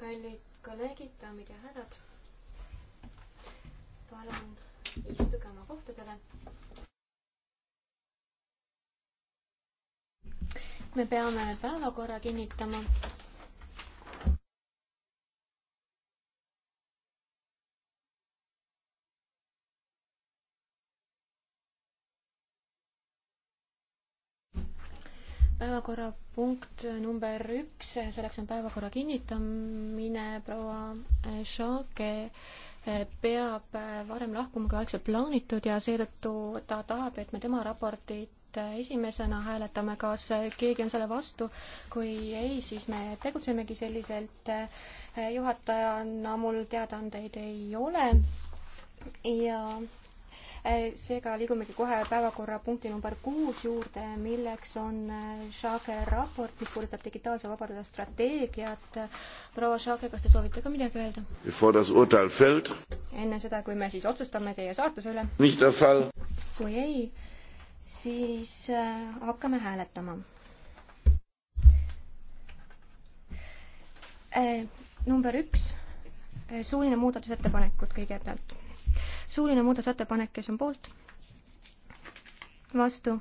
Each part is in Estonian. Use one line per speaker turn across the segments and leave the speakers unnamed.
kallid kolleegid, daamid ja härrad. palun istuge oma kohtadele. me peame päevakorra kinnitama päevakorrapunkt number üks, selleks on päevakorra kinnitamine, proua Šake eh, peab eh, varem lahkuma kui algselt plaanitud ja seetõttu ta tahab, et me tema raportit eh, esimesena hääletame, kas keegi on selle vastu. kui ei, siis me tegutsemegi selliselt. juhatajana mul teadaandeid ei ole ja Äh, seega liigumegi kohe päevakorrapunkti number kuus juurde, milleks on äh, Schake raport, mis puudutab digitaalse vabaduse strateegiat. proua Schake, kas te soovite ka midagi
öelda?
enne seda, kui me siis otsustame teie saatuse üle. kui ei, siis äh, hakkame hääletama number üks, suuline muudatusettepanekud kõigepealt suuline muudatusettepanek, kes on poolt? vastu?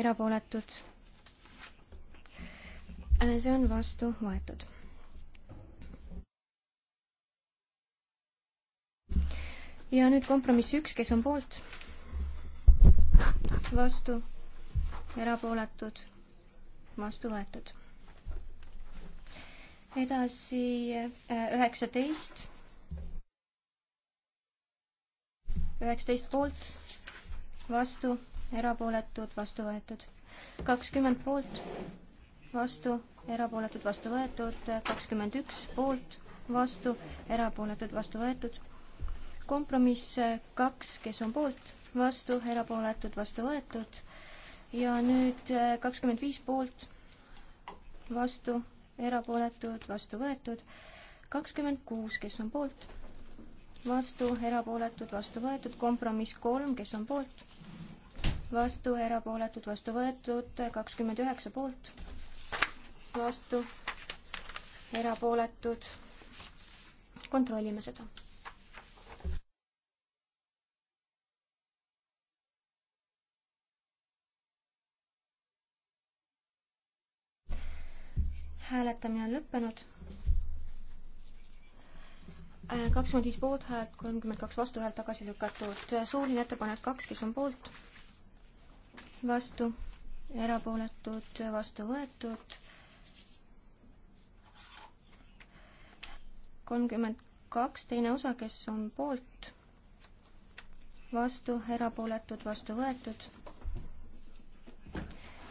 erapooletud? Äh, see on vastu võetud. ja nüüd kompromiss üks, kes on poolt? vastu? erapooletud? vastu võetud edasi äh, üheksateist üheksateist poolt, vastu, erapooletud, vastu võetud. kakskümmend poolt, vastu, erapooletud, vastu võetud, kakskümmend üks poolt, vastu, erapooletud, vastu võetud. kompromiss kaks, kes on poolt, vastu, erapooletud, vastu võetud ja nüüd kakskümmend viis poolt, vastu, erapooletud, vastu võetud, kakskümmend kuus, kes on poolt vastu, erapooletud, vastu võetud, kompromiss kolm, kes on poolt, vastu, erapooletud, vastu võetud, kakskümmend üheksa poolt, vastu, erapooletud. kontrollime seda hääletamine on lõppenud kakskümmend viis poolthäält, kolmkümmend kaks vastuhäält tagasi lükatud. suuline ettepanek kaks, kes on poolt, vastu, erapooletud, vastu võetud. kolmkümmend kaks, teine osa, kes on poolt, vastu, erapooletud, vastu võetud.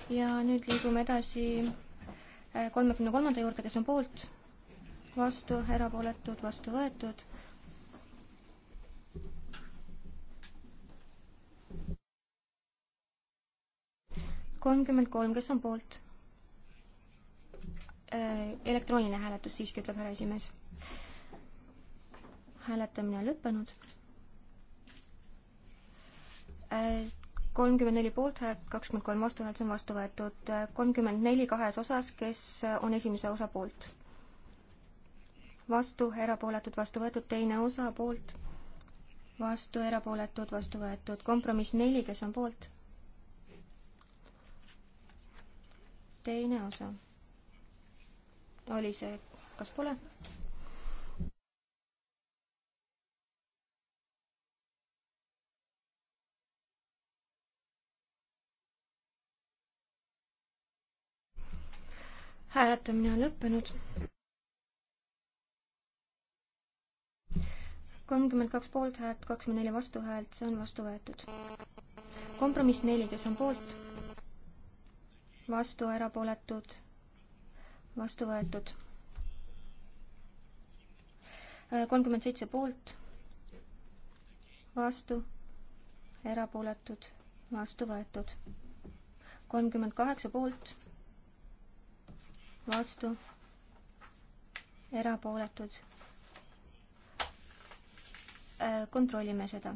ja nüüd liigume edasi eh, kolmekümne kolmanda juurde, kes on poolt vastu, erapooletud, vastu võetud. kolmkümmend kolm, kes on poolt? Äh, elektrooniline hääletus siiski, ütleb härra esimees. hääletamine lõppenud äh, kolmkümmend neli poolthäält, kakskümmend kolm vastuhäält, see on vastu võetud. Äh, kolmkümmend neli kahes osas, kes on esimese osa poolt? vastu, erapooletud, vastu võetud, teine osa poolt, vastu, erapooletud, vastu võetud, kompromiss neli, kes on poolt? teine osa. oli see, kas pole? hääletamine on lõppenud. kolmkümmend kaks poolthäält, kakskümmend neli vastuhäält, see on vastu võetud. kompromiss neli, kes on poolt, vastu, erapooletud, vastu võetud. kolmkümmend seitse poolt, vastu, erapooletud, vastu võetud. kolmkümmend kaheksa poolt, vastu, erapooletud Äh, kontrollime seda.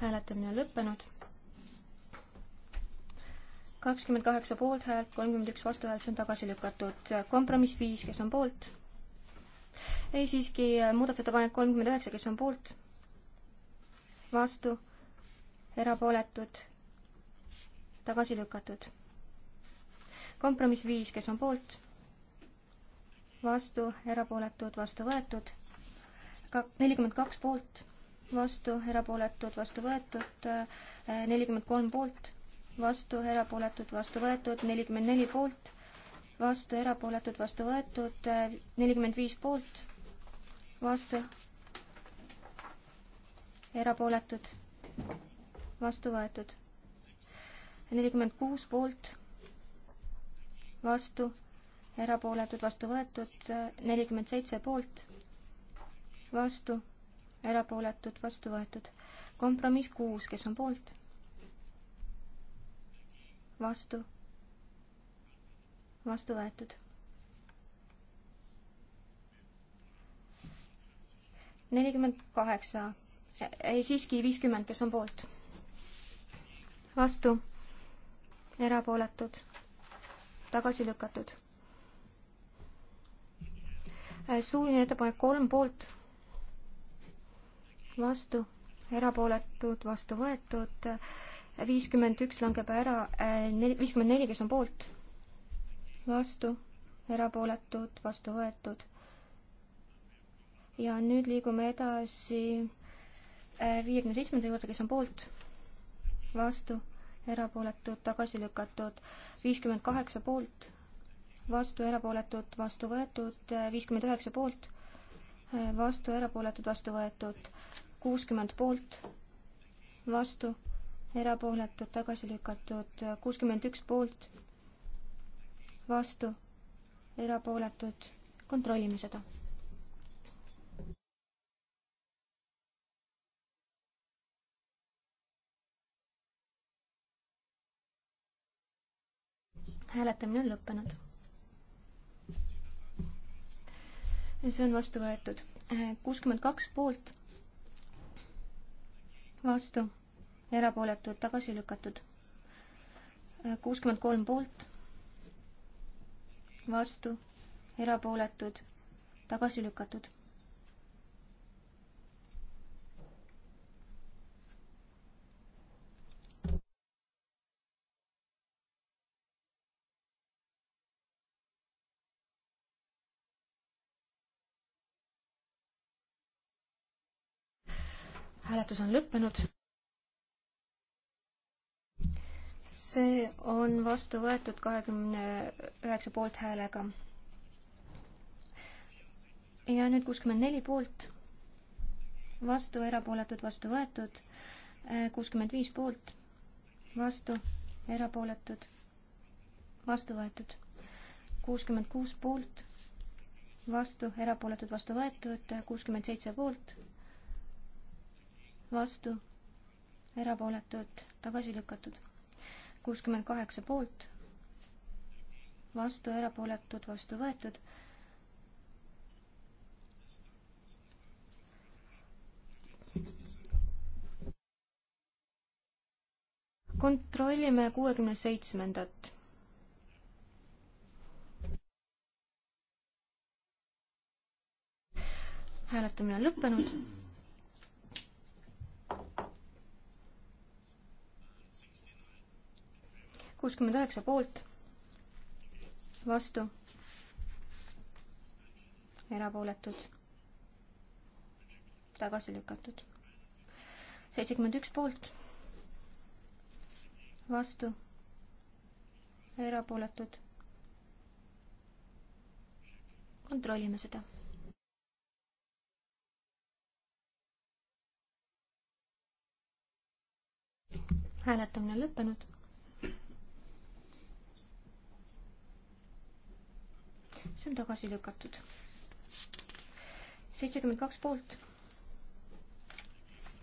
hääletamine on lõppenud. kakskümmend kaheksa poolthäält, kolmkümmend üks vastuhäält, see on tagasi lükatud. kompromiss viis, kes on poolt? ei, siiski äh, muudatusettepanek kolmkümmend üheksa, kes on poolt? vastu, erapooletud, tagasi lükatud kompromiss viis, kes on poolt, vastu, erapooletud, vastu võetud, ka nelikümmend kaks poolt, vastu, erapooletud, vastu võetud, äh, nelikümmend kolm poolt, vastu, erapooletud, vastu võetud, nelikümmend neli poolt, vastu, erapooletud, vastu võetud, äh, nelikümmend viis poolt, vastu, erapooletud, vastu võetud, nelikümmend kuus poolt vastu, erapooletud, vastu võetud, nelikümmend seitse poolt, vastu, erapooletud, vastu võetud. kompromiss kuus, kes on poolt? vastu, vastu võetud nelikümmend kaheksa, ei siiski viiskümmend, kes on poolt. vastu, erapooletud, tagasi lükatud. Äh, suuline ettepanek kolm poolt, vastu, erapooletud, vastu võetud, äh, viiskümmend üks langeb ära, äh, viiskümmend neli, kes on poolt, vastu, erapooletud, vastu võetud. ja nüüd liigume edasi viiekümne seitsmenda juurde, kes on poolt, vastu erapooletud, tagasi lükatud, viiskümmend kaheksa poolt, vastu erapooletud, vastu võetud, viiskümmend üheksa poolt, vastu erapooletud, vastu võetud, kuuskümmend poolt, vastu erapooletud, tagasi lükatud, kuuskümmend üks poolt, vastu erapooletud, kontrollime seda hääletamine on lõppenud. see on vastu võetud. Äh, kuuskümmend kaks poolt, vastu, erapooletud, tagasi lükatud. Äh, kuuskümmend kolm poolt, vastu, erapooletud, tagasi lükatud hääletus on lõppenud. see on vastu võetud kahekümne üheksa poolthäälega. ja nüüd kuuskümmend neli poolt, vastu, erapooletud, vastu võetud, kuuskümmend viis poolt, vastu, erapooletud, vastu võetud, kuuskümmend kuus poolt, vastu, erapooletud, vastu võetud, kuuskümmend seitse poolt vastu, erapooletud, tagasi lükatud. kuuskümmend kaheksa poolt, vastu, erapooletud, vastu võetud. kontrollime kuuekümne seitsmendat hääletamine on lõppenud. kuuskümmend üheksa poolt, vastu, erapooletud, tagasi lükatud. seitsekümmend üks poolt, vastu, erapooletud. kontrollime seda hääletamine lõppenud. see on tagasi lükatud. seitsekümmend kaks poolt,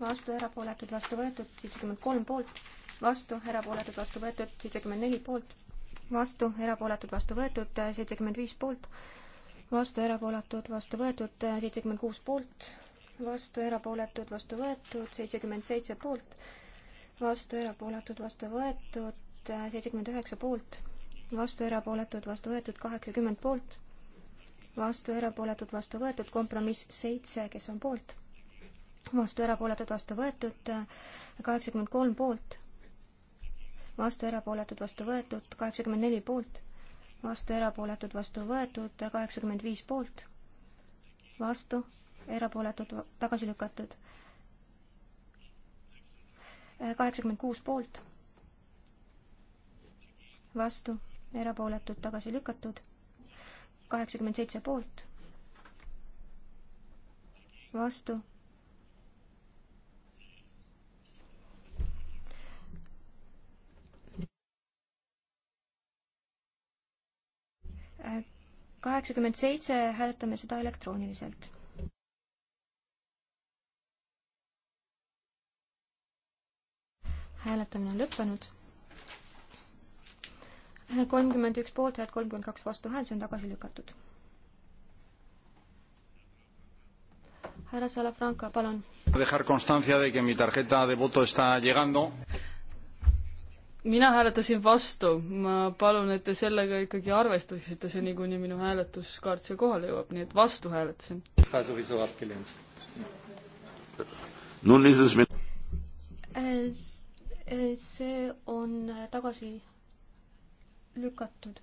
vastu, erapooletud, vastu võetud, seitsekümmend kolm poolt, vastu, erapooletud, vastu võetud, seitsekümmend neli poolt, vastu, erapooletud, vastu võetud, seitsekümmend viis poolt, vastu, erapooletud, vastu võetud, seitsekümmend kuus poolt, vastu, erapooletud, vastu võetud, seitsekümmend seitse poolt, vastu, erapooletud, vastu võetud, seitsekümmend üheksa poolt, vastu, erapooletud, vastu võetud, kaheksakümmend poolt, vastu erapooletud, vastu võetud, kompromiss seitse, kes on poolt, vastu erapooletud, vastu võetud, kaheksakümmend kolm poolt, vastu erapooletud, vastu võetud, kaheksakümmend neli poolt, vastu erapooletud, vastu võetud, kaheksakümmend viis poolt, vastu erapooletud, tagasi lükatud, kaheksakümmend kuus poolt, vastu erapooletud, tagasi lükatud kaheksakümmend seitse poolt, vastu. Äh, kaheksakümmend seitse, hääletame seda elektrooniliselt hääletamine on lõppenud kolmkümmend üks poolthäält, kolmkümmend kaks vastuhäält, see on tagasi lükatud. härra Salafranca, palun.
dejar constancia de que mi tarjeta de voto está llegando
mina hääletasin vastu, ma palun, et te sellega ikkagi arvestaksite, see niikuinii minu hääletuskaart siia kohale jõuab, nii et vastu hääletasin.
Eh, eh, see on tagasi lükatud.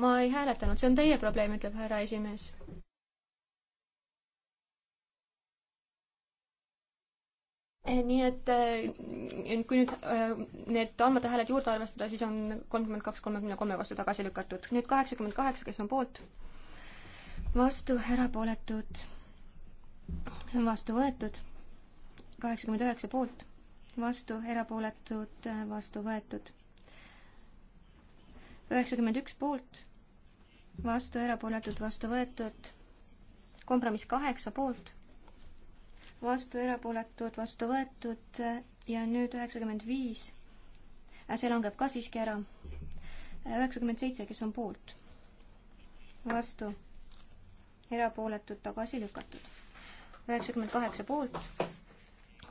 ma ei hääletanud, see on teie probleem, ütleb härra esimees. Eh, nii et eh, kui nüüd eh, need andmete hääled juurde arvestada, siis on kolmkümmend kaks kolmekümne kolme vastu tagasi lükatud. nüüd kaheksakümmend kaheksa, kes on poolt? vastu, erapooletud, vastu võetud, kaheksakümmend üheksa poolt vastu, erapooletud, vastu võetud üheksakümmend üks poolt, vastu erapooletud, vastu võetud. kompromiss kaheksa poolt, vastu erapooletud, vastu võetud ja nüüd üheksakümmend viis. Äh, see langeb ka siiski ära. üheksakümmend seitse, kes on poolt, vastu, erapooletud, tagasi lükatud. üheksakümmend kaheksa poolt,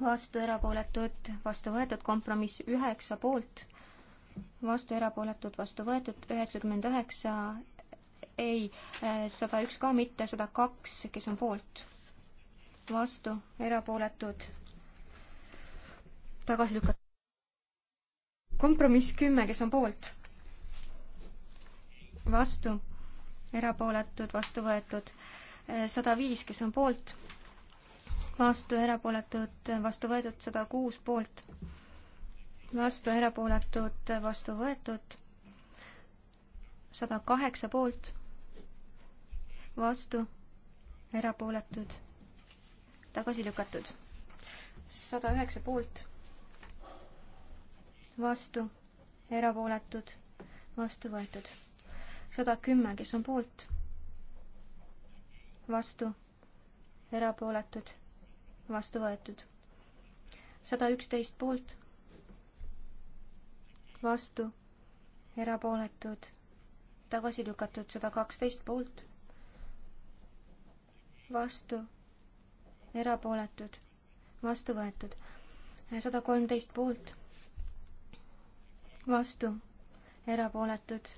vastu erapooletud, vastu võetud, kompromiss üheksa poolt vastu erapooletud, vastu võetud, üheksakümmend üheksa ei, sada üks ka mitte, sada kaks, kes on poolt, vastu erapooletud, tagasi lükata. kompromiss kümme, kes on poolt, vastu erapooletud, vastu võetud, sada viis, kes on poolt, vastu erapooletud, vastu võetud, sada kuus poolt vastu erapooletud, vastu võetud. sada kaheksa poolt, vastu erapooletud, tagasi lükatud. sada üheksa poolt, vastu erapooletud, vastu võetud. sada kümme, kes on poolt, vastu erapooletud, vastu võetud. sada üksteist poolt vastu, erapooletud, tagasi lükatud sada kaksteist poolt, vastu, erapooletud, vastu võetud sada kolmteist poolt, vastu, erapooletud,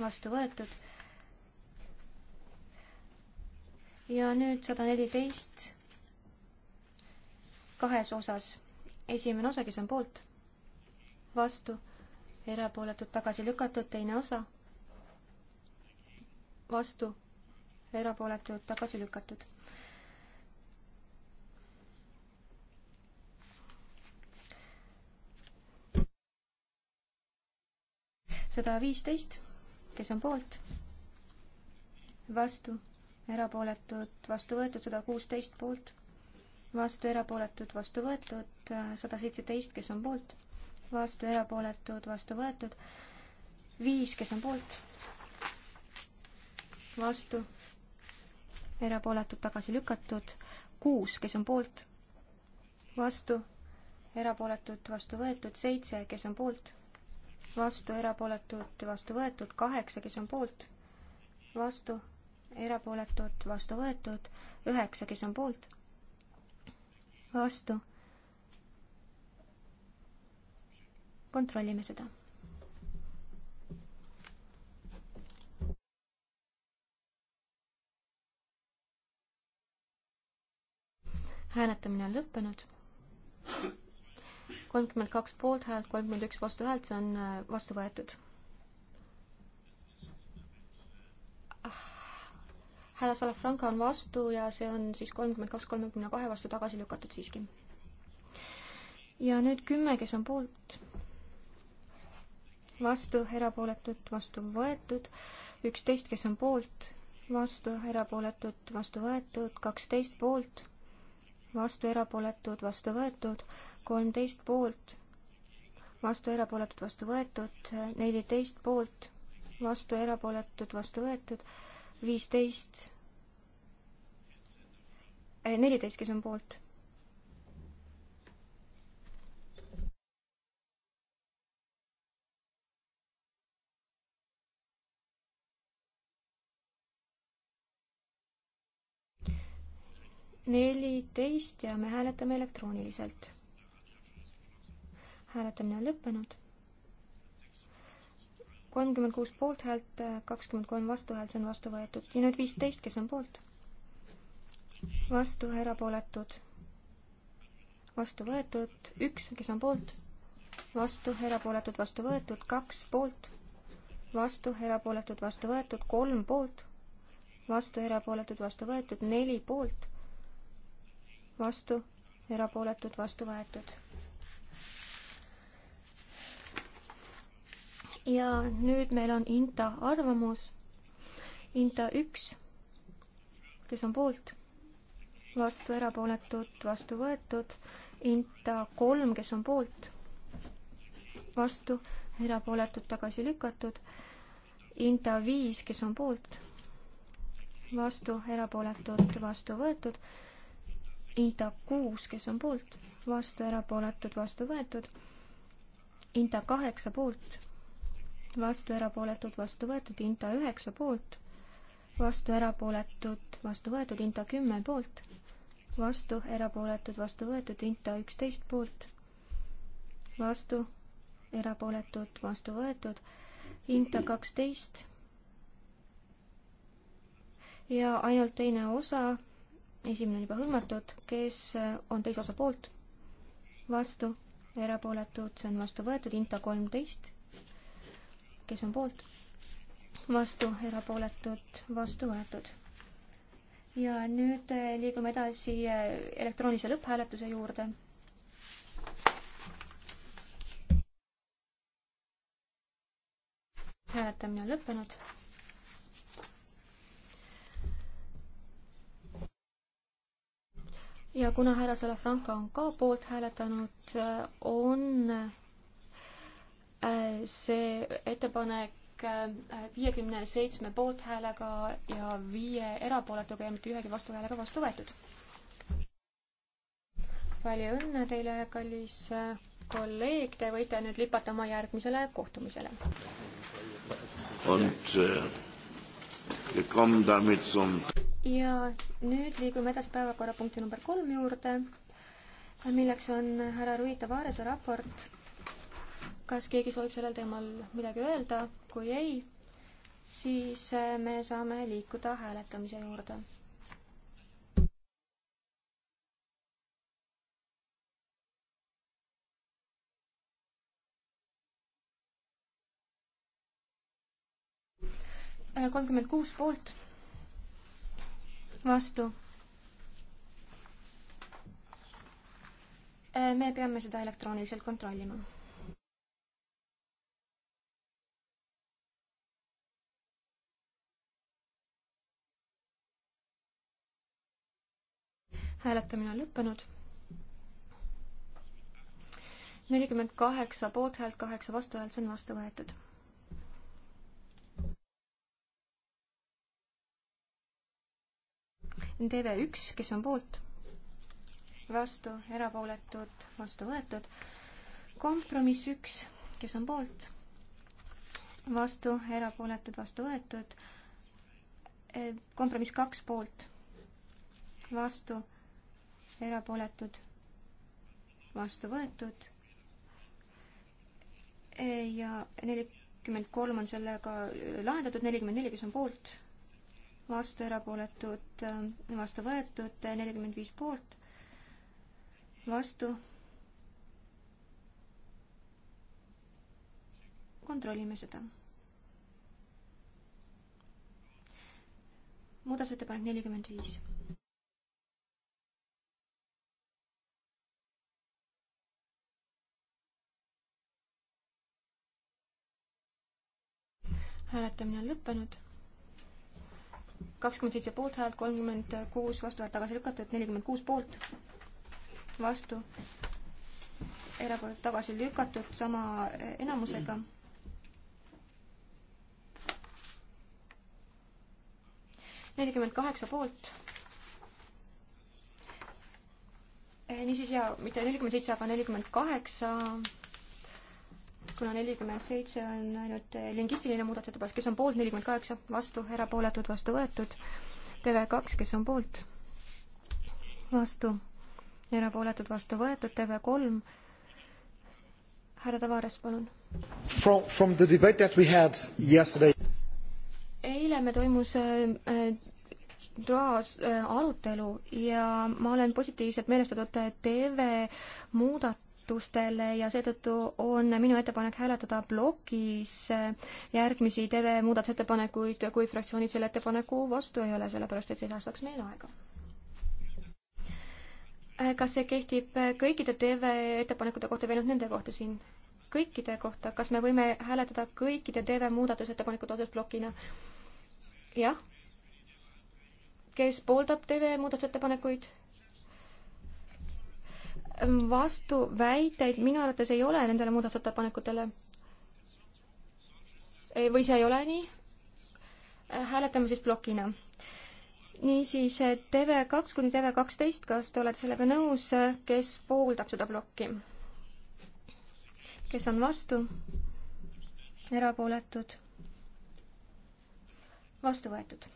vastu võetud. ja nüüd sada neliteist kahes osas. esimene osa, kes on poolt vastu, erapooletud tagasi lükatud, teine osa, vastu, erapooletud tagasi lükatud. sada viisteist, kes on poolt, vastu, erapooletud, vastu võetud, sada kuusteist poolt, vastu, erapooletud, vastu võetud, sada seitseteist, kes on poolt vastu erapooletud, vastu võetud. viis, kes on poolt, vastu, erapooletud, tagasi lükatud. kuus, kes on poolt, vastu, erapooletud, vastu võetud. seitse, kes on poolt, vastu, erapooletud, vastu võetud. kaheksa, kes on poolt, vastu, erapooletud, vastu võetud. üheksa, kes on poolt, vastu kontrollime seda. hääletamine on lõppenud. kolmkümmend kaks poolthäält, kolmkümmend üks vastuhäält, see on äh, vastu võetud ah, härra Salafranca on vastu ja see on siis kolmkümmend kaks kolmekümne kahe vastu tagasi lükatud siiski. ja nüüd kümme, kes on poolt, vastu, erapooletud, vastu võetud, üksteist, kes on poolt, vastu, erapooletud, vastu võetud, kaksteist poolt, vastu, erapooletud, vastu võetud, kolmteist poolt, vastu, erapooletud, vastu võetud, neliteist poolt, vastu, erapooletud, vastu võetud, viisteist, eh, neliteist, kes on poolt neliteist ja me hääletame elektrooniliselt. hääletamine on lõppenud. kolmkümmend kuus poolthäält, kakskümmend kolm vastuhäält, see on vastu võetud ja nüüd viisteist, kes on poolt? vastu, erapooletud, vastu võetud, üks, kes on poolt? vastu, erapooletud, vastu võetud, kaks poolt vastu, erapooletud, vastu võetud, kolm poolt, vastu, erapooletud, vastu võetud, neli poolt, vastu, erapooletud, vastu võetud. ja nüüd meil on INTA arvamus. INTA üks, kes on poolt, vastu, erapooletud, vastu võetud. INTA kolm, kes on poolt, vastu, erapooletud, tagasi lükatud. INTA viis, kes on poolt, vastu, erapooletud, vastu võetud Inta kuus, kes on poolt, vastu erapooletud, vastu võetud. Inta kaheksa poolt, vastu erapooletud, vastu võetud. Inta üheksa poolt, vastu erapooletud, vastu võetud. Inta kümme poolt, vastu erapooletud, vastu võetud. Inta üksteist poolt, vastu erapooletud, vastu võetud. Inta kaksteist ja ainult teine osa esimene on juba hõlmatud, kes on teise osa poolt, vastu, erapooletud, see on vastu võetud, Inta kolmteist, kes on poolt, vastu, erapooletud, vastu võetud. ja nüüd eh, liigume edasi eh, elektroonilise lõpphääletuse juurde hääletamine on lõppenud. ja kuna härra Salafranca on ka poolt hääletanud, on äh, see ettepanek äh, viiekümne seitsme poolthäälega ja viie erapooletuga ja mitte ühegi vastuhäälega vastu võetud. palju õnne teile, kallis äh, kolleeg, te võite nüüd lipata oma järgmisele kohtumisele.
Und äh, wir kommen damit zum
ja nüüd liigume edasi päevakorrapunkti number kolm juurde, milleks on härra Ruita Vaarese raport. kas keegi soovib sellel teemal midagi öelda? kui ei, siis äh, me saame liikuda hääletamise juurde. Äh, kolmkümmend kuus poolt vastu. Äh, me peame seda elektrooniliselt kontrollima. hääletamine on lõppenud. nelikümmend kaheksa poolthäält, kaheksa vastuhäält, see on vastu võetud TV1, kes on poolt? vastu, erapooletud, vastu võetud. kompromiss üks, kes on poolt? vastu, erapooletud, vastu võetud. E, kompromiss kaks poolt, vastu, erapooletud, vastu võetud. E, ja nelikümmend kolm on sellega lahendatud, nelikümmend neli, kes on poolt vastu erapooletud, vastu võetud, nelikümmend viis poolt, vastu. kontrollime seda. muudatusettepanek nelikümmend viis. hääletamine on lõppenud kakskümmend seitse poolthäält, kolmkümmend kuus vastuhäält tagasi lükatud, nelikümmend kuus poolt, vastu, erapooletud tagasi lükatud sama enamusega. nelikümmend kaheksa poolt. Eh, niisiis ja mitte nelikümmend seitse, aga nelikümmend kaheksa kuna nelikümmend seitse on ainult eh, lingistiline muudatusettepanek, kes on poolt, nelikümmend kaheksa, vastu, erapooletud, vastu võetud. TV2, kes on poolt, vastu, erapooletud, vastu võetud, TV3, härra Tavares, palun.
From, from the debate that we had yesterday
eile me toimus äh, eh, toas äh, eh, arutelu ja ma olen positiivselt meelestatud TV muudat-, muudatustele ja seetõttu on minu ettepanek hääletada plokis järgmisi TV muudatusettepanekuid, kui fraktsioonid selle ettepaneku vastu ei ole, sellepärast et see säästaks meil aega. kas see kehtib kõikide TV ettepanekute kohta või ainult nende kohta siin? kõikide kohta, kas me võime hääletada kõikide TV muudatusettepanekute osas plokina? jah. kes pooldab TV muudatusettepanekuid? vastuväiteid minu arvates ei ole nendele muudatusettepanekutele. või see ei ole nii? hääletame siis plokina. niisiis TV2 kuni TV12, kas te olete sellega nõus, kes pooldab seda plokki? kes on vastu? erapooletud? vastu võetud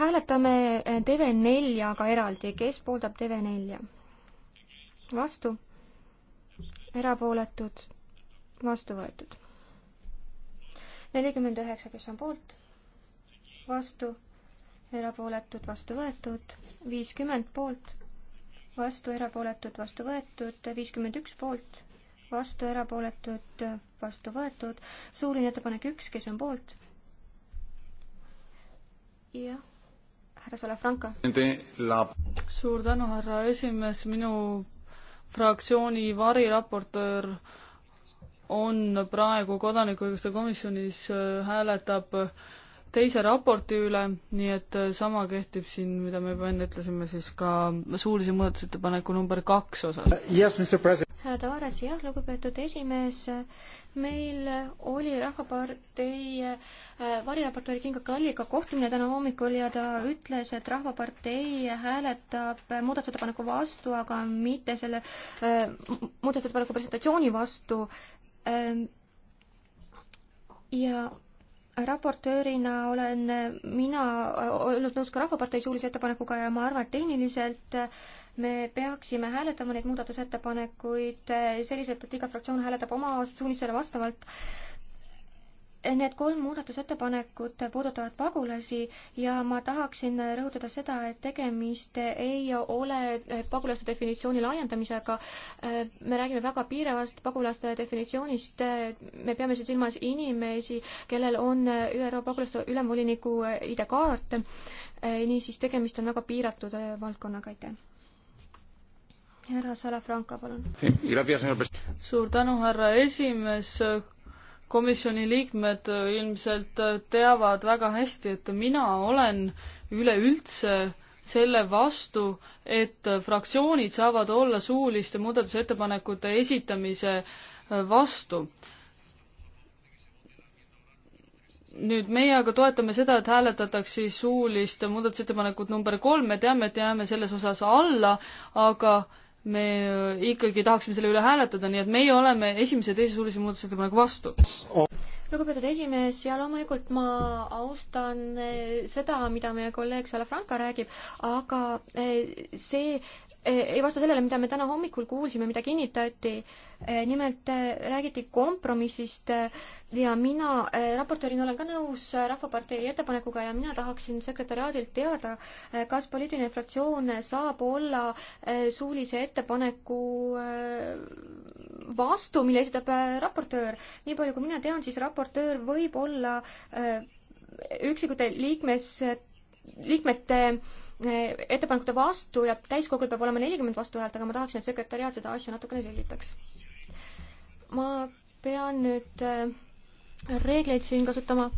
hääletame eh, TV4-ga eraldi, kes pooldab TV4? vastu? erapooletud? vastu võetud. nelikümmend üheksa, kes on poolt? vastu? erapooletud, vastu võetud, viiskümmend poolt, vastu erapooletud, vastu võetud, viiskümmend üks poolt, vastu erapooletud, vastu võetud, suuline ettepanek üks, kes on poolt? jah härra Salafranca.
suur tänu, härra esimees, minu fraktsiooni variraportöör on praegu Kodanikuõiguste komisjonis, äh, hääletab teise raporti üle, nii et äh, sama kehtib siin, mida me juba enne ütlesime, siis ka suulise muudatusettepaneku number kaks osas
härra Taares, jah, lugupeetud esimees, meil oli Rahvapartei äh, variraportööri Kinga Kalliga kohtumine täna hommikul ja ta ütles, et Rahvapartei hääletab muudatusettepaneku vastu, aga mitte selle äh, muudatusettepaneku presentatsiooni vastu ähm,. ja raportöörina olen mina äh, olnud nõus ka Rahvapartei suulise ettepanekuga ja ma arvan, et tehniliselt äh, me peaksime hääletama neid muudatusettepanekuid eh, selliselt, et iga fraktsioon hääletab oma suunistele vastavalt. Eh, need kolm muudatusettepanekut puudutavad pagulasi ja ma tahaksin rõhutada seda, et tegemist ei ole eh, pagulaste definitsiooni laiendamisega. me räägime väga piiravast pagulaste definitsioonist. me peame siin silmas inimesi, kellel on ÜRO pagulaste ülemvoliniku ID-kaart. niisiis, tegemist on väga piiratud valdkonnaga, aitäh härra Salafranca, palun.
suur tänu, härra esimees. komisjoni liikmed ilmselt teavad väga hästi, et mina olen üleüldse selle vastu, et fraktsioonid saavad olla suuliste muudatusettepanekute esitamise vastu. nüüd meie aga toetame seda, et hääletataks siis suulist muudatusettepanekut number kolm, me teame, et jääme selles osas alla, aga me äh, ikkagi tahaksime selle üle hääletada, nii et meie oleme esimese ja teise suulise muudatusettepaneku vastu.
lugupeetud esimees ja loomulikult ma austan äh, seda, mida meie kolleeg Salafranca räägib, aga äh, see ei vasta sellele, mida me täna hommikul kuulsime, mida kinnitati. Eh, nimelt eh, räägiti kompromissist eh, ja mina raportöörina olen ka nõus Rahvapartei ettepanekuga ja mina tahaksin sekretäriaadilt teada, kas poliitiline fraktsioon saab olla suulise ettepaneku vastu, mille esitab raportöör. nii palju, kui mina tean, siis raportöör võib olla üksikute liikmes, liikmete ettepanekute vastu ja täiskogul peab olema nelikümmend vastuhäält, aga ma tahaksin, et sekretäriaat seda asja natukene selgitaks. ma pean nüüd äh, reegleid siin kasutama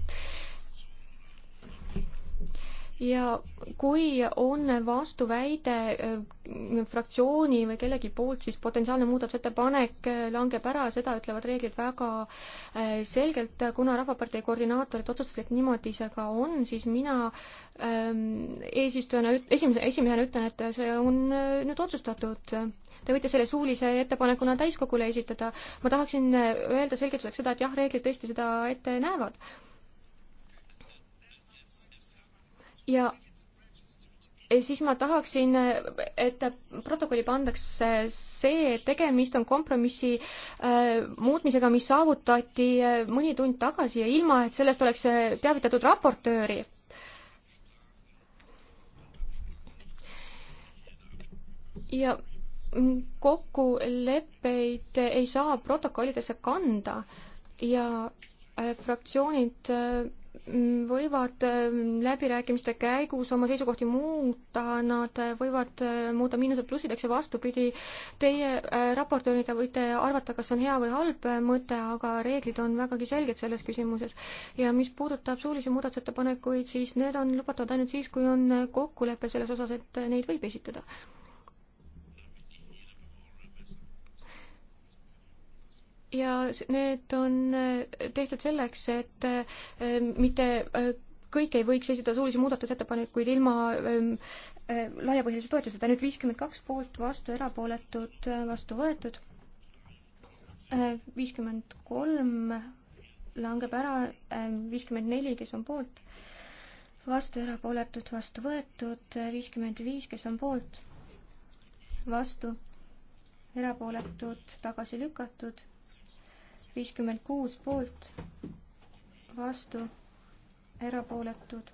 ja kui on vastuväide äh, fraktsiooni või kellegi poolt, siis potentsiaalne muudatusettepanek äh, langeb ära, seda ütlevad reeglid väga äh, selgelt, kuna Rahvapartei koordinaatorid otsustasid, et niimoodi see ka on, siis mina ähm, eesistujana, esimese, esimesena ütlen, et see on nüüd otsustatud. Te võite selle suulise ettepanekuna täiskogule esitada, ma tahaksin öelda selgituseks seda, et jah, reeglid tõesti seda ette näevad ja siis ma tahaksin, et protokolli pandakse see, et tegemist on kompromissi äh, muutmisega, mis saavutati äh, mõni tund tagasi ja ilma, et sellest oleks äh, teavitatud raportööri. ja kokkuleppeid ei saa protokollidesse kanda ja äh, fraktsioonid äh, võivad ähm, läbirääkimiste käigus oma seisukohti muuta, nad äh, võivad äh, muuta miinused plussideks ja vastupidi. Teie äh, raportöörina võite arvata, kas see on hea või halb mõte, aga reeglid on vägagi selged selles küsimuses. ja mis puudutab suulisi muudatusettepanekuid, siis need on lubatud ainult siis, kui on kokkulepe selles osas, et neid võib esitada ja need on äh, tehtud selleks, et äh, mitte äh, kõik ei võiks esitada suulisi muudatusettepanekuid ilma ähm, laiapõhjalise toetuseta, nüüd viiskümmend kaks poolt, vastu erapooletud, vastu võetud, viiskümmend kolm langeb ära, viiskümmend neli, kes on poolt, vastu erapooletud, vastu võetud, viiskümmend viis, kes on poolt, vastu, erapooletud, tagasi lükatud viiskümmend kuus poolt, vastu, erapooletud,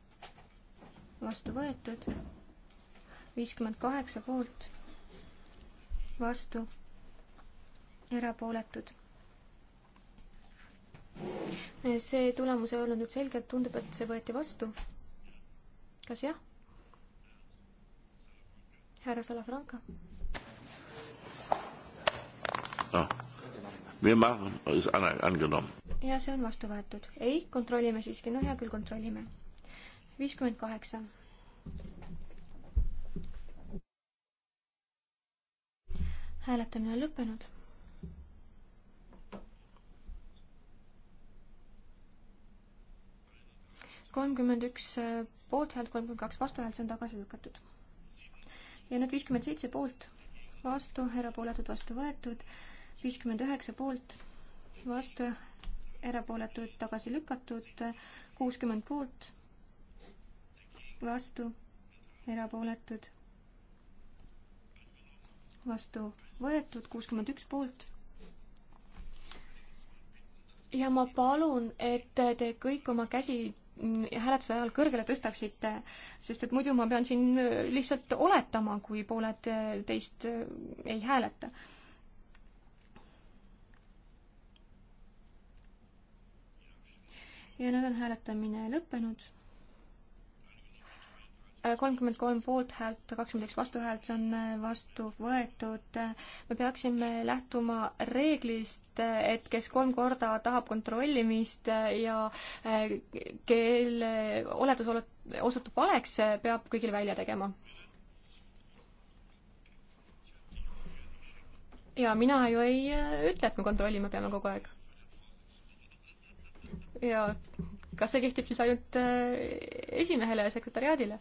vastu võetud, viiskümmend kaheksa poolt, vastu, erapooletud. see tulemus ei olnud nüüd selge, et tundub, et see võeti vastu. kas jah? härra Salafranca
no.? ja
see on vastu võetud. ei, kontrollime siiski, no hea küll, kontrollime. viiskümmend kaheksa. hääletamine on lõppenud. kolmkümmend üks äh, poolthäält, kolmkümmend kaks vastuhäält, see on tagasi lükatud. ja nüüd viiskümmend seitse poolt, vastu, erapooletud, vastu võetud viiskümmend üheksa poolt, vastu, erapooletuid tagasi lükatud, kuuskümmend poolt, vastu, erapooletud, vastu võetud, kuuskümmend üks poolt ja ma palun, et te kõik oma käsi hääletuse ajal kõrgele tõstaksite, sest et muidu ma pean siin lihtsalt oletama, kui pooled teist ei hääleta. ja nüüd on hääletamine lõppenud. Äh, kolmkümmend kolm poolthäält, kakskümmend üks vastuhäält, see on äh, vastu võetud. me peaksime lähtuma reeglist, et kes kolm korda tahab kontrollimist ja äh, kelle oletus osutub valeks, peab kõigil välja tegema. ja mina ju ei ütle, et me kontrollima peame kogu aeg ja kas see kehtib siis ainult äh, esimehele ja sekretäriaadile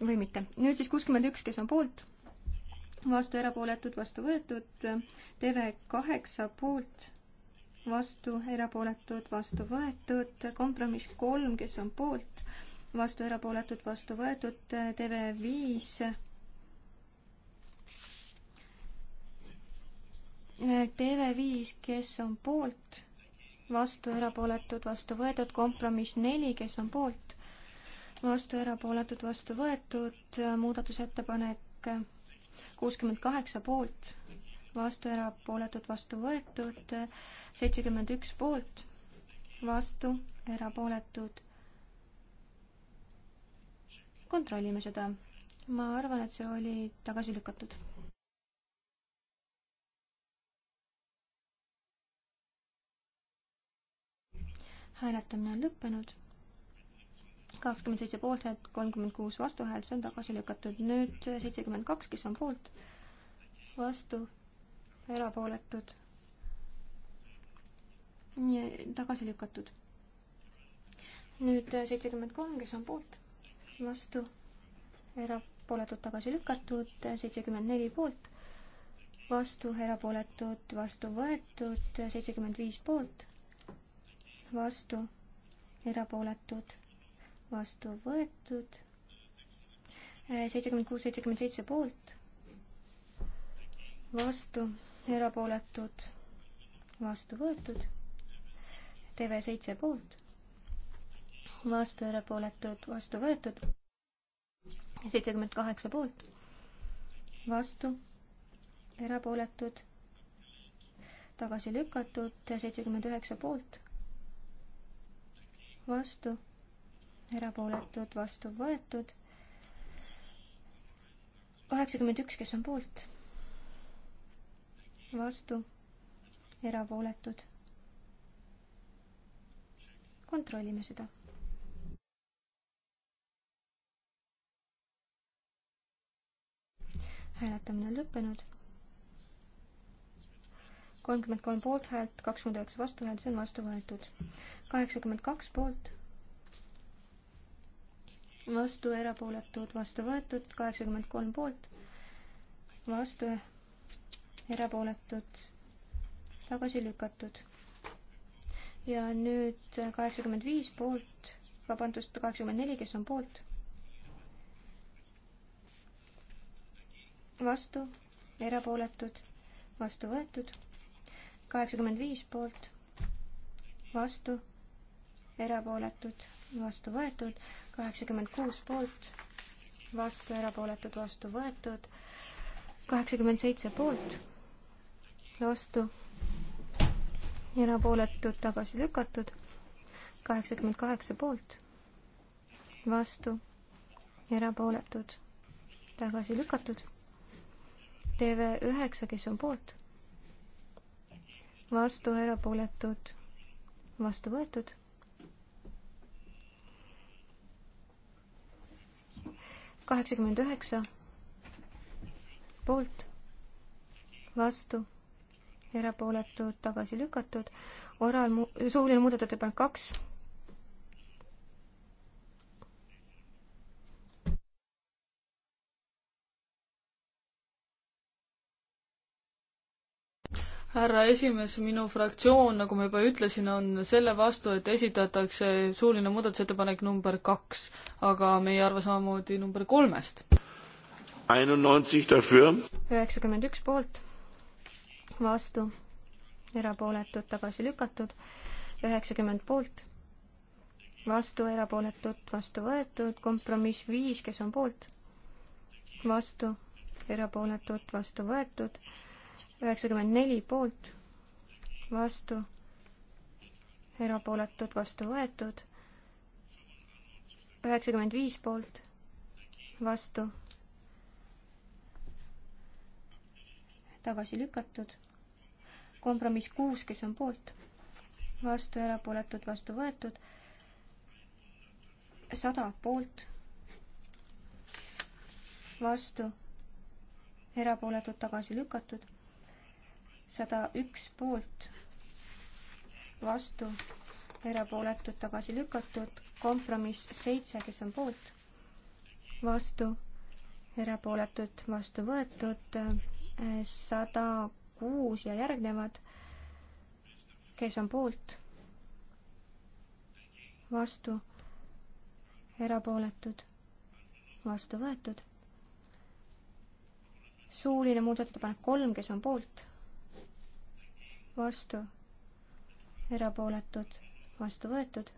või mitte. nüüd siis kuuskümmend üks, kes on poolt, vastu erapooletud, vastu võetud, TV kaheksa poolt, vastu erapooletud, vastu võetud, kompromiss kolm, kes on poolt, vastu erapooletud, vastu võetud, TV viis, TV5, kes on poolt, vastu erapooletud, vastu võetud, kompromiss neli, kes on poolt, vastu erapooletud, vastu võetud, muudatusettepanek kuuskümmend kaheksa poolt, vastu erapooletud, vastu võetud, seitsekümmend üks poolt, vastu erapooletud. kontrollime seda. ma arvan, et see oli tagasi lükatud hääletamine on lõppenud. kakskümmend seitse poolthäält, kolmkümmend kuus vastuhäält, see on tagasi lükatud. nüüd seitsekümmend kaks, kes on poolt, vastu, erapooletud nii, tagasi lükatud. nüüd seitsekümmend kolm, kes on poolt, vastu, erapooletud tagasi lükatud, seitsekümmend neli poolt, vastu, erapooletud, vastu võetud, seitsekümmend viis poolt, vastu, erapooletud, vastu võetud. seitsekümmend kuus, seitsekümmend seitse poolt, vastu, erapooletud, vastu võetud. TV seitse poolt, vastu, erapooletud, vastu võetud. seitsekümmend kaheksa poolt, vastu, erapooletud tagasi lükatud, seitsekümmend üheksa poolt, vastu, erapooletud, vastu võetud. kaheksakümmend üks, kes on poolt, vastu, erapooletud. kontrollime seda hääletamine on lõppenud kolmkümmend kolm poolthäält, kakskümmend üheksa vastuhäält, see on vastu võetud. kaheksakümmend kaks poolt, vastu, erapooletud, vastu võetud, kaheksakümmend kolm poolt, vastu, erapooletud, tagasi lükatud. ja nüüd kaheksakümmend viis poolt, vabandust, kaheksakümmend neli, kes on poolt, vastu, erapooletud, vastu võetud kaheksakümmend viis poolt, vastu, erapooletud, vastu võetud, kaheksakümmend kuus poolt, vastu, erapooletud, vastu võetud, kaheksakümmend seitse poolt, vastu, erapooletud, tagasi lükatud, kaheksakümmend kaheksa poolt, vastu, erapooletud, tagasi lükatud, TV üheksa, kes on poolt vastu, erapooletud, vastu võetud. kaheksakümmend üheksa poolt, vastu, erapooletud, tagasi lükatud, oraal, suuline muudatusettepanek kaks
härra esimees, minu fraktsioon, nagu ma juba ütlesin, on selle vastu, et esitatakse suuline muudatusettepanek number kaks, aga me ei arva samamoodi number kolmest.
üheksakümmend üks poolt, vastu, erapooletud, tagasi lükatud, üheksakümmend poolt, vastu, erapooletud, vastu võetud, kompromiss viis, kes on poolt, vastu, erapooletud, vastu võetud üheksakümmend neli poolt, vastu, erapooletud, vastu võetud, üheksakümmend viis poolt, vastu, tagasi lükatud, kompromiss kuus, kes on poolt, vastu, erapooletud, vastu võetud, sada poolt, vastu, erapooletud, tagasi lükatud sada üks poolt, vastu, erapooletud, tagasi lükatud, kompromiss seitse, kes on poolt, vastu, erapooletud, vastu võetud, sada kuus ja järgnevad, kes on poolt, vastu, erapooletud, vastu võetud, suuline muudatusettepanek kolm, kes on poolt vastu, erapooletud, vastu võetud.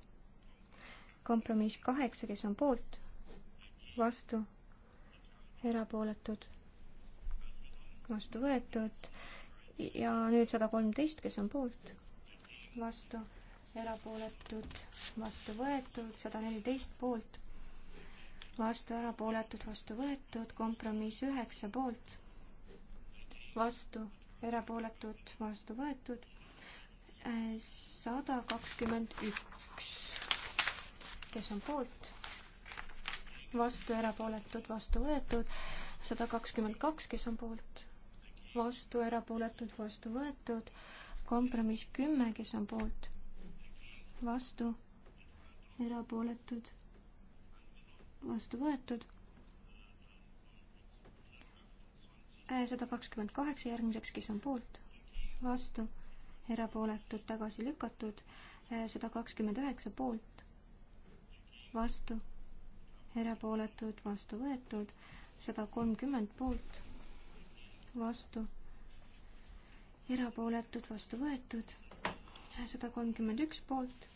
kompromiss kaheksa, kes on poolt, vastu, erapooletud, vastu võetud. ja nüüd sada kolmteist, kes on poolt, vastu, erapooletud, vastu võetud, sada neliteist poolt, vastu, erapooletud, vastu võetud, kompromiss üheksa poolt, vastu erapooletud, vastu võetud. sada kakskümmend üks, kes on poolt, vastu, erapooletud, vastu võetud. sada kakskümmend kaks, kes on poolt, vastu, erapooletud, vastu võetud. kompromiss kümme, kes on poolt, vastu, erapooletud, vastu võetud Äh, sada kakskümmend kaheksa järgmiseks, kes on poolt, vastu, erapooletud, tagasi lükatud, äh, sada kakskümmend üheksa poolt, vastu, erapooletud, vastu võetud, sada kolmkümmend poolt, vastu, erapooletud, vastu võetud, äh, sada kolmkümmend üks poolt,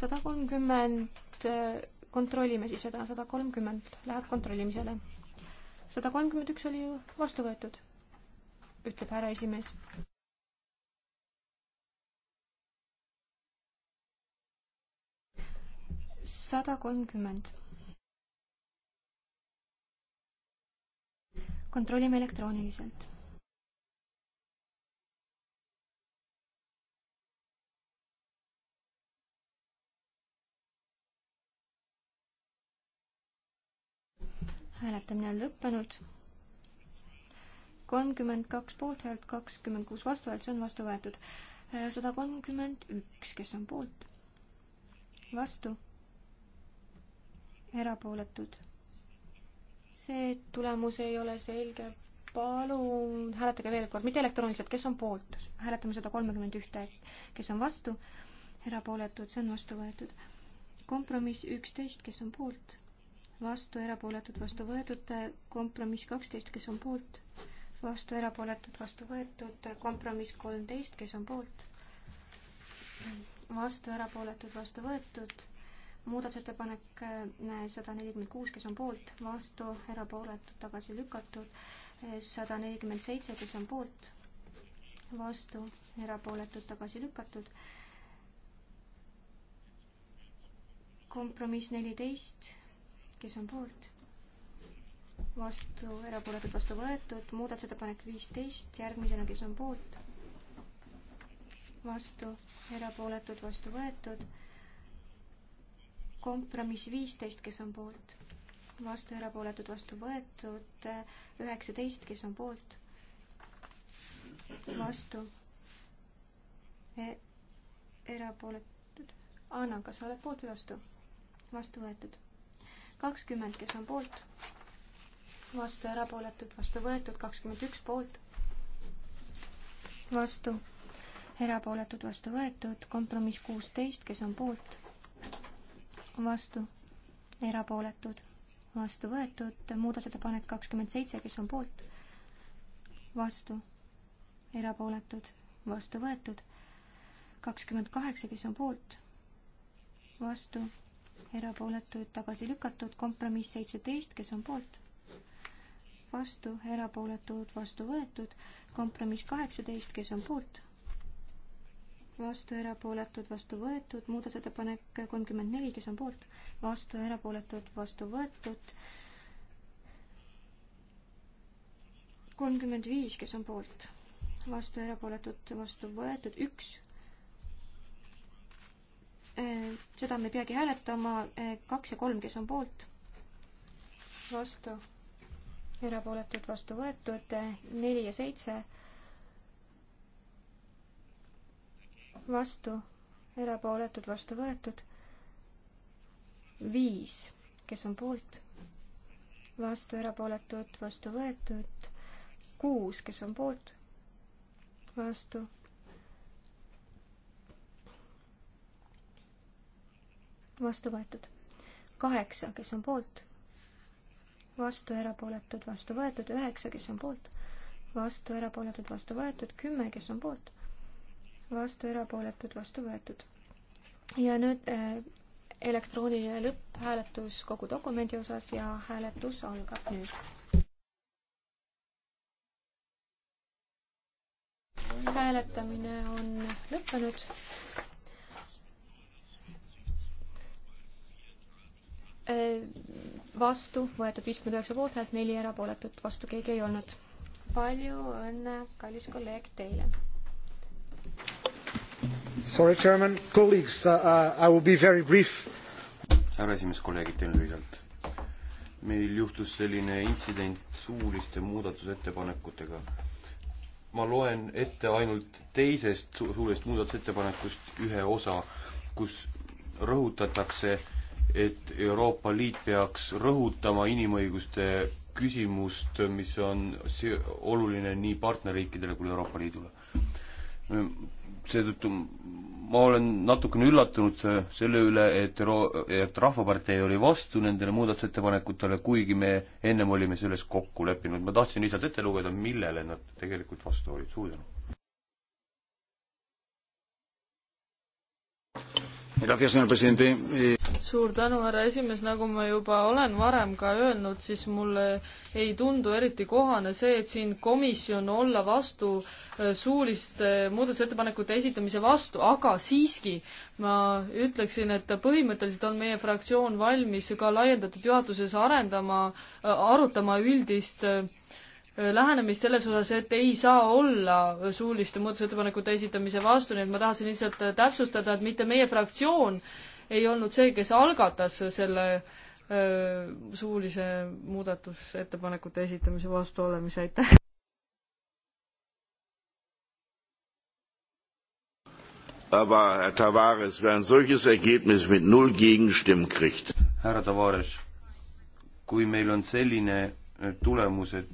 sada kolmkümmend, äh, kontrollime siis seda, sada kolmkümmend läheb kontrollimisele. sada kolmkümmend üks oli ju vastu võetud, ütleb härra esimees. sada kolmkümmend. kontrollime elektrooniliselt hääletamine on lõppenud. kolmkümmend kaks poolthäält, kakskümmend kuus vastuhäält, see on vastu võetud. Äh, sada kolmkümmend üks, kes on poolt, vastu, erapooletud. see tulemus ei ole selge. palun hääletage veel kord, mitte elektrooniliselt, kes on poolt, hääletame sada kolmekümmend ühte, kes on vastu, erapooletud, see on vastu võetud. kompromiss üksteist, kes on poolt vastu, erapooletud, vastu võetud, kompromiss kaksteist, kes on poolt, vastu, erapooletud, vastu võetud, kompromiss kolmteist, kes on poolt, vastu, erapooletud, vastu võetud, muudatusettepanek äh, sada nelikümmend kuus, kes on poolt, vastu, erapooletud, tagasi lükatud, sada nelikümmend seitse, kes on poolt, vastu, erapooletud, tagasi lükatud, kompromiss neliteist kes on poolt? vastu, erapooletud, vastu võetud, muudatusettepanek viisteist, järgmisena, kes on poolt? vastu, erapooletud, vastu võetud, kompromiss viisteist, kes on poolt? vastu, erapooletud, vastu võetud, üheksateist, kes on poolt? vastu e, erapooletud. Anna, kas sa oled poolt või vastu? vastu võetud kakskümmend, kes on poolt, vastu erapooletud, vastu võetud, kakskümmend üks poolt, vastu erapooletud, vastu võetud, kompromiss kuusteist, kes on poolt, vastu erapooletud, vastu võetud, muudatusettepanek kakskümmend seitse, kes on poolt, vastu erapooletud, vastu võetud, kakskümmend kaheksa, kes on poolt, vastu erapooletuid tagasi lükatud, kompromiss seitseteist, kes on poolt, vastu, erapooletud, vastu võetud, kompromiss kaheksateist, kes on poolt, vastu, erapooletud, vastu võetud, muudatusettepanek kolmkümmend neli, kes on poolt, vastu, erapooletud, vastu võetud, kolmkümmend viis, kes on poolt, vastu, erapooletud, vastu võetud, üks Äh, seda me peagi hääletama, äh, kaks ja kolm, kes on poolt? vastu, erapooletud, vastu võetud, äh, neli ja seitse. vastu, erapooletud, vastu võetud, viis, kes on poolt? vastu, erapooletud, vastu võetud, kuus, kes on poolt? vastu vastu võetud. kaheksa, kes on poolt, vastu, erapooletud, vastu võetud, üheksa, kes on poolt, vastu, erapooletud, vastu võetud, kümme, kes on poolt, vastu, erapooletud, vastu võetud. ja nüüd äh, elektrooniline lõpphääletus kogu dokumendi osas ja hääletus algab nüüd. hääletamine on lõppenud Äh, vastu võetud viiskümmend üheksa poolthäält, neli erapooletut, vastu keegi ei olnud. palju õnne, kallis kolleeg, teile!
Sorry, chairman, colleagues uh, uh,, I will be very brief.
härra esimees, kolleegid, teen lühidalt. meil juhtus selline intsident suuliste muudatusettepanekutega. ma loen ette ainult teisest su suurest muudatusettepanekust ühe osa, kus rõhutatakse äh, et Euroopa Liit peaks rõhutama inimõiguste küsimust, mis on oluline nii partnerriikidele kui Euroopa Liidule. seetõttu ma olen natukene üllatunud selle üle, et Euro-, et Rahvapartei oli vastu nendele muudatusettepanekutele, kuigi me ennem olime selles kokku leppinud. ma tahtsin lihtsalt ette lugeda, millele nad tegelikult vastu olid. suur tänu. Gracias, señor presidente. Eh
suur tänu, härra esimees, nagu ma juba olen varem ka öelnud, siis mulle ei tundu eriti kohane see, et siin komisjon olla vastu äh, suuliste muudatusettepanekute esitamise vastu, aga siiski ma ütleksin, et põhimõtteliselt on meie fraktsioon valmis ka laiendatud juhatuses arendama, äh, arutama üldist äh, lähenemist selles osas, et ei saa olla suuliste muudatusettepanekute esitamise vastu, nii et ma tahtsin lihtsalt täpsustada, et mitte meie fraktsioon äh, ei olnud see, kes algatas selle suulise muudatusettepanekute esitamise vastu olemise, aitäh!
aber Herr Tavares, wer ein solches Ergebnis mit null Gegenstimmen kriegt. härra
Tavares, kui meil on selline äh, tulemus, et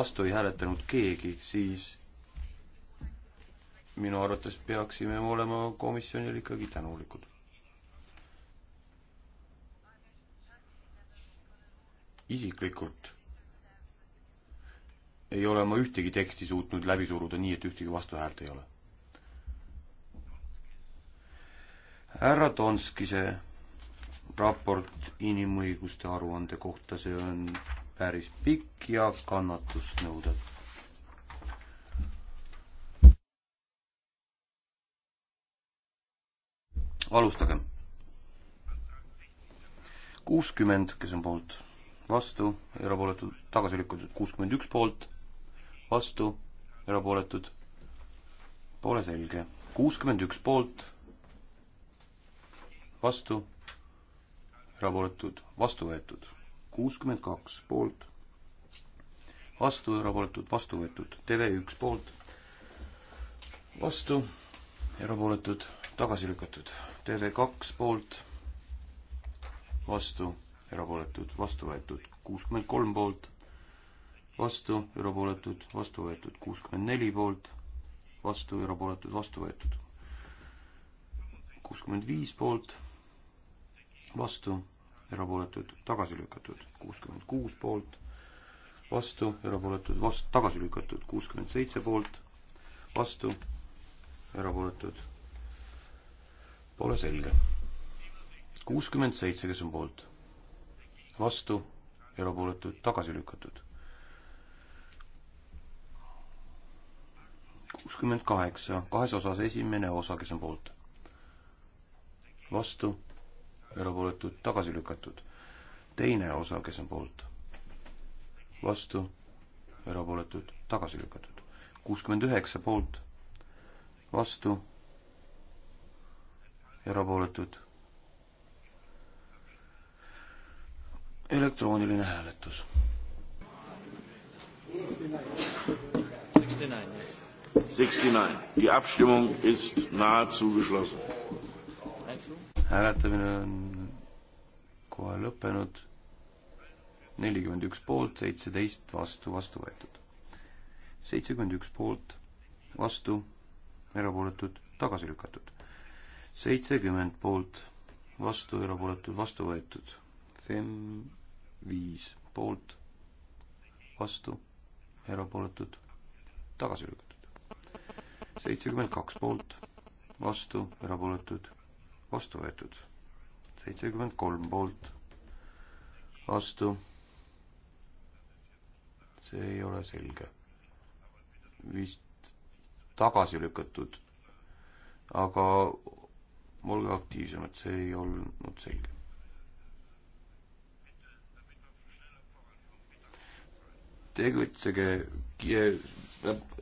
vastu ei hääletanud keegi, siis minu arvates peaksime me olema komisjonile ikkagi tänulikud. isiklikult ei ole ma ühtegi teksti suutnud läbi suruda nii, et ühtegi vastuhäält ei ole. härra Tonskise raport inimõiguste aruande kohta, see on päris pikk ja kannatust nõudev. alustagem. kuuskümmend, kes on poolt vastu, erapooletud, tagasi lükatud kuuskümmend üks poolt, vastu, erapooletud, pole selge, kuuskümmend üks poolt, vastu, erapooletud, vastu võetud, kuuskümmend kaks poolt, vastu, erapooletud, vastu võetud, TV1 poolt, vastu, erapooletud, tagasi lükatud, TV2 poolt, vastu erapooletud, vastu võetud kuuskümmend kolm poolt, vastu, erapooletud, vastu võetud kuuskümmend neli poolt, vastu, erapooletud, vastu võetud kuuskümmend viis poolt, vastu, erapooletud, tagasi lükatud kuuskümmend kuus poolt, vastu, erapooletud, vastu, tagasi lükatud kuuskümmend seitse poolt, vastu, erapooletud, pole selge. kuuskümmend seitse, kes on poolt vastu, erapooletud, tagasi lükatud. kuuskümmend kaheksa, kahes osas esimene osa, kes on poolt. vastu, erapooletud, tagasi lükatud. teine osa, kes on poolt. vastu, erapooletud, tagasi lükatud. kuuskümmend üheksa poolt, vastu, erapooletud elektrooniline hääletus. hääletamine on kohe lõppenud. nelikümmend üks poolt, seitseteist vastu, vastu võetud. seitsekümmend üks poolt, vastu, erapooletud, tagasi lükatud. seitsekümmend poolt, vastu, erapooletud, vastu võetud. Fem viis poolt, vastu, erapooletud, tagasi lükatud. seitsekümmend kaks poolt, vastu, erapooletud, vastu võetud. seitsekümmend kolm poolt, vastu. see ei ole selge. vist tagasi lükatud, aga olge aktiivsemad, see ei olnud selge. tegutsege,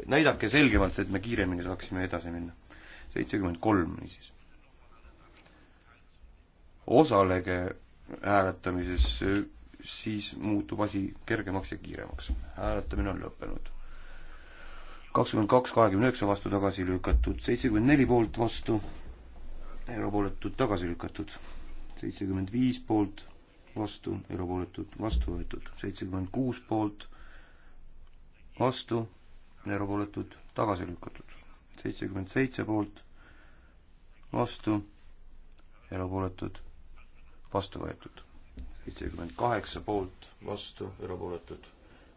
näidake selgemalt, et me kiiremini saaksime edasi minna. seitsekümmend kolm niisiis. osalege hääletamises, siis muutub asi kergemaks ja kiiremaks. hääletamine on lõppenud. kakskümmend kaks, kahekümne üheksa vastu tagasi lükatud, seitsekümmend neli poolt vastu, erapooletud tagasi lükatud, seitsekümmend viis poolt vastu, erapooletud vastu võetud, seitsekümmend kuus poolt vastu, erapooletud, tagasi lükatud. seitsekümmend seitse poolt, vastu, erapooletud, vastu võetud. seitsekümmend kaheksa poolt, vastu, erapooletud,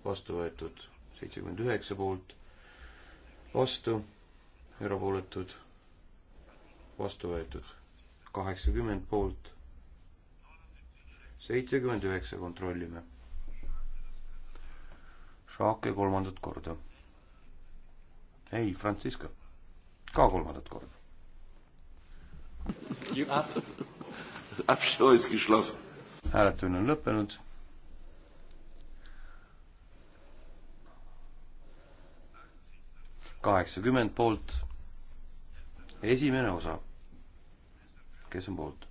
vastu võetud. seitsekümmend üheksa poolt, vastu, erapooletud, vastu võetud. kaheksakümmend poolt, seitsekümmend üheksa kontrollime Šaake kolmandat korda. ei, Francisca, ka kolmandat korda. hääletamine on lõppenud. kaheksakümmend poolt. esimene osa. kes on poolt?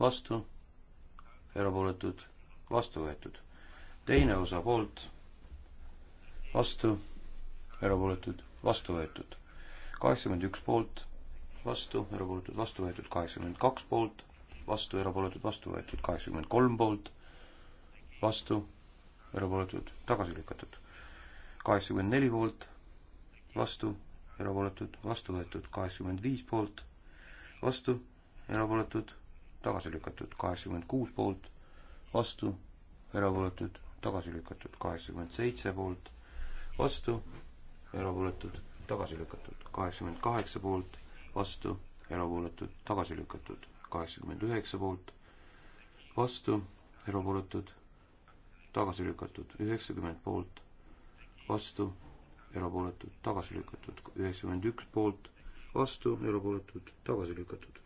vastu, erapooletud, vastu võetud teine osa poolt, vastu, erapooletud, vastu võetud. kaheksakümmend üks poolt, vastu, erapooletud, vastu võetud, kaheksakümmend kaks poolt, vastu, erapooletud, vastu võetud, kaheksakümmend kolm poolt, vastu, erapooletud, tagasi lükatud. kaheksakümmend neli poolt, vastu, erapooletud, vastu võetud, kaheksakümmend viis poolt, vastu, erapooletud, tagasi lükatud, kaheksakümmend kuus poolt, vastu, erapooletud, tagasi lükatud kaheksakümmend seitse poolt, vastu, erapooletud, tagasi lükatud kaheksakümmend kaheksa poolt, vastu, erapooletud, tagasi lükatud kaheksakümmend üheksa poolt, vastu, erapooletud, tagasi lükatud üheksakümmend poolt, vastu, erapooletud, tagasi lükatud üheksakümmend üks poolt, vastu, erapooletud, tagasi lükatud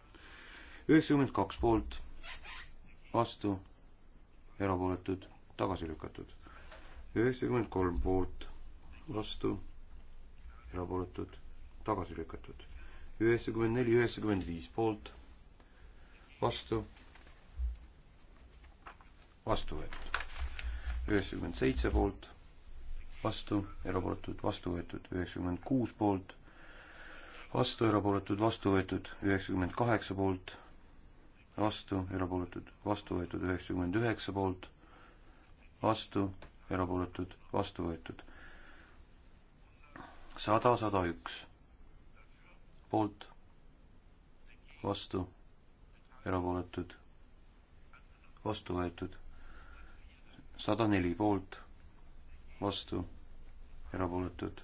üheksakümmend kaks poolt, vastu, erapooletud tagasi lükatud. üheksakümmend kolm poolt, vastu, erapooletud, tagasi lükatud. üheksakümmend neli, üheksakümmend viis poolt, vastu, vastu võetud. üheksakümmend seitse poolt, vastu, erapooletud, vastu võetud. üheksakümmend kuus poolt, vastu, erapooletud, vastu võetud. üheksakümmend kaheksa poolt, vastu, erapooletud, vastu võetud. üheksakümmend üheksa poolt vastu, erapooletud, vastu võetud. sada, sada üks. poolt, vastu, erapooletud, vastu võetud. sada neli poolt, vastu, erapooletud,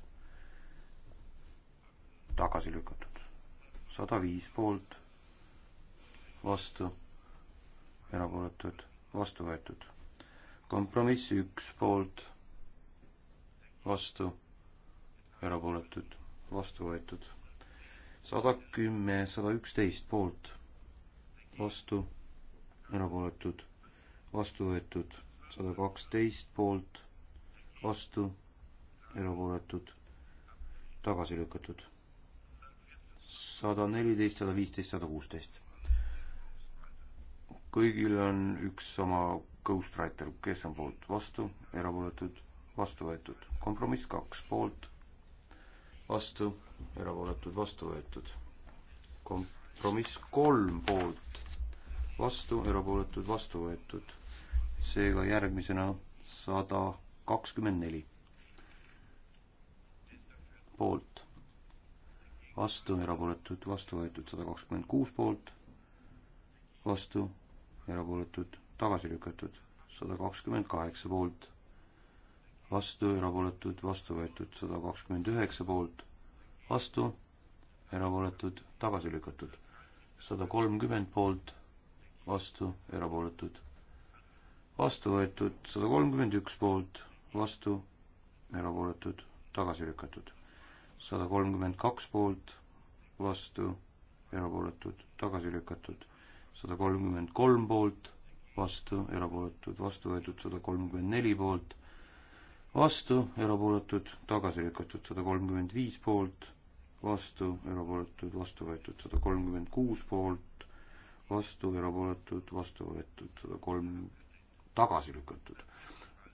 tagasi lükatud. sada viis poolt, vastu, erapooletud, vastu võetud kompromiss üks poolt, vastu, erapooletud, vastu võetud. sada kümme, sada üksteist poolt, vastu, erapooletud, vastu võetud. sada kaksteist poolt, vastu, erapooletud, tagasi lükatud. sada neliteist, sada viisteist, sada kuusteist. kõigil on üks sama Ghostwriter, kes on poolt, vastu, erapooletud, vastu võetud. kompromiss kaks, poolt, vastu, erapooletud, vastu võetud. kompromiss kolm, poolt, vastu, erapooletud, vastu võetud. seega järgmisena sada kakskümmend neli. poolt, vastu, erapooletud, vastu võetud, sada kakskümmend kuus poolt, vastu, erapooletud tagasi lükatud, sada kakskümmend kaheksa poolt, vastu, erapooletud, vastu võetud, sada kakskümmend üheksa poolt, vastu, erapooletud, tagasi lükatud, sada kolmkümmend poolt, vastu, erapooletud, vastu võetud, sada kolmkümmend üks poolt, vastu, erapooletud, tagasi lükatud, sada kolmkümmend kaks poolt, vastu, erapooletud, tagasi lükatud, sada kolmkümmend kolm poolt vastu, erapooletud, vastu võetud sada kolmkümmend neli poolt, vastu, erapooletud, tagasi lükatud sada kolmkümmend viis poolt, vastu, erapooletud, vastu võetud sada kolmkümmend kuus poolt, vastu, erapooletud, vastu võetud sada kolm, tagasi lükatud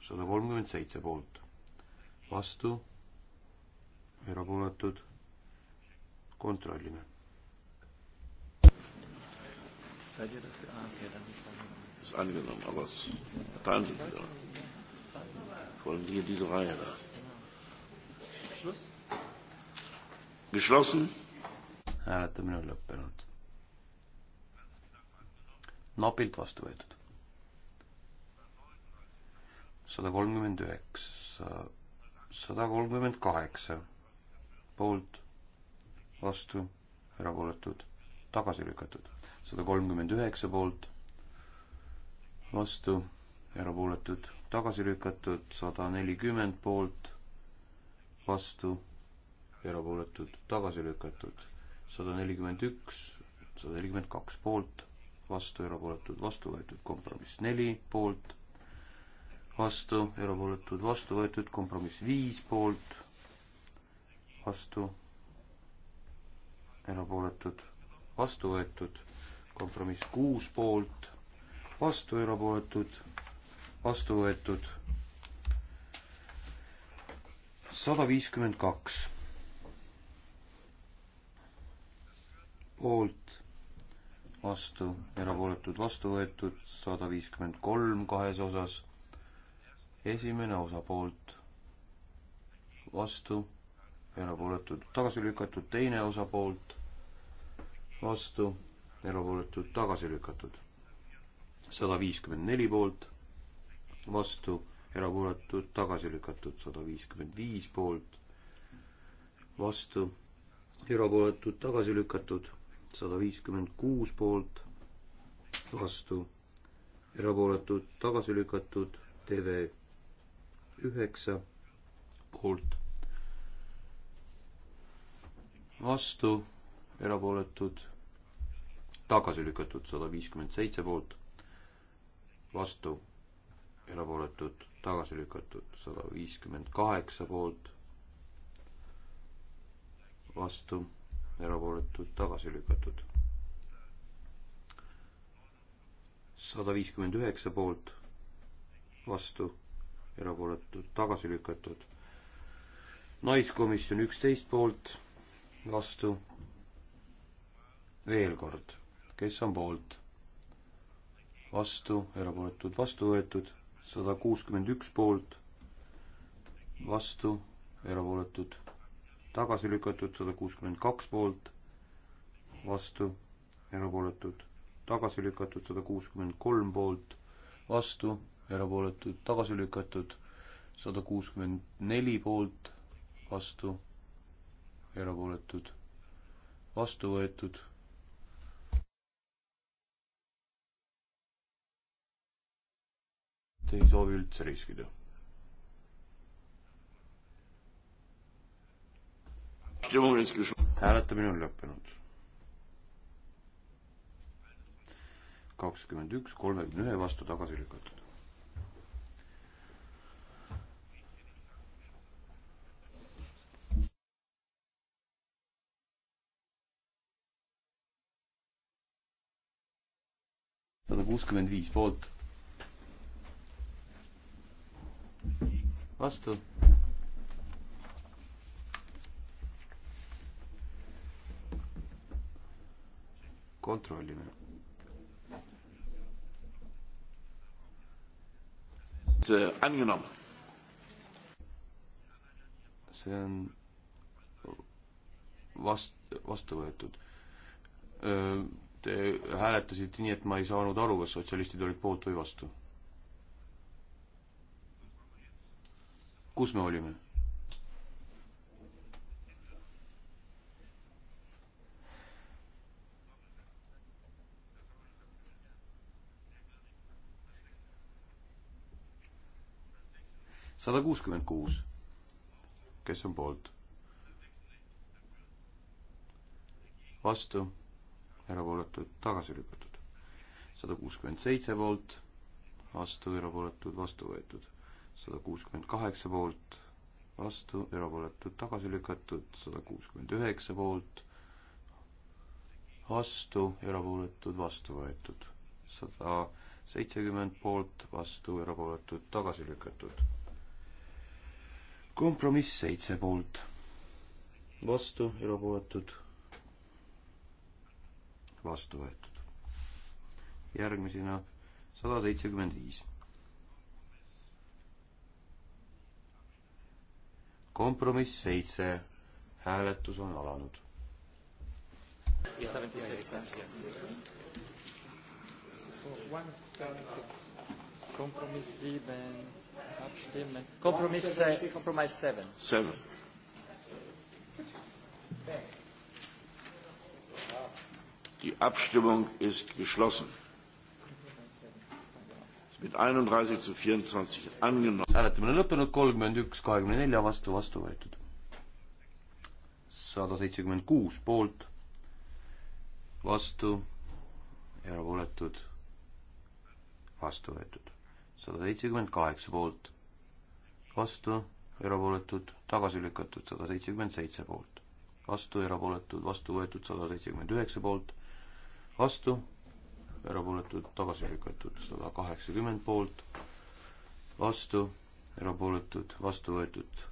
sada kolmkümmend seitse poolt, vastu, erapooletud, kontrollime.
sa ei tea, kas, aa, ah, okei, ta vist on.
Ist angenommen, aber es teilen sich wieder.
Folgen hier diese Reihe da. Schluss. Geschlossen.
hääletamine on lõppenud. napilt vastu võetud. sada kolmkümmend üheksa, sada kolmkümmend kaheksa poolt, vastu, erapooletud, tagasi lükatud. sada kolmkümmend üheksa poolt vastu, erapooletud, tagasi lükatud, sada nelikümmend poolt, vastu, erapooletud, tagasi lükatud, sada nelikümmend üks, sada nelikümmend kaks poolt, vastu, erapooletud, vastu võetud, kompromiss neli poolt, vastu, erapooletud, vastu võetud, kompromiss viis poolt, vastu, erapooletud, vastu võetud, kompromiss kuus poolt vastu, erapooletud, vastu võetud. sada viiskümmend kaks. poolt, vastu, erapooletud, vastu võetud, sada viiskümmend kolm kahes osas. esimene osa poolt, vastu, erapooletud, tagasi lükatud, teine osa poolt, vastu, erapooletud, tagasi lükatud sada viiskümmend neli poolt, vastu, erapooletud, tagasi lükatud, sada viiskümmend viis poolt, vastu, erapooletud, tagasi lükatud, sada viiskümmend kuus poolt, vastu, erapooletud, tagasi lükatud, TV üheksa poolt, vastu, erapooletud, tagasi lükatud, sada viiskümmend seitse poolt vastu, erapooletud, tagasi lükatud, sada viiskümmend kaheksa poolt, vastu, erapooletud, tagasi lükatud. sada viiskümmend üheksa poolt, vastu, erapooletud, tagasi lükatud. naiskomisjon üksteist poolt, vastu, veel kord, kes on poolt vastu, erapooletud vastu võetud, sada kuuskümmend üks poolt, vastu, erapooletud tagasi lükatud, sada kuuskümmend kaks poolt, vastu, erapooletud tagasi lükatud, sada kuuskümmend kolm poolt, vastu, erapooletud tagasi lükatud, sada kuuskümmend neli poolt, vastu, erapooletud vastu võetud samuti ei soovi üldse riskida. hääletamine on lõppenud. kakskümmend üks, kolmekümne ühe vastu tagasi lükatud. sada kuuskümmend viis poolt vastu. kontrollime. see on vast-, vastu võetud. Te hääletasite nii, et ma ei saanud aru, kas sotsialistid olid poolt või vastu kus me olime? sada kuuskümmend kuus. kes on poolt? vastu, erapooletud, tagasi lükatud. sada kuuskümmend seitse poolt, vastu, erapooletud, vastu võetud sada kuuskümmend kaheksa poolt, vastu, erapooletud tagasi lükatud, sada kuuskümmend üheksa poolt, vastu, erapooletud, vastu võetud, sada seitsekümmend poolt, vastu, erapooletud, tagasi lükatud. kompromiss seitse poolt, vastu, erapooletud, vastu võetud. järgmisena sada seitsekümmend viis kompromiss seitse, hääletus on alanud.
kompromiss sieben, kompromiss, kompromiss
seven. Seven. Die Abstimmung ist geschlossen
hääletamine lõppenud, kolmkümmend üks, kahekümne nelja vastu, vastu võetud. sada seitsekümmend kuus poolt, vastu, erapooletud, vastu võetud. sada seitsekümmend kaheksa poolt, vastu, erapooletud, tagasi lükatud, sada seitsekümmend seitse poolt vastu, erapooletud, vastu võetud sada seitsekümmend üheksa poolt, vastu, erapooletud, tagasi lükatud sada kaheksakümmend poolt, vastu, erapooletud, vastu võetud.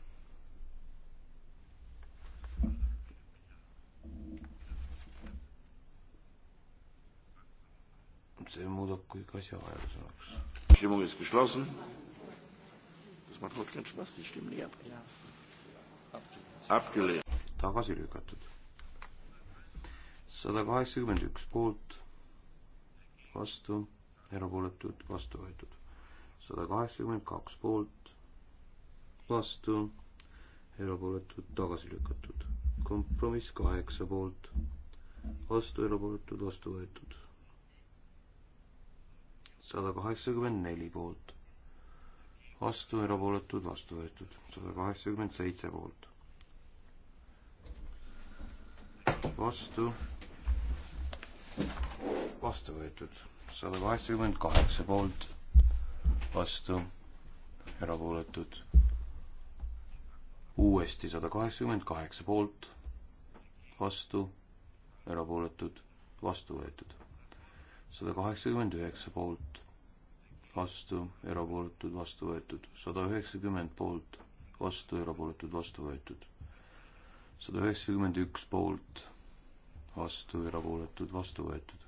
see muudab kõik asja aeglasemaks. Stimmung ist geschlossen. Das macht heute keinen Spaß, die stimmen
nicht
ab.
Abgelehnt. tagasi lükatud. sada kaheksakümmend üks poolt vastu, erapooletud, vastu võetud. sada kaheksakümmend kaks poolt, vastu, erapooletud, tagasi lükatud. kompromiss kaheksa poolt, vastu, erapooletud, vastu võetud. sada kaheksakümmend neli poolt, vastu, erapooletud, vastu võetud. sada kaheksakümmend seitse poolt, vastu vastu võetud sada kaheksakümmend kaheksa poolt, vastu erapooletud. uuesti sada kaheksakümmend kaheksa poolt, vastu erapooletud, vastu võetud. sada kaheksakümmend üheksa poolt, vastu erapooletud, vastu võetud. sada üheksakümmend poolt, vastu erapooletud, vastu võetud. sada üheksakümmend üks poolt, vastu erapooletud, vastu võetud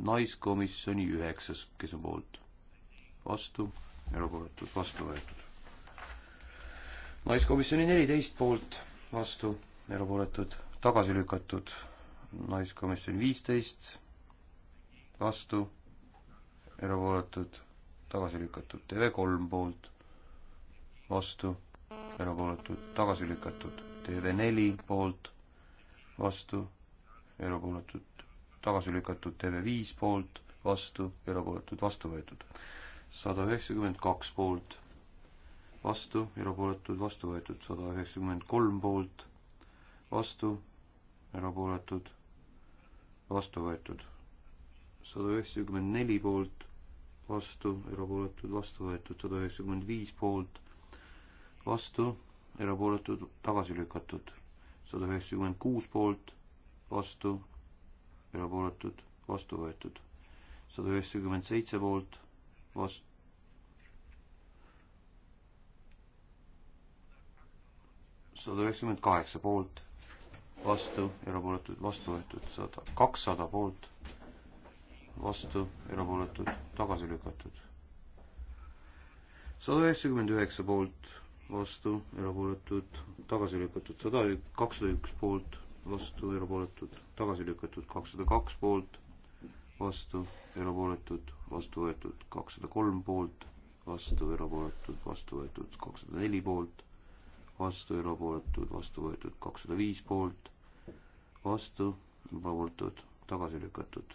naiskomisjoni üheksas, kes on poolt, vastu, erapooletud, vastu võetud. naiskomisjoni neliteist poolt, vastu, erapooletud, tagasi lükatud. naiskomisjoni viisteist, vastu, erapooletud, tagasi lükatud. TV3 poolt, vastu, erapooletud, tagasi lükatud. TV4 poolt, vastu, erapooletud, tagasi lükatud TV5 poolt, vastu, erapooletud, vastu võetud. sada üheksakümmend kaks poolt, vastu, erapooletud, vastu võetud, sada üheksakümmend kolm poolt, vastu, erapooletud, vastu võetud. sada üheksakümmend neli poolt, vastu, erapooletud, vastu võetud, sada üheksakümmend viis poolt, vastu, erapooletud, tagasi lükatud, sada üheksakümmend kuus poolt, vastu, erapooletud, vastu võetud. sada üheksakümmend seitse poolt, vastu. sada üheksakümmend kaheksa poolt, vastu, erapooletud, vastu võetud, sada, kakssada poolt, vastu, erapooletud, tagasi lükatud. sada üheksakümmend üheksa poolt, vastu, erapooletud, tagasi lükatud, sada, kakssada üks poolt vastu, erapooletud, tagasi lükatud kakssada kaks poolt, vastu, erapooletud, vastu võetud kakssada kolm poolt, vastu, erapooletud, vastu võetud kakssada neli poolt, vastu, erapooletud, vastu võetud kakssada viis poolt, vastu, erapooletud, tagasi lükatud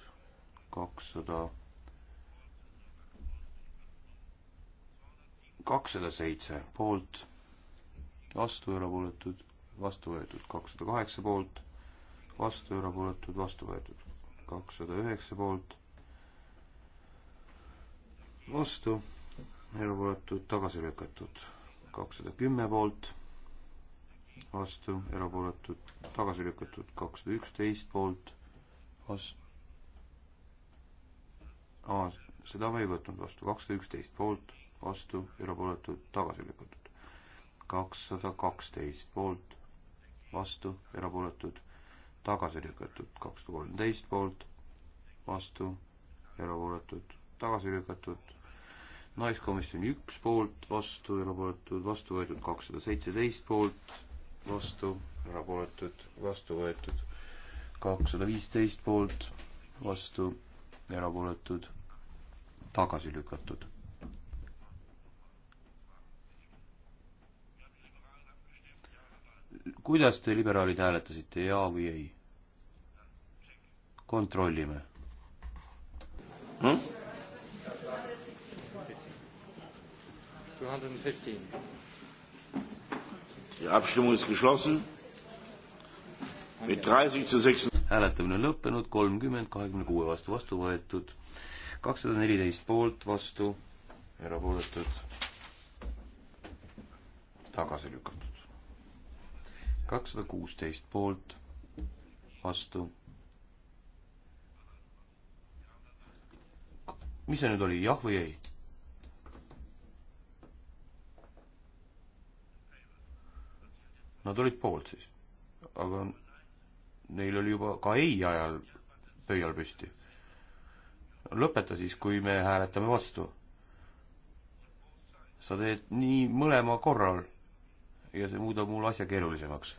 kakssada, kakssada seitse poolt, vastu, erapooletud vastu võetud kakssada kaheksa poolt, vastu erapooletud, vastu võetud kakssada üheksa poolt, vastu erapooletud, tagasi lükatud kakssada kümme poolt, vastu erapooletud, tagasi lükatud kakssada üksteist poolt, vastu Aa, seda me ei võtnud vastu, kakssada üksteist poolt, vastu, erapooletud, tagasi lükatud. kakssada kaksteist poolt, vastu, erapooletud, tagasi lükatud, kakssada kolmteist poolt, vastu, erapooletud, tagasi lükatud, naiskomisjoni üks poolt, vastu, erapooletud, vastu võetud kakssada seitseteist poolt, vastu, erapooletud, vastu võetud kakssada viisteist poolt, vastu, erapooletud, tagasi lükatud kuidas te, liberaalid, hääletasite, jaa või ei? kontrollime hm?.
Die Abstimmung ist geschlossen.
Mit 30 zu 6. hääletamine lõppenud, kolmkümmend, kahekümne kuue vastu vastu võetud, kakssada neliteist poolt vastu, erapooletud, tagasi lükatud kakssada kuusteist poolt, vastu. mis see nüüd oli, jah või ei? Nad olid poolt siis, aga neil oli juba ka ei ajal pöial püsti. lõpeta siis, kui me hääletame vastu. sa teed nii mõlema korral ja see muudab mul asja keerulisemaks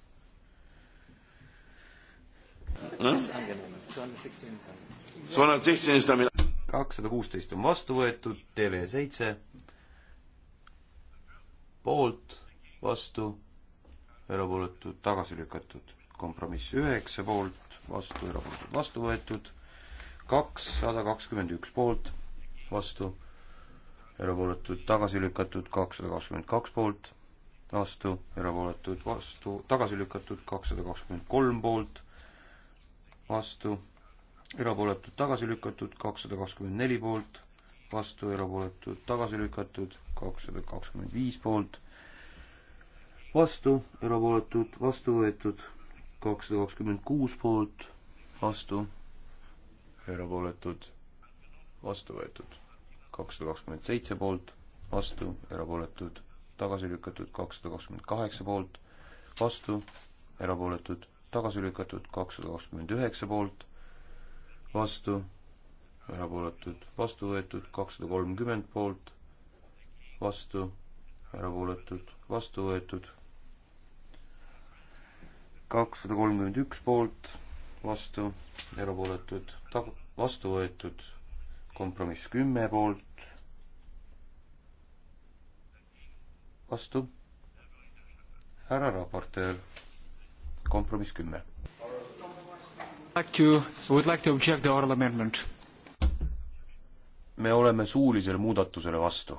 kakssada kuusteist on vastu võetud, TV7 poolt, vastu, erapooletud, tagasi lükatud. kompromiss üheksa poolt, vastu, erapooletud, vastu võetud, kakssada kakskümmend üks poolt, vastu, erapooletud, tagasi lükatud, kakssada kakskümmend kaks poolt vastu, erapooletud vastu, tagasi lükatud kakssada kakskümmend kolm poolt, vastu, erapooletud tagasi lükatud kakssada kakskümmend neli poolt, vastu, erapooletud tagasi lükatud kakssada kakskümmend viis poolt, vastu, erapooletud vastu võetud kakssada kakskümmend kuus poolt, vastu, erapooletud vastu võetud kakssada kakskümmend seitse poolt, vastu, erapooletud tagasi lükatud kakssada kakskümmend kaheksa poolt, vastu, erapooletud, tagasi lükatud kakssada kakskümmend üheksa poolt, vastu, erapooletud, vastu võetud kakssada kolmkümmend poolt, vastu, erapooletud, vastu võetud kakssada kolmkümmend üks poolt, vastu, erapooletud, tag-, vastu võetud, kompromiss kümme poolt, vastu. härra raportöör, kompromiss kümme. me oleme suulisele muudatusele vastu.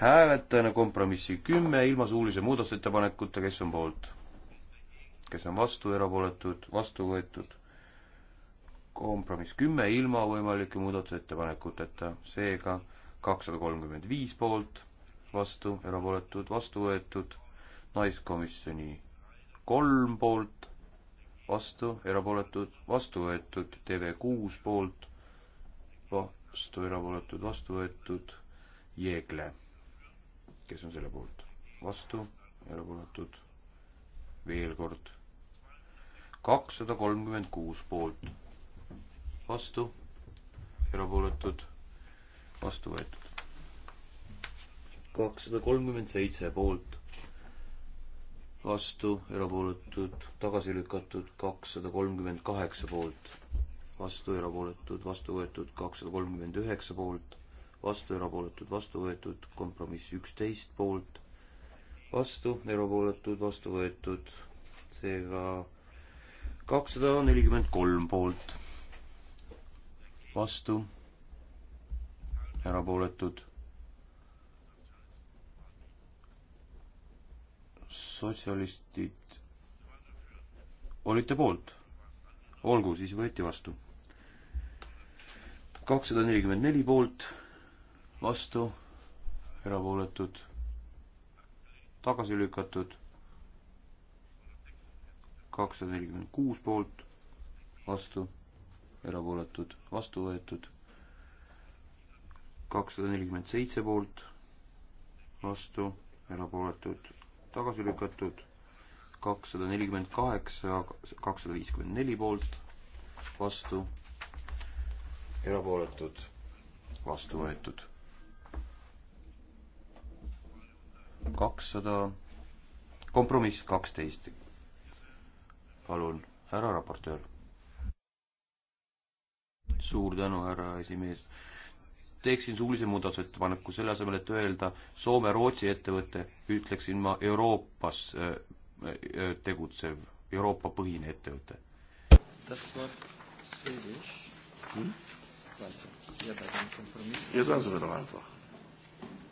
hääletame kompromissi kümme ilma suulise muudatusettepanekuta, kes on poolt kes on vastu, erapooletud, vastu võetud. kompromiss kümme ilma võimalike muudatusettepanekuteta, seega kakssada kolmkümmend viis poolt, vastu, erapooletud, vastu võetud, naiskomisjoni kolm poolt, vastu, erapooletud, vastu võetud, TV6 poolt, vastu, erapooletud, vastu võetud, Jeegle, kes on selle poolt, vastu, erapooletud, veel kord kakssada kolmkümmend kuus poolt, vastu, erapooletud, vastu võetud. kakssada kolmkümmend seitse poolt, vastu, erapooletud, tagasi lükatud, kakssada kolmkümmend kaheksa poolt, vastu, erapooletud, vastu võetud, kakssada kolmkümmend üheksa poolt, vastu, erapooletud, vastu võetud, kompromiss üksteist poolt, vastu, erapooletud, vastu võetud, seega ka kakssada nelikümmend kolm poolt, vastu, erapooletud. sotsialistid olite poolt, olgu, siis võeti vastu. kakssada nelikümmend neli poolt, vastu, erapooletud, tagasi lükatud kakssada nelikümmend kuus poolt, vastu, erapooletud, vastu võetud, kakssada nelikümmend seitse poolt, vastu, erapooletud, tagasi lükatud, kakssada nelikümmend kaheksa, kakssada viiskümmend neli poolt, vastu, erapooletud, vastu võetud. kakssada, kompromiss kaksteist palun, härra raportöör. suur tänu, härra esimees. teeksin suulise muudatusettepaneku, selle asemel, et öelda Soome-Rootsi ettevõte, ütleksin ma Euroopas äh, äh, tegutsev, Euroopa põhine ettevõte. Hmm?
Ja sagen Sie mir doch einfach.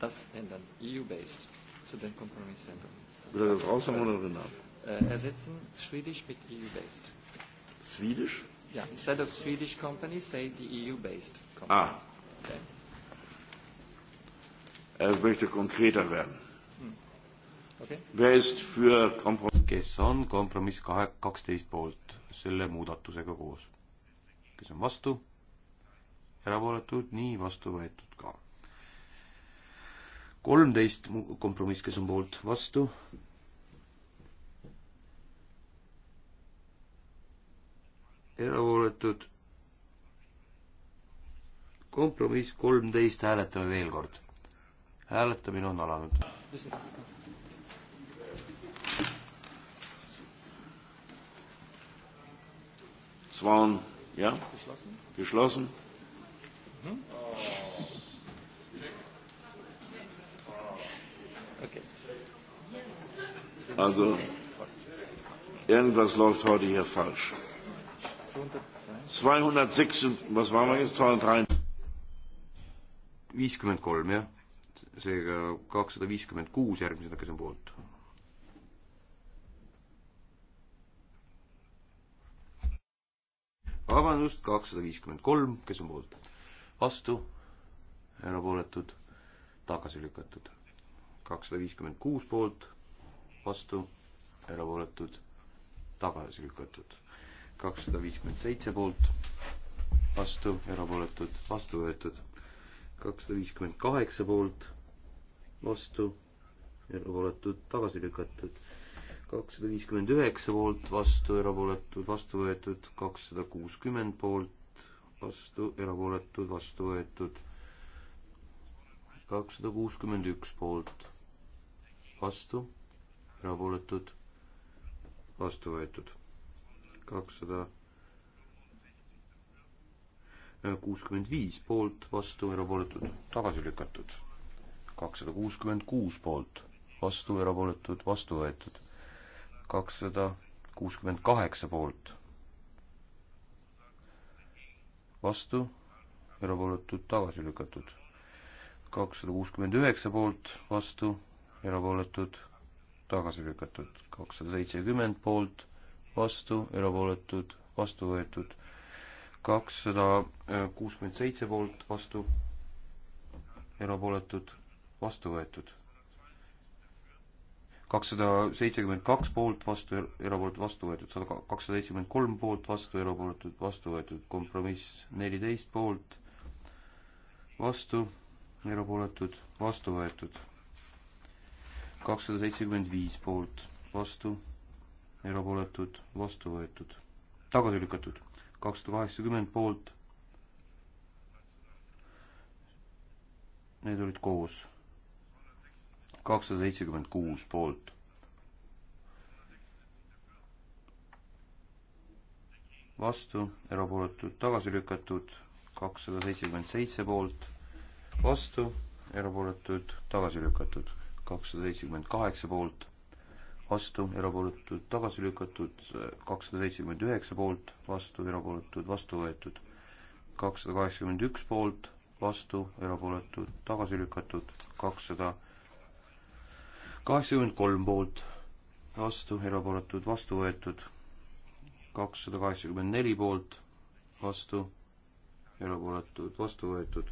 Das ändern. EU-based zu den Kompromiss ändern. Will er das raushaben oder drin
haben?
äh, ersetzen, Swedish
mit EU-based.
Swedish?
Ja, yeah, instead of Swedish company, say the
EU-based company. Ah. Okay.
Er möchte konkreter
werden.
Hm. Okay.
Wer ist für Kompromiss? kes on kompromiss kahe, kaksteist poolt selle muudatusega koos? kes on vastu? erapooletud, nii vastu võetud ka. kolmteist kompromiss, kes on poolt, vastu, erapooletud. kompromiss kolmteist, hääletame veel kord. hääletamine on alanud.
Swan, jah, geschlossen. Also, irgendwas läuft heute hier falsch was waren wir jetzt,
53? kolm jah, seega kakssada viiskümmend kuus järgmisena, kes on poolt. vabandust, kakssada viiskümmend kolm, kes on poolt, vastu, erapooletud, tagasi lükatud. kakssada viiskümmend kuus poolt, vastu, erapooletud, tagasi lükatud kakssada viiskümmend seitse poolt, vastu, erapooletud, vastu võetud. kakssada viiskümmend kaheksa poolt, vastu, erapooletud, tagasi lükatud. kakssada viiskümmend üheksa poolt, vastu, erapooletud, vastu võetud. kakssada kuuskümmend poolt, vastu, erapooletud, vastu võetud. kakssada kuuskümmend üks poolt, vastu, erapooletud, vastu võetud kakssada kuuskümmend viis poolt, vastu, erapooletud, tagasi lükatud. kakssada kuuskümmend kuus poolt, vastu, erapooletud, vastu võetud. kakssada kuuskümmend kaheksa poolt, vastu, erapooletud, tagasi lükatud. kakssada kuuskümmend üheksa poolt, vastu, erapooletud, tagasi lükatud. kakssada seitsekümmend poolt vastu, erapooletud, vastu võetud. kakssada kuuskümmend seitse poolt, vastu, erapooletud, vastu võetud. kakssada seitsekümmend kaks poolt, vastu, er-, erapooletud, vastu võetud, sada kakssada seitsekümmend kolm poolt, vastu, erapooletud, vastu võetud, kompromiss neliteist poolt, vastu, erapooletud, vastu võetud. kakssada seitsekümmend viis poolt, vastu erapooletud, vastu võetud, tagasi lükatud, kakssada kaheksakümmend poolt. Need olid koos, kakssada seitsekümmend kuus poolt. vastu, erapooletud, tagasi lükatud, kakssada seitsekümmend seitse poolt, vastu, erapooletud, tagasi lükatud, kakssada seitsekümmend kaheksa poolt vastu, erapooletud, tagasi lükatud, kakssada seitsekümmend üheksa poolt, vastu, erapooletud, vastu võetud. kakssada kaheksakümmend üks poolt, vastu, erapooletud, tagasi lükatud, kakssada kaheksakümmend kolm poolt, vastu, erapooletud, vastu võetud, kakssada kaheksakümmend neli poolt, vastu, erapooletud, vastu võetud,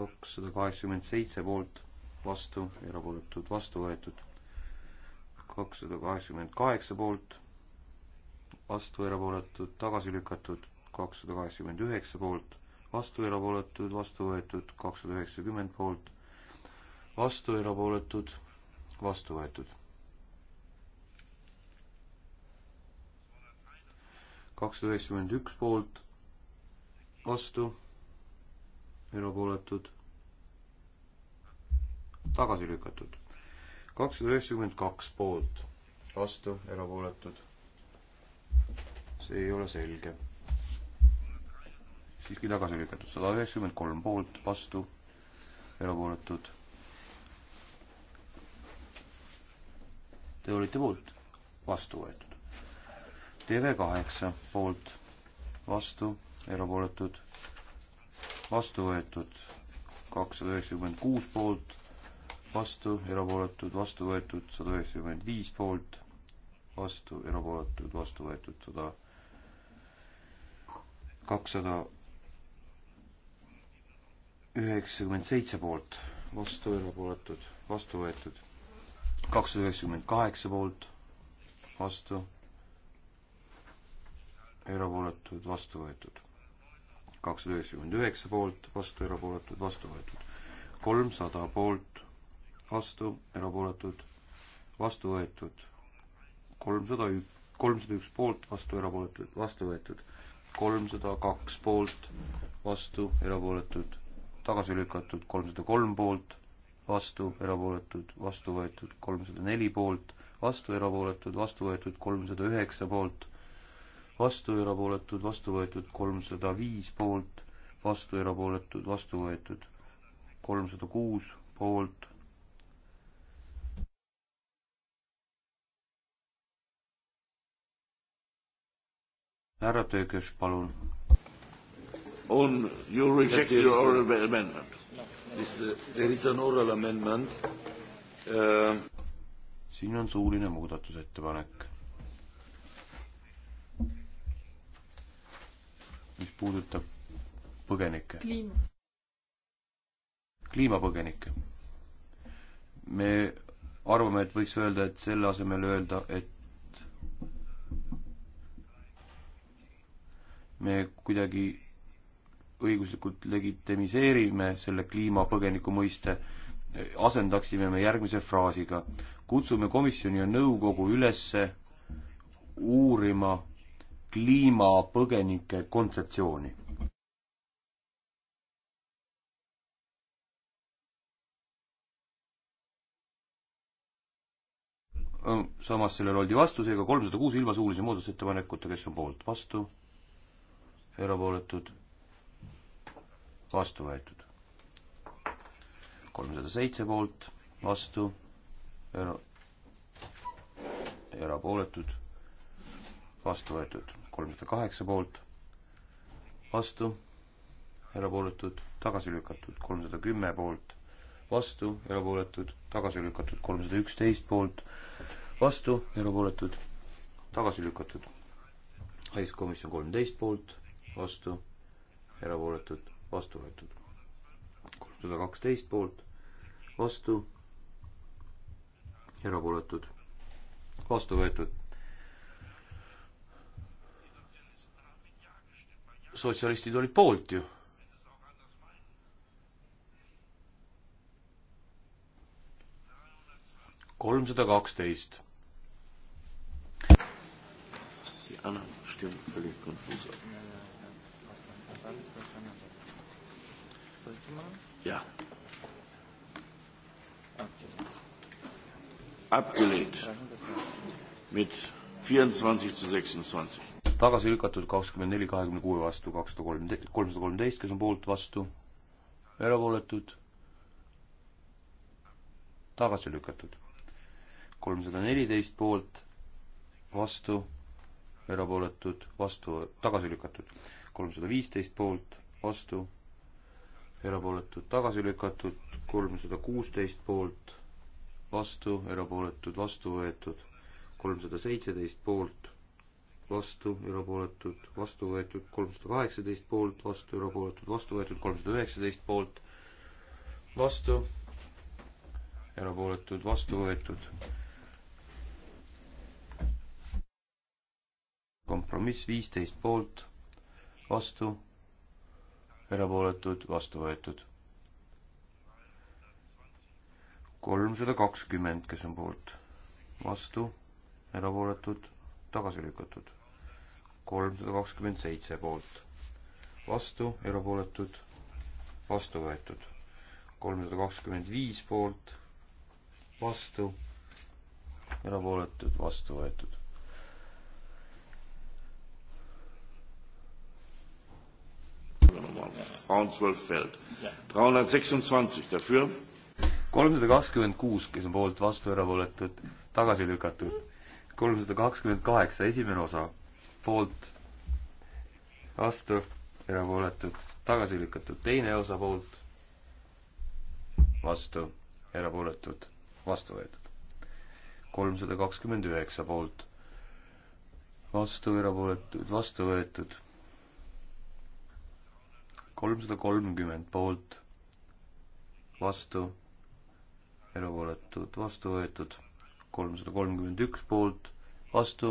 kakssada kaheksakümmend seitse poolt vastu, erapooletud vastu võetud. kakssada kaheksakümmend kaheksa poolt, vastu erapooletud, tagasi lükatud, kakssada kaheksakümmend üheksa poolt, vastu erapooletud, vastu võetud, kakssada üheksakümmend poolt, vastu erapooletud, vastu võetud. kakssada üheksakümmend üks poolt, vastu, erapooletud tagasi lükatud. kakssada üheksakümmend kaks poolt, vastu, erapooletud. see ei ole selge. siiski tagasi lükatud, sada üheksakümmend kolm poolt, vastu, erapooletud. Te olite poolt, vastu võetud. TV kaheksa poolt, vastu, erapooletud, vastu võetud kakssada üheksakümmend kuus poolt, vastu, erapooletud, vastu võetud sada üheksakümmend viis poolt, vastu, erapooletud, vastu võetud sada kakssada üheksakümmend seitse poolt, vastu, erapooletud, vastu võetud kakssada üheksakümmend kaheksa poolt, vastu, erapooletud, vastu võetud kakssada üheksakümmend üheksa poolt, vastu, erapooletud, vastu võetud kolmsada poolt, vastu, erapooletud, vastu võetud. kolmsada ük-, kolmsada üks poolt, vastu, erapooletud, vastu võetud. kolmsada kaks poolt, vastu, erapooletud, tagasi lükatud. kolmsada kolm poolt, vastu, erapooletud, vastu võetud. kolmsada neli poolt, vastu, erapooletud, vastu võetud. kolmsada üheksa poolt, vastu, erapooletud, vastu võetud. kolmsada viis poolt, vastu, erapooletud, vastu võetud. kolmsada kuus poolt härra Töökös, palun. On you reject yes, your oral amendment? This, uh, there is an oral amendment uh.... siin on suuline muudatusettepanek mis puudutab põgenikke. kliima. kliimapõgenikke. me arvame, et võiks öelda, et selle asemel öelda, et me kuidagi õiguslikult legitimiseerime selle kliimapõgeniku mõiste, asendaksime me järgmise fraasiga. kutsume komisjoni ja nõukogu üles uurima kliimapõgenike kontseptsiooni. samas sellele oldi vastu, seega kolmsada kuus ilma suulise muudatusettepanekuta, kes on poolt, vastu erapooletud, vastu võetud. kolmsada seitse poolt, vastu, era-, erapooletud, vastu võetud. kolmsada kaheksa poolt, vastu, erapooletud, tagasi lükatud. kolmsada kümme poolt, vastu, erapooletud, tagasi lükatud. kolmsada üksteist poolt, vastu, erapooletud, tagasi lükatud. väliskomisjon kolmteist poolt vastu, erapooletud, vastu võetud. kolmsada kaksteist poolt, vastu, erapooletud, vastu võetud. sotsialistid olid poolt ju. kolmsada kaksteist Die anderen stimmen völlig konfus
ab. Ja, ja. Ja.
Abgelehnt. Mit 24 zu 26. tagasi lükatud kakskümmend neli, kahekümne kuue vastu, kakssada kolm, kolmsada kolmteist, kes on poolt, vastu, erapooletud, tagasi lükatud. kolmsada neliteist poolt, vastu, erapooletud, vastu, tagasi lükatud kolmsada viisteist poolt, vastu, erapooletud tagasi lükatud, kolmsada kuusteist poolt, vastu, erapooletud vastu võetud, kolmsada seitseteist poolt, vastu, erapooletud vastu võetud, kolmsada kaheksateist poolt, vastu, erapooletud vastu võetud, kolmsada üheksateist poolt, vastu, erapooletud vastu võetud. kompromiss viisteist poolt vastu, erapooletud, vastu võetud. kolmsada kakskümmend, kes on poolt, vastu, erapooletud, tagasi lükatud. kolmsada kakskümmend seitse poolt, vastu, erapooletud, vastu võetud. kolmsada kakskümmend viis poolt, vastu, erapooletud, vastu võetud Frauenzwölf fällt. 326 dafür. kolmsada kakskümmend kuus, kes on poolt, vastu, erapooletud, tagasi lükatud. kolmsada kakskümmend kaheksa, esimene osa, poolt, vastu, erapooletud, tagasi lükatud, teine osa poolt, vastu, erapooletud, vastu võetud. kolmsada kakskümmend üheksa poolt, vastu, erapooletud, vastu võetud kolmsada kolmkümmend poolt, vastu, erapooletud, vastu võetud, kolmsada kolmkümmend üks poolt, vastu,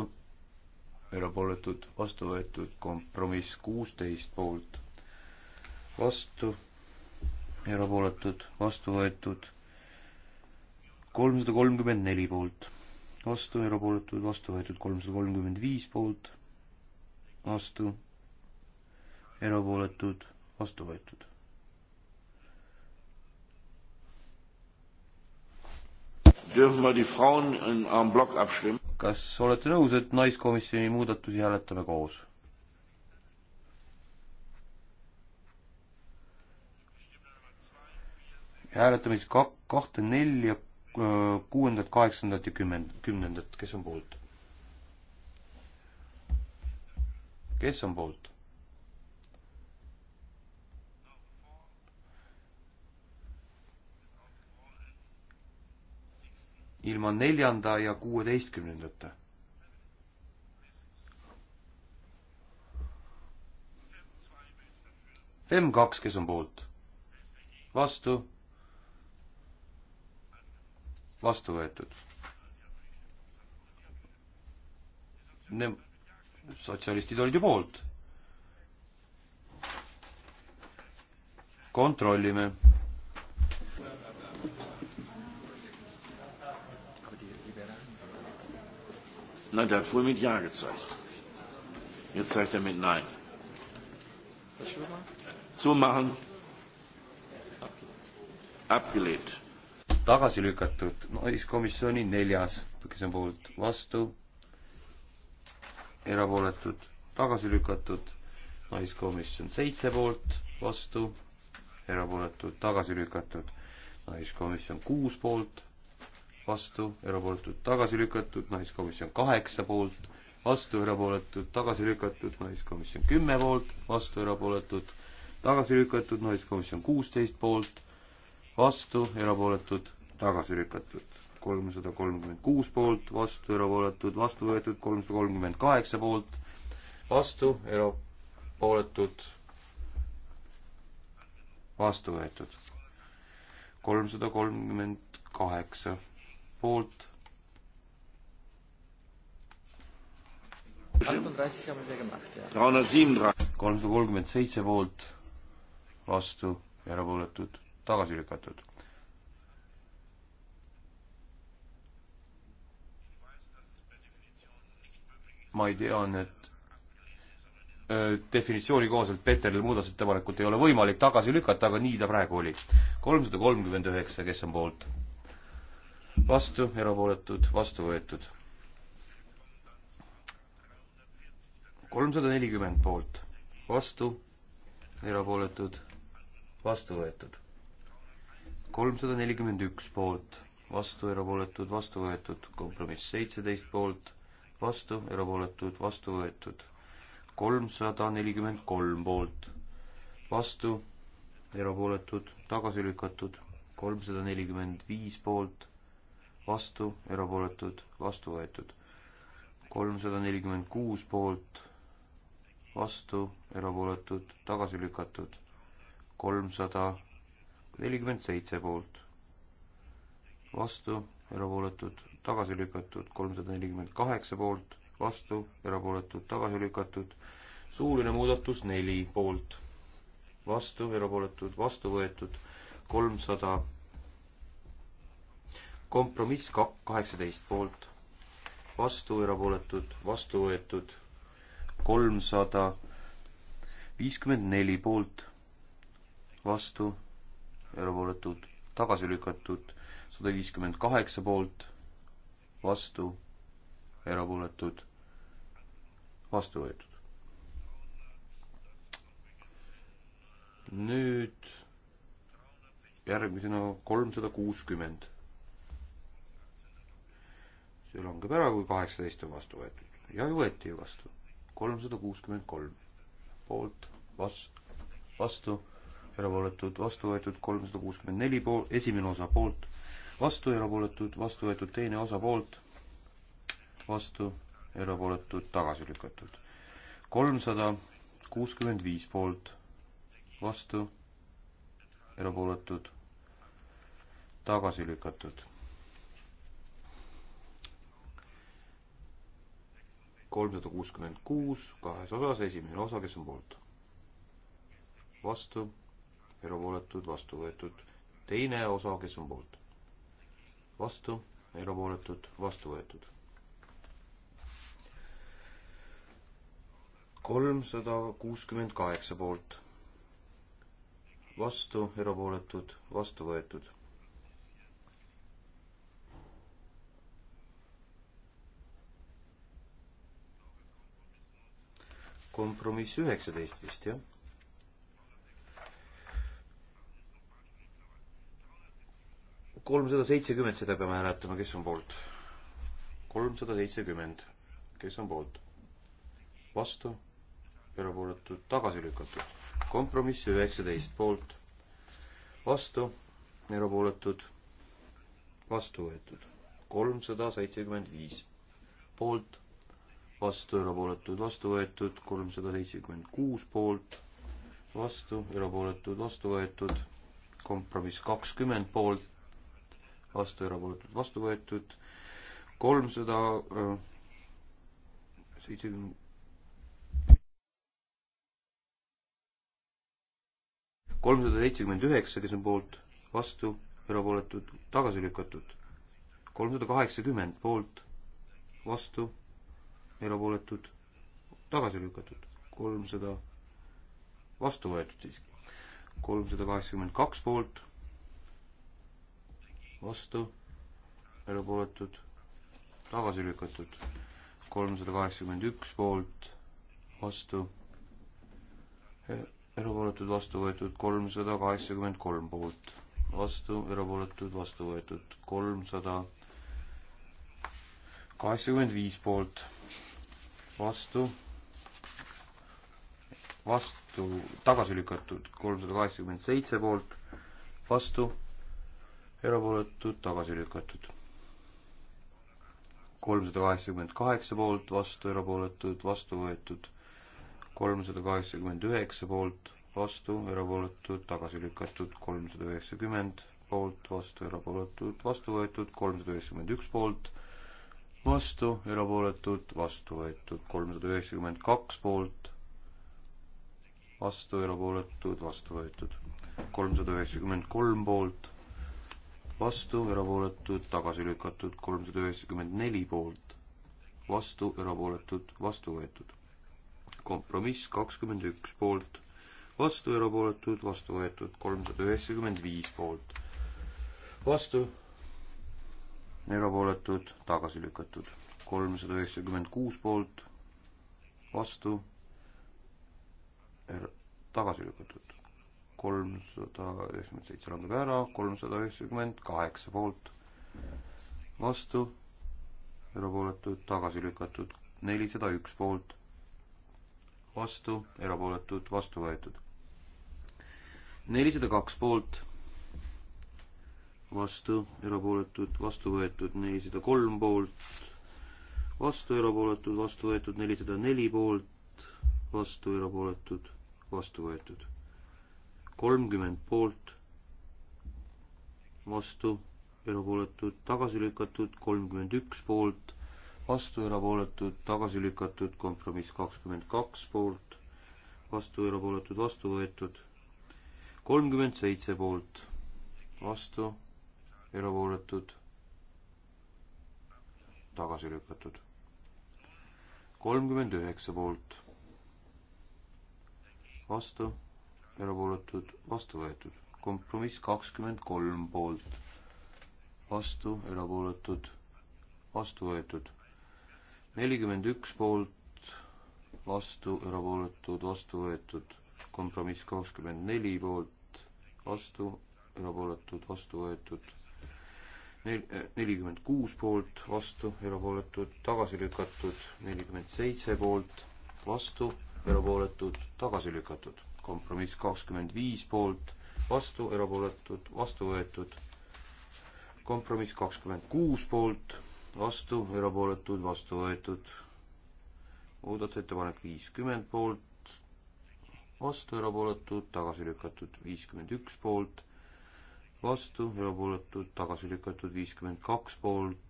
erapooletud, vastu võetud, kompromiss kuusteist poolt, vastu, erapooletud, vastu võetud, kolmsada kolmkümmend neli poolt, vastu, erapooletud, vastu võetud, kolmsada kolmkümmend viis poolt, vastu, erapooletud vastu võetud. kas olete nõus, et naiskomisjoni muudatusi hääletame koos? hääletame siis ka-, kahte, nelja, kuuendat, kaheksandat ja kümnendat, kümnendat, kes on poolt? kes on poolt? ilma neljanda ja kuueteistkümnendata. FEM kaks, kes on poolt? vastu? vastu võetud. Ne-, sotsialistid olid ju poolt. kontrollime
Nein, der hat vorhin mit Ja gezeigt. Jetzt zeigt er mit Nein. Zumachen. Abgelehnt.
tagasi lükatud naiskomisjoni neljas, kes on poolt vastu, erapooletud, tagasi lükatud, naiskomisjon seitse poolt vastu, erapooletud, tagasi lükatud, naiskomisjon kuus poolt vastu, erapooletud, tagasi lükatud, naiskomisjon kaheksa poolt, vastu, erapooletud, tagasi lükatud, naiskomisjon kümme poolt, vastu, erapooletud, tagasi lükatud, naiskomisjon kuusteist poolt, vastu, erapooletud, tagasi lükatud. kolmsada kolmkümmend kuus poolt, vastu, erapooletud, vastu võetud, kolmsada kolmkümmend kaheksa poolt, vastu, erapooletud, vastu võetud. kolmsada kolmkümmend kaheksa poolt. kolmsada kolmkümmend seitse poolt, vastu, erapooletud, tagasi lükatud ma ei tea, on, et öö, definitsiooni kohaselt Peteril muudatusettepanekut ei ole võimalik tagasi lükata, aga nii ta praegu oli. kolmsada kolmkümmend üheksa, kes on poolt? vastu, erapooletud, vastu võetud. kolmsada nelikümmend poolt, vastu, erapooletud, vastu võetud. kolmsada nelikümmend üks poolt, vastu, erapooletud, vastu võetud, kompromiss seitseteist poolt, vastu, erapooletud, vastu võetud. kolmsada nelikümmend kolm poolt, vastu, erapooletud, tagasi lükatud, kolmsada nelikümmend viis poolt vastu, erapooletud, vastu võetud. kolmsada nelikümmend kuus poolt, vastu, erapooletud, tagasi lükatud. kolmsada nelikümmend seitse poolt, vastu, erapooletud, tagasi lükatud. kolmsada nelikümmend kaheksa poolt, vastu, erapooletud, tagasi lükatud. suuline muudatus neli poolt, vastu, erapooletud, vastu võetud. kolmsada 300 kompromiss ka-, kaheksateist poolt, vastu erapooletud, vastu võetud kolmsada viiskümmend neli poolt, vastu erapooletud, tagasi lükatud sada viiskümmend kaheksa poolt, vastu erapooletud, vastu võetud. nüüd järgmisena kolmsada kuuskümmend see langeb ära, kui kaheksateist on vastu võetud. ja võeti ju vastu. kolmsada kuuskümmend kolm poolt, vastu, vastu, erapooletud, vastu võetud kolmsada kuuskümmend neli pool, esimene osa poolt, vastu, erapooletud, vastu võetud teine osa poolt, vastu, erapooletud, tagasi lükatud. kolmsada kuuskümmend viis poolt, vastu, erapooletud, tagasi lükatud kolmsada kuuskümmend kuus kahes osas, esimene osa, kes on poolt? vastu, erapooletud, vastu võetud. teine osa, kes on poolt? vastu, erapooletud, vastu võetud. kolmsada kuuskümmend kaheksa poolt, vastu, erapooletud, vastu võetud kompromiss üheksateist vist, jah? kolmsada seitsekümmend, seda peame hääletama, kes on poolt? kolmsada seitsekümmend, kes on poolt? vastu, erapooletud, tagasi lükatud. kompromiss üheksateist, poolt, vastu, erapooletud, vastu võetud. kolmsada seitsekümmend viis, poolt vastu, erapooletud, vastu võetud, kolmsada seitsekümmend kuus poolt, vastu, erapooletud, vastu võetud, kompromiss kakskümmend poolt, vastu, erapooletud, vastu võetud, kolmsada äh, seitsekümmend kolmsada seitsekümmend üheksa, kes on poolt, vastu, erapooletud, tagasi lükatud. kolmsada kaheksakümmend poolt, vastu erapooletud, tagasi lükatud, kolmsada, vastu võetud siiski, kolmsada kaheksakümmend kaks poolt, vastu, erapooletud, tagasi lükatud, kolmsada kaheksakümmend üks poolt, vastu, e, erapooletud, vastu võetud, kolmsada kaheksakümmend kolm poolt, vastu, erapooletud, vastu võetud, kolmsada kaheksakümmend viis poolt vastu, vastu, tagasi lükatud kolmsada kaheksakümmend seitse poolt, vastu, erapooletud, tagasi lükatud. kolmsada kaheksakümmend kaheksa poolt, vastu, erapooletud, vastu võetud. kolmsada kaheksakümmend üheksa poolt, vastu, erapooletud, tagasi lükatud, kolmsada üheksakümmend poolt, vastu, erapooletud, vastu võetud, kolmsada üheksakümmend üks poolt vastu, erapooletud, vastu võetud kolmsada üheksakümmend kaks poolt, vastu, erapooletud, vastu võetud kolmsada üheksakümmend kolm poolt, vastu, erapooletud, tagasi lükatud kolmsada üheksakümmend neli poolt, vastu, erapooletud, vastu võetud. kompromiss kakskümmend üks poolt, vastu, erapooletud, vastu võetud kolmsada üheksakümmend viis poolt, vastu, erapooletud, tagasi lükatud. kolmsada üheksakümmend kuus poolt, vastu, er-, tagasi lükatud. kolmsada üheksakümmend seitse langeb ära, kolmsada üheksakümmend kaheksa poolt, vastu, erapooletud, tagasi lükatud. nelisada üks poolt, vastu, erapooletud, vastu võetud. nelisada kaks poolt vastu, erapooletud, vastu võetud nelisada kolm poolt, vastu erapooletud, vastu võetud nelisada neli poolt, vastu erapooletud, vastu võetud kolmkümmend poolt, vastu erapooletud, tagasi lükatud kolmkümmend üks poolt, vastu erapooletud, tagasi lükatud kompromiss kakskümmend kaks poolt, vastu erapooletud, vastu võetud kolmkümmend seitse poolt, vastu erapooletud, tagasi lükatud. kolmkümmend üheksa poolt, vastu, erapooletud, vastu võetud. kompromiss kakskümmend kolm poolt, vastu, erapooletud, vastu võetud. nelikümmend üks poolt, vastu, erapooletud, vastu võetud. kompromiss kakskümmend neli poolt, vastu, erapooletud, vastu võetud nel-, äh, nelikümmend kuus poolt, vastu, erapooletud, tagasi lükatud, nelikümmend seitse poolt, vastu, erapooletud, tagasi lükatud. kompromiss kakskümmend viis poolt, vastu, erapooletud, vastu võetud. kompromiss kakskümmend kuus poolt, vastu, erapooletud, vastu võetud. muudatusettepanek viiskümmend poolt, vastu, erapooletud, tagasi lükatud, viiskümmend üks poolt vastu, erapooletud, tagasi lükatud viiskümmend kaks poolt,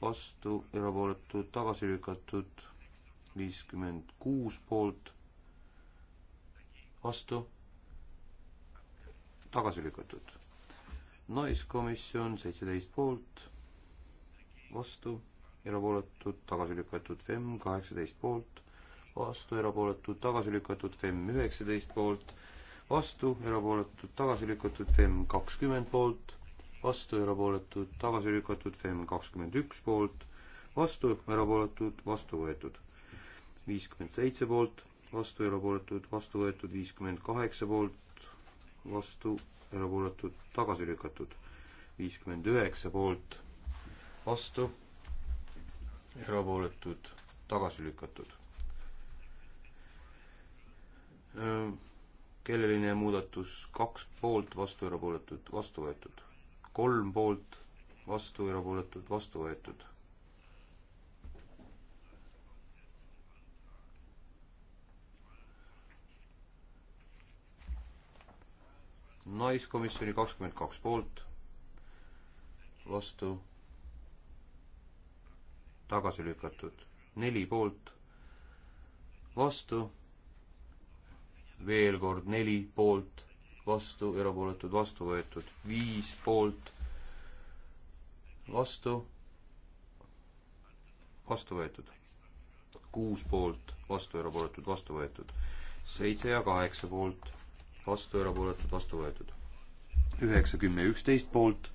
vastu, erapooletud, tagasi lükatud viiskümmend kuus poolt, vastu, tagasi lükatud. naiskomisjon seitseteist poolt, vastu, erapooletud, tagasi lükatud, FEM kaheksateist poolt, vastu, erapooletud, tagasi lükatud, FEM üheksateist poolt vastu, erapooletud, tagasi lükatud, FEM kakskümmend poolt, vastu, erapooletud, tagasi lükatud, FEM kakskümmend üks poolt, vastu, erapooletud, vastu võetud. viiskümmend seitse poolt, vastu, erapooletud, vastu võetud, viiskümmend kaheksa poolt, vastu, erapooletud, tagasi lükatud, viiskümmend üheksa poolt, vastu, erapooletud, tagasi lükatud keeleline muudatus kaks poolt, vastu erapooletud, vastu võetud. kolm poolt, vastu erapooletud, vastu võetud. naiskomisjoni kakskümmend kaks poolt, vastu, tagasi lükatud, neli poolt, vastu veel kord neli poolt, vastu, erapooletud, vastu võetud, viis poolt, vastu, vastu võetud, kuus poolt, vastu, erapooletud, vastu võetud, seitse ja kaheksa poolt, vastu, erapooletud, vastu võetud, üheksa, kümme, üksteist poolt,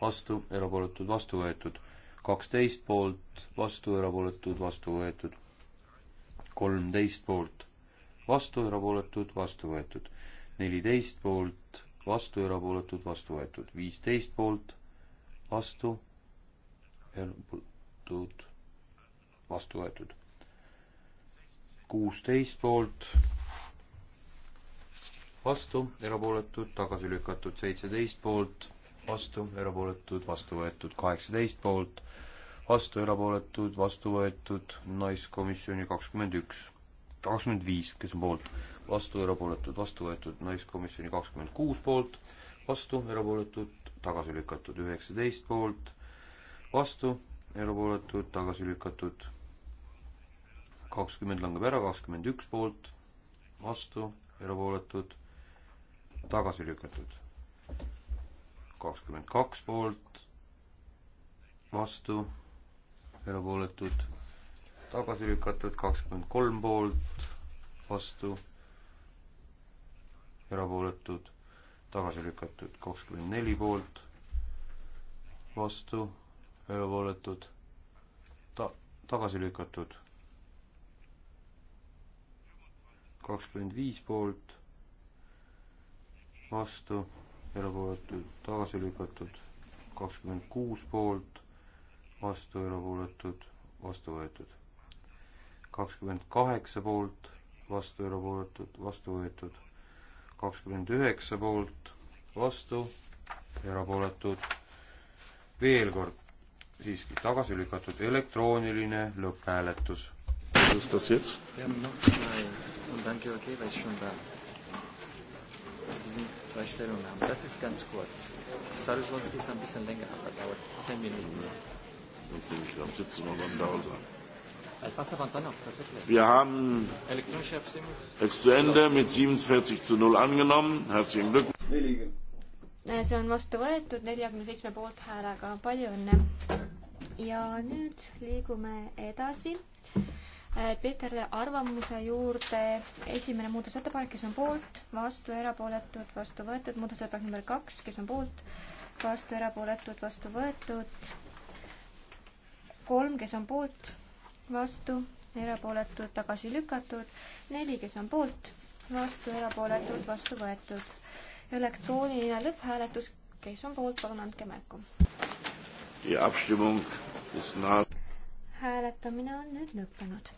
vastu, erapooletud, vastu võetud, kaksteist poolt, vastu, erapooletud, vastu võetud, kolmteist poolt vastu, erapooletud, vastu võetud. neliteist poolt, vastu, erapooletud, vastu võetud. viisteist poolt, vastu, erapooletud, vastu võetud. kuusteist poolt, vastu, erapooletud, tagasi lükatud. seitseteist poolt, vastu, erapooletud, vastu võetud. kaheksateist poolt, vastu, erapooletud, vastu võetud. naiskomisjoni kakskümmend üks kakskümmend viis, kes on poolt, vastu, erapooletud, vastu võetud, naiskomisjoni kakskümmend kuus poolt, vastu, erapooletud, tagasi lükatud, üheksateist poolt, vastu, erapooletud, tagasi lükatud, kakskümmend langeb ära, kakskümmend üks poolt, vastu, erapooletud, tagasi lükatud, kakskümmend kaks poolt, vastu, erapooletud tagasi lükatud, kakskümmend kolm poolt, vastu, erapooletud, tagasi lükatud, kakskümmend neli poolt, vastu, erapooletud, ta-, tagasi lükatud, kakskümmend viis poolt, vastu, erapooletud, tagasi lükatud, kakskümmend kuus poolt, vastu, erapooletud, vastu võetud kakskümmend kaheksa poolt, vastu erapooletud, vastu võetud. kakskümmend üheksa poolt, vastu, erapooletud. veel kord siiski tagasi lükatud elektrooniline lõpphääletus. Ist das jetzt? Wir haben noch zwei. Und dann Georgie war schon da. Die sind zwei Stellungnahmen. Das ist ganz kurz. Saruswonski ist ein bisschen länger,
aber dauert zehn Minuten. Ja. Ich glaube, 17 Uhr dann da sein.
Wir haben es zu Ende
mit 47 zu 0 angenommen. Herzlichen Glückwunsch.
Äh, see on vastu võetud neljakümne seitsme poolthäälega, palju õnne. ja nüüd liigume edasi äh, Peeterle arvamuse juurde. esimene muudatusettepanek, kes on poolt, vastu, erapooletud, vastu võetud, muudatusettepanek number kaks, kes on poolt, vastu, erapooletud, vastu võetud. kolm, kes on poolt, vastu, erapooletud, tagasi lükatud, neli, kes on poolt, vastu, erapooletud, vastu võetud. elektrooniline lõpphääletus, kes on poolt, palun andke märku. hääletamine on nüüd lõppenud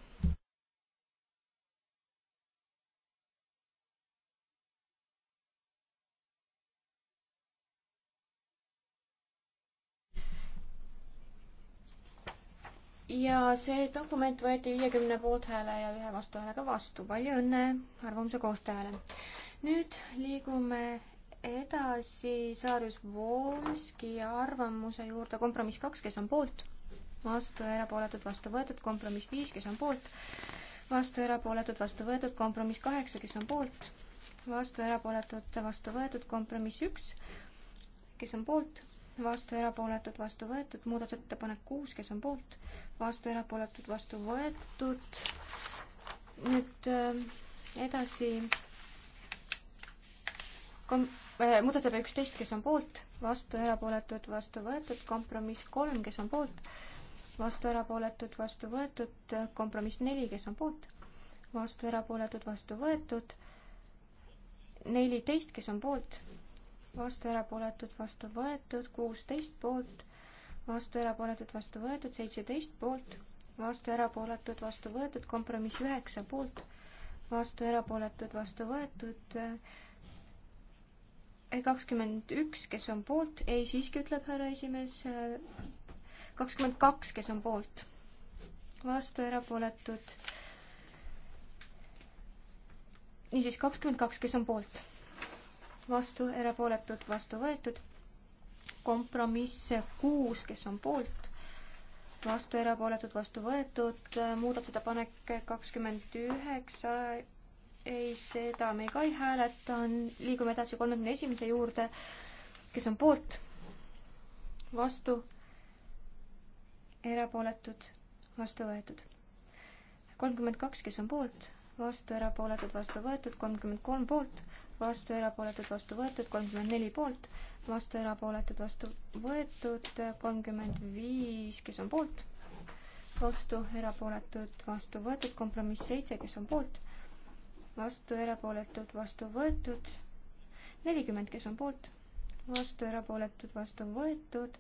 ja see dokument võeti viiekümne poolthääle ja ühe vastuhäälega vastu. palju õnne arvamuse koostajale. nüüd liigume edasi Saarjus Volski arvamuse juurde. kompromiss kaks, kes on poolt, vastu, erapooletud, vastu võetud. kompromiss viis, kes on poolt, vastu, erapooletud, vastu võetud. kompromiss kaheksa, kes on poolt, vastu, erapooletud, vastu võetud. kompromiss üks, kes on poolt vastu erapooletud, vastu võetud, muudatusettepanek kuus, kes on poolt, vastu erapooletud, vastu võetud. nüüd äh, edasi kom-, äh, muudatusettepanek üksteist, kes on poolt, vastu erapooletud, vastu võetud, kompromiss kolm, kes on poolt, vastu erapooletud, vastu võetud, kompromiss neli, kes on poolt, vastu erapooletud, vastu võetud, neliteist, kes on poolt, vastu erapooletud, vastu võetud, kuusteist poolt, vastu erapooletud, vastu võetud, seitseteist poolt, vastu erapooletud, vastu võetud, kompromiss üheksa poolt, vastu erapooletud, vastu võetud, eh, kakskümmend üks, kes on poolt, ei siiski, ütleb härra esimees, eh, kakskümmend kaks, kes on poolt, vastu erapooletud, niisiis kakskümmend kaks, kes on poolt vastu, erapooletud, vastu võetud. kompromiss kuus, kes on poolt, vastu, erapooletud, vastu võetud. muudatusettepanek kakskümmend üheksa, ei, seda me ka ei hääleta. liigume edasi kolmekümne esimese juurde, kes on poolt, vastu, erapooletud, vastu võetud. kolmkümmend kaks, kes on poolt, vastu, erapooletud, vastu võetud, kolmkümmend kolm poolt vastu erapooletud, vastu võetud, kolmkümmend neli poolt, vastu erapooletud, vastu võetud, kolmkümmend viis, kes on poolt, vastu erapooletud, vastu võetud, kompromiss seitse, kes on poolt, vastu erapooletud, vastu võetud, nelikümmend, kes on poolt, vastu erapooletud, vastu võetud,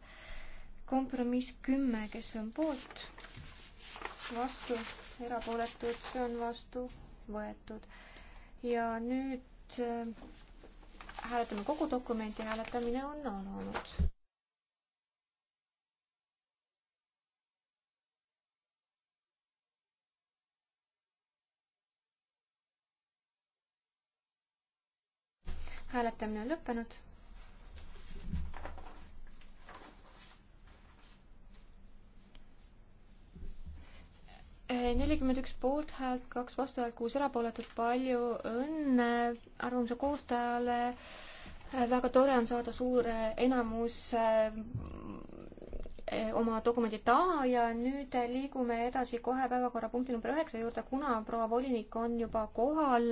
kompromiss kümme, kes on poolt, vastu erapooletud, see on vastu võetud ja nüüd nüüd äh, hääletame kogu dokumenti, hääletamine on alanud. hääletamine on lõppenud nelikümmend üks poolthäält, kaks vastuhäält, kuus erapooletut, palju õnne arvamuse koostajale. väga tore on saada suur enamus eh, oma dokumendi taha ja nüüd liigume edasi kohe päevakorrapunkti number üheksa juurde, kuna proua volinik on juba kohal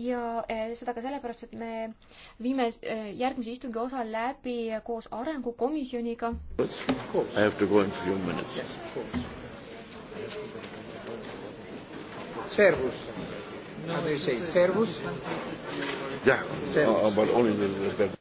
ja eh, seda ka sellepärast, et me viime eh, järgmise istungi osa läbi koos arengukomisjoniga.
I have to go in few minutes yes,.
Servus. How do you say? Servus? Yeah, Servus. Uh, but only the,
the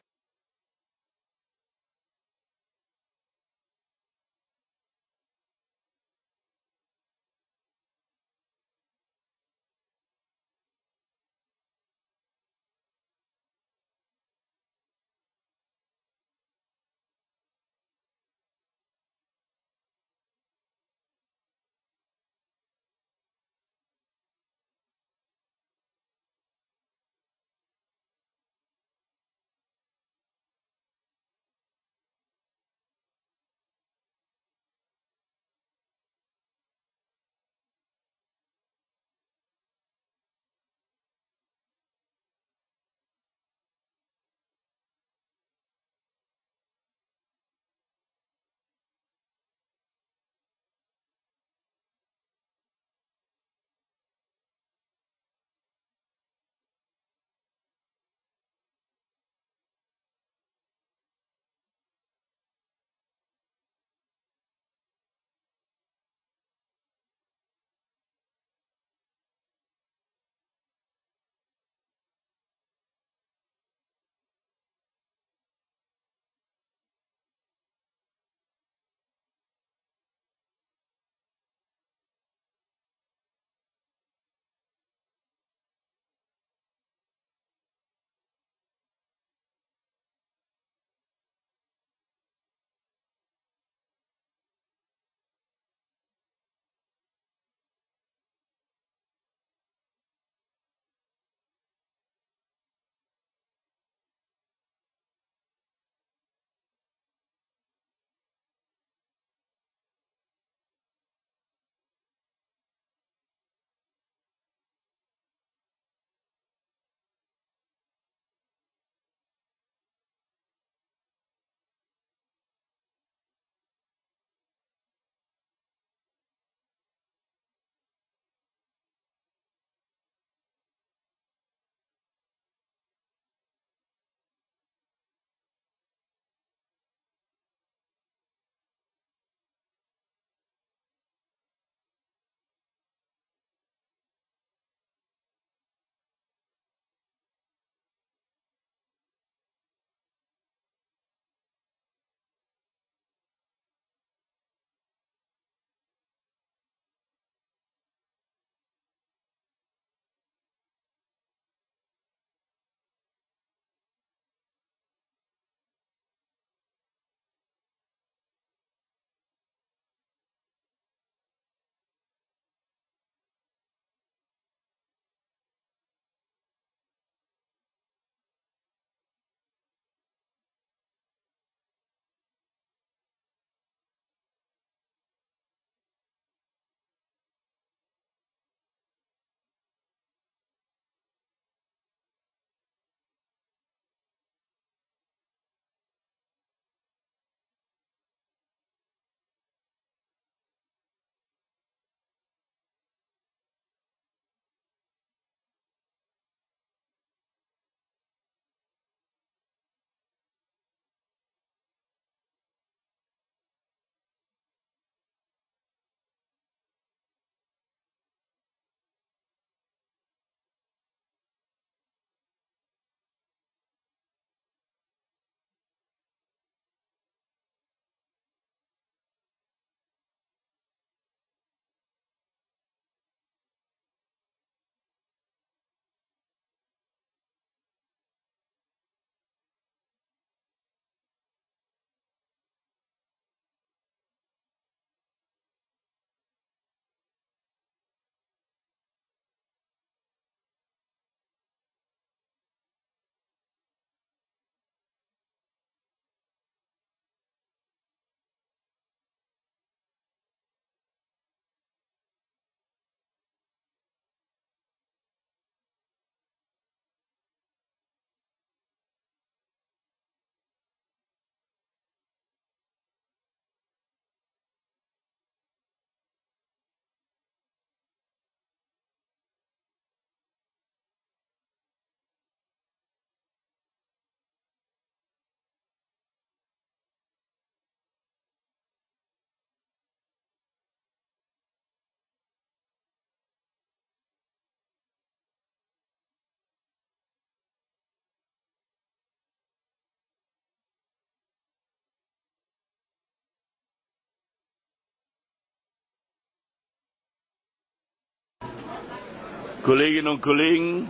Kolleginnen und Kollegen.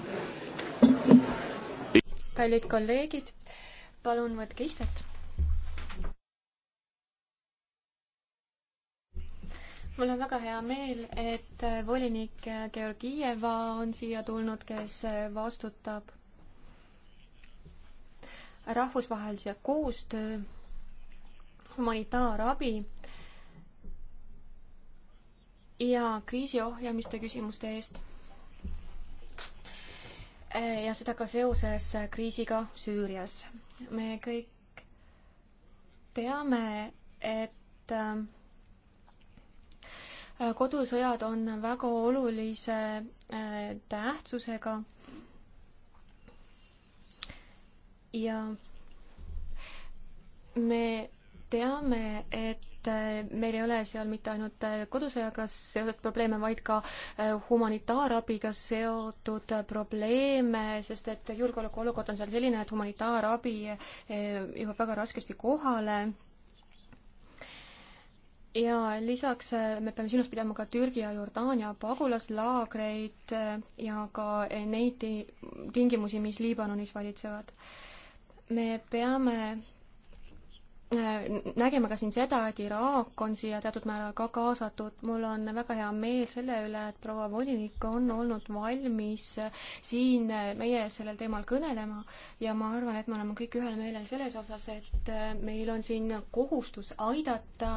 kallid kolleegid, palun võtke istet. mul on väga hea meel, et volinik Georgieva on siia tulnud, kes vastutab rahvusvahelise koostöö, humanitaarabi ja kriisiohjamiste küsimuste eest ja seda ka seoses kriisiga Süürias. me kõik teame, et äh, kodusõjad on väga olulise äh, tähtsusega ja me teame, et et äh, meil ei ole seal mitte ainult äh, kodusõjaga seoses probleeme, vaid ka äh, humanitaarabiga seotud probleeme, sest et julgeolekuolukord on seal selline, et humanitaarabi jõuab väga raskesti kohale ja lisaks me peame silmas pidama ka Türgi ja Jordaania pagulaslaagreid ja ka neid tingimusi, mis Liibanonis valitsevad. me peame Äh, nägime ka siin seda, et Iraak on siia teatud määral ka kaasatud. mul on väga hea meel selle üle, et proua volinik on olnud valmis siin meie ees sellel teemal kõnelema ja ma arvan, et me oleme kõik ühel meelel selles osas, et äh, meil on siin kohustus aidata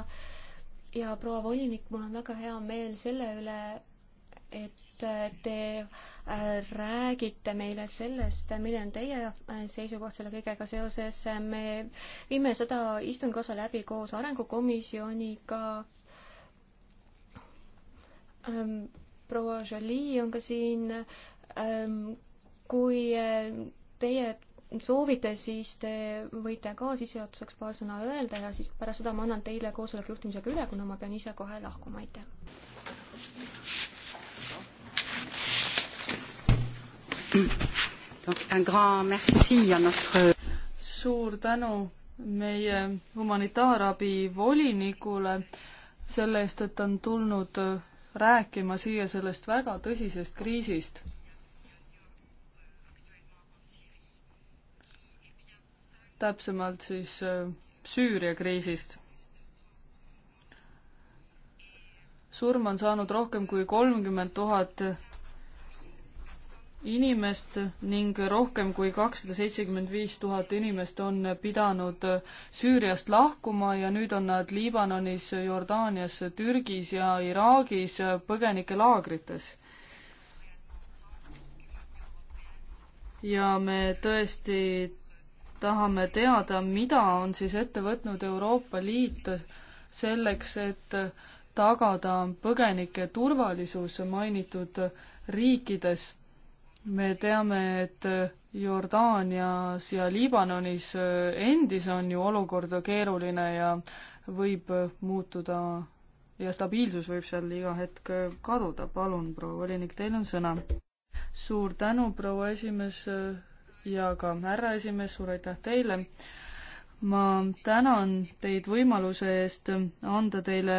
ja proua volinik, mul on väga hea meel selle üle, et te äh, räägite meile sellest, milline on teie äh, seisukoht selle kõigega seoses. me viime seda istungiosa läbi koos arengukomisjoniga. Ähm, proua Jolie on ka siin. Ähm, kui äh, teie soovite, siis te võite ka sissejuhatuseks paar sõna öelda ja siis pärast seda ma annan teile koosoleku juhtimisega üle, kuna ma pean ise kohe lahkuma, aitäh.
suur tänu meie humanitaarabi volinikule selle eest, et ta on tulnud äh, rääkima siia sellest väga tõsisest kriisist. täpsemalt siis äh, Süüria kriisist. surma on saanud rohkem kui kolmkümmend tuhat inimest ning rohkem kui kakssada seitsekümmend viis tuhat inimest on pidanud Süüriast lahkuma ja nüüd on nad Liibanonis, Jordaanias, Türgis ja Iraagis põgenikelaagrites. ja me tõesti tahame teada, mida on siis ette võtnud Euroopa Liit selleks, et tagada põgenike turvalisus mainitud riikides me teame, et Jordaanias ja Liibanonis äh, endis on ju olukord keeruline ja võib äh, muutuda ja stabiilsus võib seal iga hetk äh, kaduda. palun, proua volinik, teil on sõna. suur tänu, proua esimees ja ka härra esimees, suur aitäh teile. ma tänan teid võimaluse eest anda teile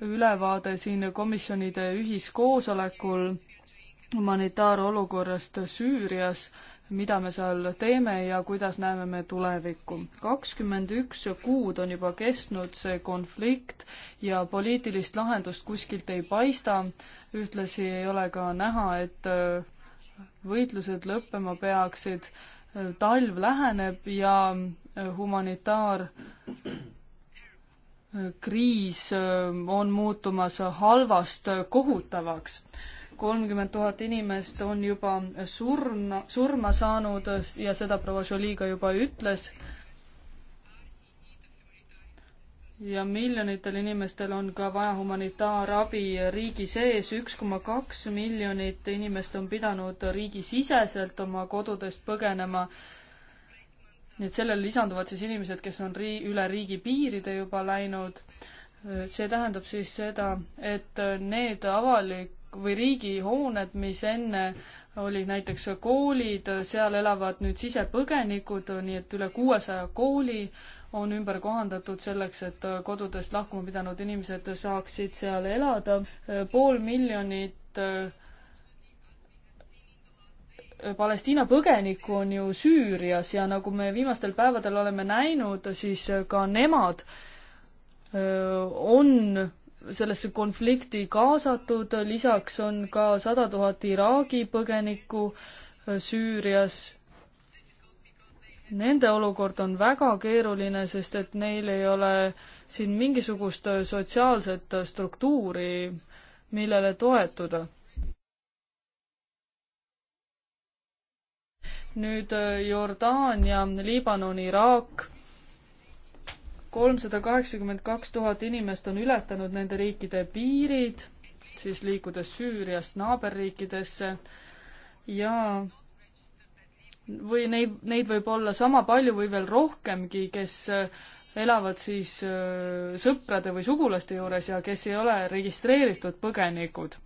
ülevaade siin komisjonide ühiskoosolekul humanitaarolukorrast Süürias, mida me seal teeme ja kuidas näeme me tulevikku. kakskümmend üks kuud on juba kestnud see konflikt ja poliitilist lahendust kuskilt ei paista. ühtlasi ei ole ka näha, et äh, võitlused lõppema peaksid. talv läheneb ja äh, humanitaar äh, kriis on muutumas halvast kohutavaks kolmkümmend tuhat inimest on juba surna, surma saanud ja seda proua Jolie ka juba ütles. ja miljonitel inimestel on ka vaja humanitaarabi riigi sees, üks koma kaks miljonit inimest on pidanud riigisiseselt oma kodudest põgenema nii et sellele lisanduvad siis inimesed, kes on rii-, üle riigi piiride juba läinud. see tähendab siis seda, et need avalik, või riigihooned, mis enne olid näiteks koolid, seal elavad nüüd sisepõgenikud, nii et üle kuuesaja kooli on ümber kohandatud selleks, et kodudest lahkuma pidanud inimesed saaksid seal elada. pool miljonit äh, Palestiina põgenikku on ju Süürias ja nagu me viimastel päevadel oleme näinud, siis ka nemad äh, on sellesse konflikti kaasatud, lisaks on ka sada tuhat Iraagi põgenikku äh, Süürias. Nende olukord on väga keeruline, sest et neil ei ole siin mingisugust äh, sotsiaalset äh, struktuuri, millele toetuda. nüüd Jordaania, Liibanon, Iraak kolmsada kaheksakümmend kaks tuhat inimest on ületanud nende riikide piirid, siis liikudes Süüriast naaberriikidesse ja või neid, neid võib olla sama palju või veel rohkemgi, kes äh, elavad siis äh, sõprade või sugulaste juures ja kes ei ole registreeritud põgenikud.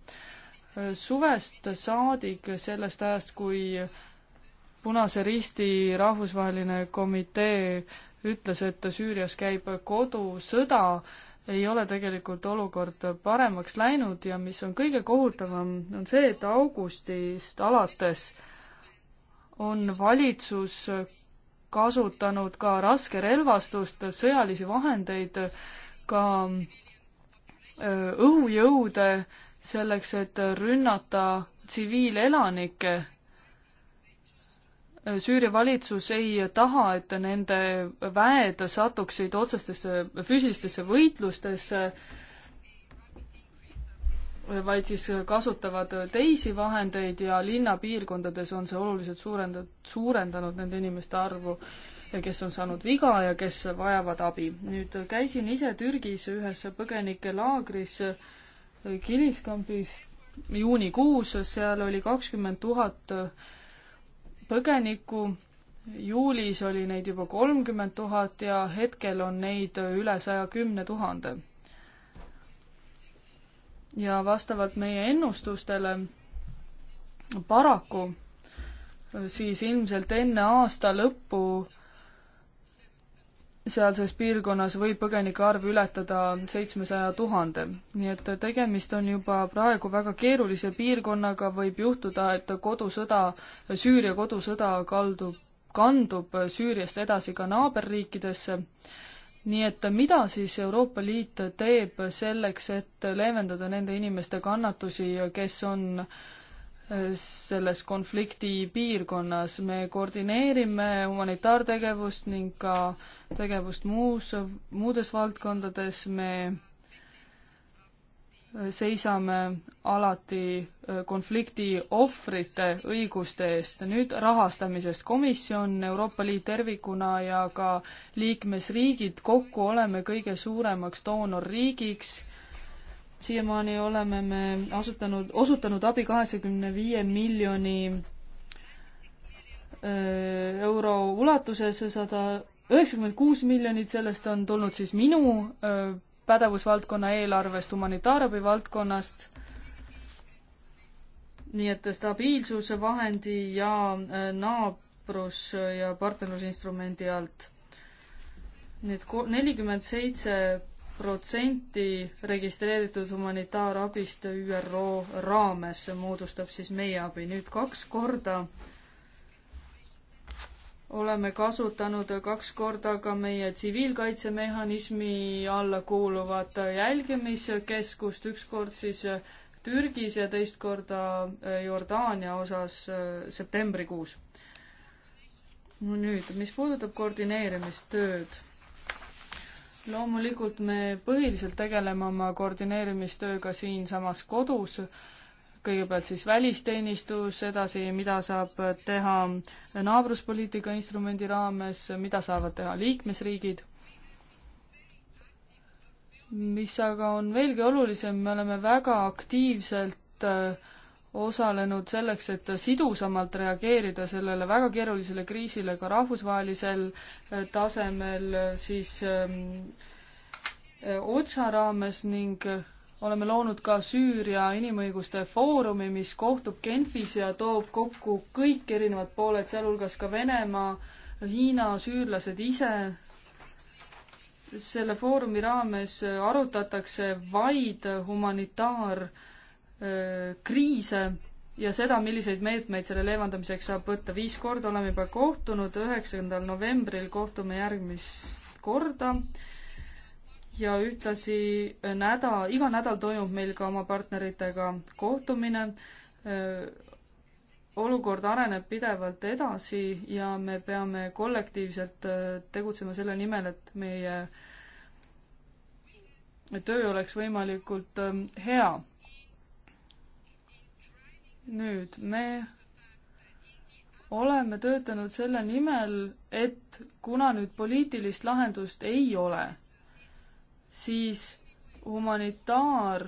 Äh, suvest saadik, sellest ajast, kui Punase Risti rahvusvaheline komitee ütles, et Süürias käib kodusõda, ei ole tegelikult olukord paremaks läinud ja mis on kõige kohutavam, on see, et augustist alates on valitsus kasutanud ka raskerelvastust, sõjalisi vahendeid, ka õhujõude selleks, et rünnata tsiviilelanikke Süüria valitsus ei taha, et nende väed satuksid otsestesse füüsilistesse võitlustesse, vaid siis kasutavad teisi vahendeid ja linnapiirkondades on see oluliselt suurendanud, suurendanud nende inimeste arvu, kes on saanud viga ja kes vajavad abi. nüüd käisin ise Türgis ühes põgenikelaagris Kiliskampis juunikuus, seal oli kakskümmend tuhat põgenikku. juulis oli neid juba kolmkümmend tuhat ja hetkel on neid üle saja kümne tuhande. ja vastavalt meie ennustustele paraku siis ilmselt enne aasta lõppu sealses piirkonnas võib põgenike arv ületada seitsmesaja tuhande. nii et tegemist on juba praegu väga keerulise piirkonnaga, võib juhtuda, et kodusõda, Süüria kodusõda kaldub, kandub Süüriast edasi ka naaberriikidesse. nii et mida siis Euroopa Liit teeb selleks, et leevendada nende inimeste kannatusi, kes on äh, selles konflikti piirkonnas. me koordineerime humanitaartegevust ning ka tegevust muus, muudes valdkondades, me seisame alati äh, konflikti ohvrite õiguste eest. nüüd rahastamisest. komisjon, Euroopa Liit tervikuna ja ka liikmesriigid kokku oleme kõige suuremaks doonorriigiks siiamaani oleme me asutanud, osutanud abi kaheksakümne viie miljoni euro ulatuses, sada üheksakümmend kuus miljonit sellest on tulnud siis minu pädevusvaldkonna eelarvest, humanitaarabi valdkonnast, nii et stabiilsuse vahendi ja naabrus- ja partnerlusinstrumendi alt. nii et nelikümmend seitse protsenti registreeritud humanitaarabist ÜRO raames moodustab siis meie abi. nüüd kaks korda oleme kasutanud kaks korda ka meie tsiviilkaitsemehhanismi alla kuuluvat jälgimiskeskust, üks kord siis Türgis ja teist korda Jordaania osas septembrikuus. nüüd, mis puudutab koordineerimistööd loomulikult me põhiliselt tegeleme oma koordineerimistööga siinsamas kodus, kõigepealt siis välisteenistus, edasi, mida saab teha naabruspoliitika instrumendi raames, mida saavad teha liikmesriigid. mis aga on veelgi olulisem, me oleme väga aktiivselt äh, osalenud selleks, et sidusamalt reageerida sellele väga keerulisele kriisile ka rahvusvahelisel äh, tasemel äh, siis ähm, äh, otsa raames ning oleme loonud ka Süüria inimõiguste foorumi, mis kohtub Genfis ja toob kokku kõik erinevad pooled, sealhulgas ka Venemaa, Hiina, süürlased ise. selle foorumi raames arutatakse vaid humanitaar- kriise ja seda, milliseid meetmeid selle leevendamiseks saab võtta. viis korda oleme juba kohtunud, üheksandal novembril kohtume järgmist korda ja ühtlasi nädal, iga nädal toimub meil ka oma partneritega kohtumine. olukord areneb pidevalt edasi ja me peame kollektiivselt tegutsema selle nimel, et meie töö oleks võimalikult hea nüüd me oleme töötanud selle nimel, et kuna nüüd poliitilist lahendust ei ole, siis humanitaar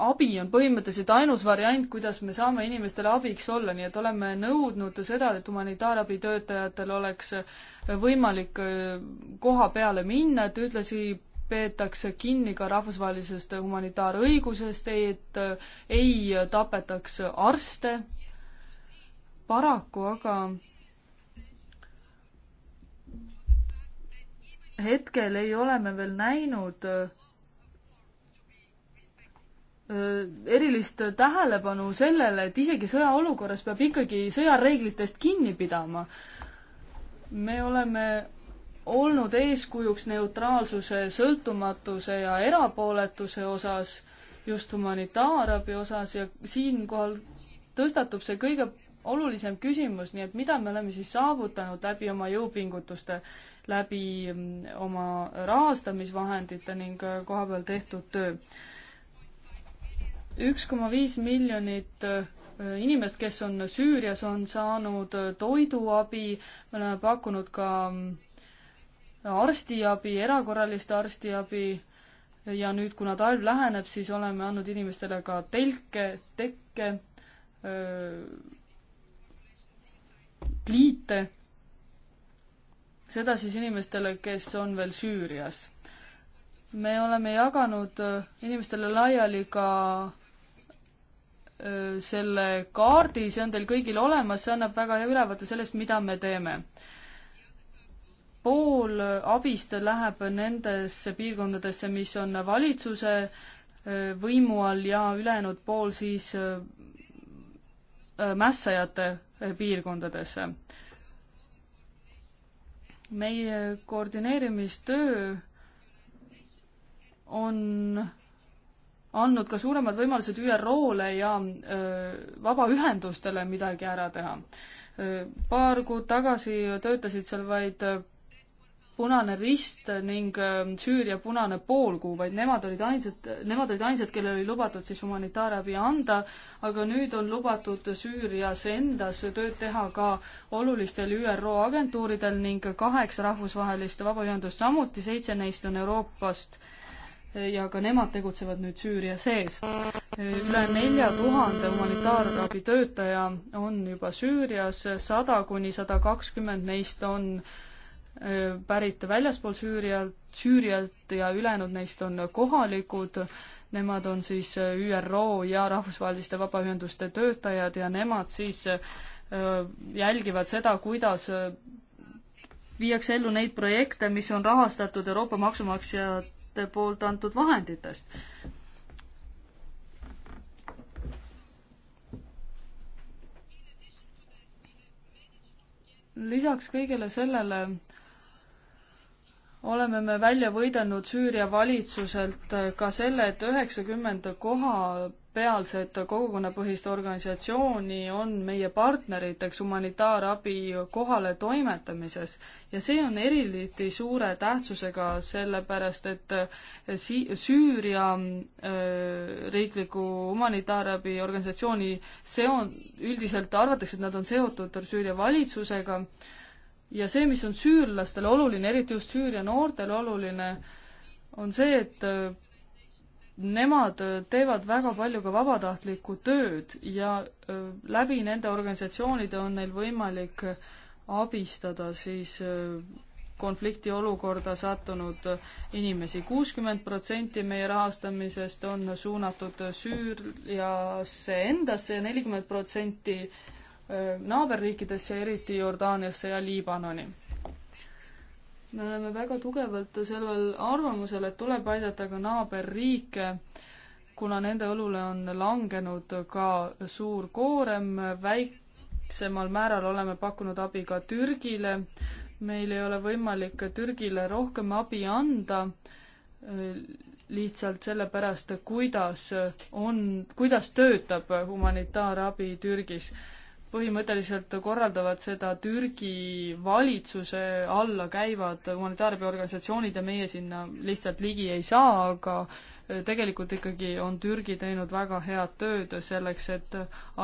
abi on põhimõtteliselt ainus variant, kuidas me saame inimestele abiks olla, nii et oleme nõudnud seda, et humanitaarabitöötajatel oleks võimalik koha peale minna, et ühtlasi peetakse kinni ka rahvusvahelisest humanitaarõigusest, et äh, ei tapetaks arste. paraku aga hetkel ei ole me veel näinud äh, erilist tähelepanu sellele, et isegi sõjaolukorras peab ikkagi sõjareeglitest kinni pidama. me oleme olnud eeskujuks neutraalsuse, sõltumatuse ja erapooletuse osas, just humanitaarabi osas ja siinkohal tõstatub see kõige olulisem küsimus, nii et mida me oleme siis saavutanud läbi oma jõupingutuste, läbi mm, oma rahastamisvahendite ning äh, kohapeal tehtud töö. üks koma viis miljonit äh, inimest, kes on Süürias, on saanud äh, toiduabi, me oleme pakkunud ka mm, arstiabi, erakorralist arstiabi ja nüüd, kuna talv läheneb, siis oleme andnud inimestele ka telke, tekke, pliite, seda siis inimestele, kes on veel Süürias. me oleme jaganud inimestele laiali ka selle kaardi, see on teil kõigil olemas, see annab väga hea ülevaate sellest, mida me teeme pool abist läheb nendesse piirkondadesse, mis on valitsuse äh, võimu all ja ülejäänud pool siis äh, mässajate äh, piirkondadesse. meie koordineerimistöö on andnud ka suuremad võimalused ÜRO-le ja vabaühendustele midagi ära teha paar kuud tagasi töötasid seal vaid Punane Rist ning ähm, Süüria Punane Poolkuu, vaid nemad olid ainsad, nemad olid ainsad, kellel oli lubatud siis humanitaarabi anda, aga nüüd on lubatud Süürias endas tööd teha ka olulistel ÜRO agentuuridel ning kaheksa rahvusvahelist vabaühendust samuti, seitse neist on Euroopast äh, ja ka nemad tegutsevad nüüd Süüria sees. üle nelja tuhande humanitaarabitöötaja on juba Süürias, sada kuni sada kakskümmend neist on pärit väljaspool Süürialt, Süürialt ja ülejäänud neist on kohalikud, nemad on siis ÜRO ja rahvusvaheliste vabaühenduste töötajad ja nemad siis äh, jälgivad seda, kuidas äh, viiakse ellu neid projekte, mis on rahastatud Euroopa maksumaksjate poolt antud vahenditest. lisaks kõigele sellele oleme me välja võidelnud Süüria valitsuselt äh, ka selle, et üheksakümmend kohapealset kogukonnapõhist organisatsiooni on meie partneriteks humanitaarabi kohale toimetamises ja see on eriti suure tähtsusega, sellepärast et äh, si-, Süüria öö, äh, riikliku humanitaarabi organisatsiooni seon-, üldiselt arvatakse, et nad on seotud Süüria valitsusega, ja see, mis on süürlastele oluline, eriti just Süüria noortele oluline, on see, et äh, nemad äh, teevad väga palju ka vabatahtlikku tööd ja äh, läbi nende organisatsioonide on neil võimalik abistada siis konfliktiolukorda sattunud inimesi. kuuskümmend protsenti meie rahastamisest on suunatud Süüriasse endasse ja nelikümmend protsenti Äh, naaberriikidesse, eriti Jordaaniasse ja Liibanoni. me oleme väga tugevalt sellel arvamusel, et tuleb aidata ka naaberriike, kuna nende õlule on langenud ka suur koorem, väiksemal määral oleme pakkunud abi ka Türgile, meil ei ole võimalik Türgile rohkem abi anda, äh, lihtsalt sellepärast, kuidas on, kuidas töötab humanitaarabi Türgis põhimõtteliselt korraldavad seda Türgi valitsuse alla käivad humanitaarabiorganisatsioonid ja meie sinna lihtsalt ligi ei saa, aga eh, tegelikult ikkagi on Türgi teinud väga head tööd selleks, et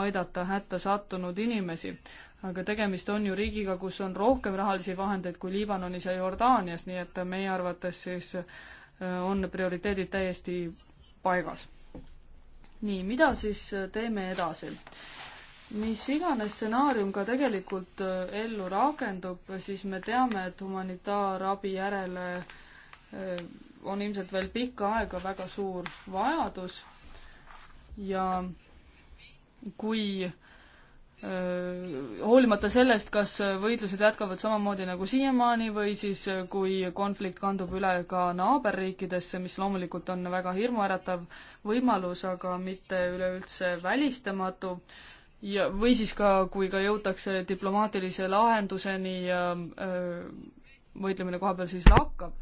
aidata hätta sattunud inimesi. aga tegemist on ju riigiga, kus on rohkem rahalisi vahendeid kui Liibanonis ja Jordaanias, nii et meie arvates siis eh, on prioriteedid täiesti paigas. nii, mida siis eh, teeme edasi? mis iganes stsenaarium ka tegelikult äh, ellu rakendub, siis me teame, et humanitaarabi järele äh, on ilmselt veel pikka aega väga suur vajadus ja kui äh, hoolimata sellest, kas võidlused jätkavad samamoodi nagu siiamaani või siis kui konflikt kandub üle ka naaberriikidesse, mis loomulikult on väga hirmuäratav võimalus, aga mitte üleüldse välistamatu äh,, ja, või siis ka, kui ka jõutakse diplomaatilise lahenduseni ja öö, äh, võitlemine koha peal siis lakkab.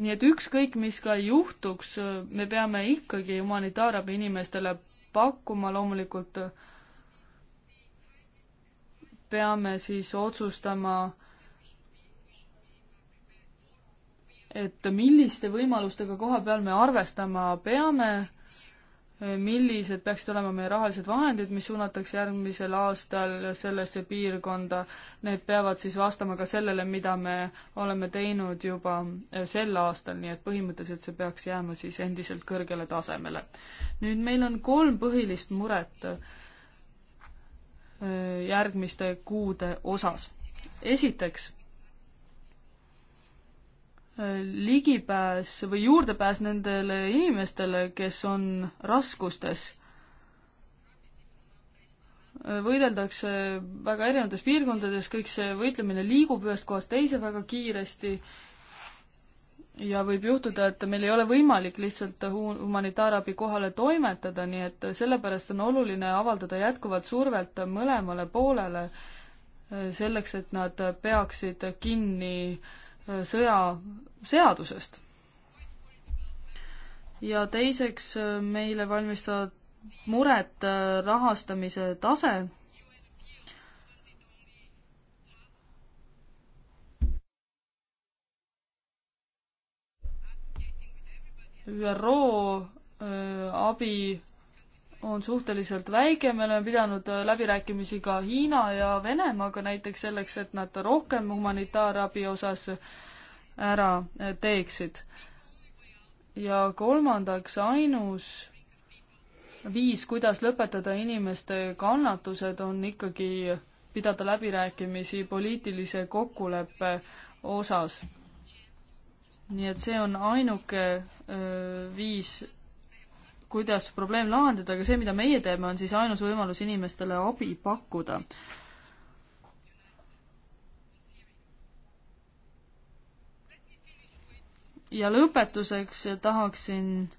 nii et ükskõik, mis ka juhtuks, äh, me peame ikkagi humanitaarabi inimestele pakkuma, loomulikult äh, peame siis otsustama, et milliste võimalustega koha peal me arvestama peame millised peaksid olema meie rahalised vahendid, mis suunatakse järgmisel aastal sellesse piirkonda. Need peavad siis vastama ka sellele, mida me oleme teinud juba eh, sel aastal, nii et põhimõtteliselt see peaks jääma siis endiselt kõrgele tasemele. nüüd meil on kolm põhilist muret eh, järgmiste kuude osas. esiteks ligipääs või juurdepääs nendele inimestele, kes on raskustes. võideldakse väga erinevates piirkondades, kõik see võitlemine liigub ühest kohast teise väga kiiresti ja võib juhtuda, et meil ei ole võimalik lihtsalt humanitaarabi kohale toimetada, nii et sellepärast on oluline avaldada jätkuvat survet mõlemale poolele, selleks et nad peaksid kinni äh, sõja seadusest. ja teiseks, äh, meile valmistavad muret äh, rahastamise tase ÜRO äh, abi on suhteliselt väike, me oleme pidanud läbirääkimisi ka Hiina ja Venemaaga näiteks selleks, et nad rohkem humanitaarabi osas ära teeksid. ja kolmandaks, ainus viis, kuidas lõpetada inimeste kannatused, on ikkagi pidada läbirääkimisi poliitilise kokkuleppe osas. nii et see on ainuke öö, viis, kuidas probleem lahendada, aga see, mida meie teeme, on siis ainus võimalus inimestele abi pakkuda. ja lõpetuseks tahaksin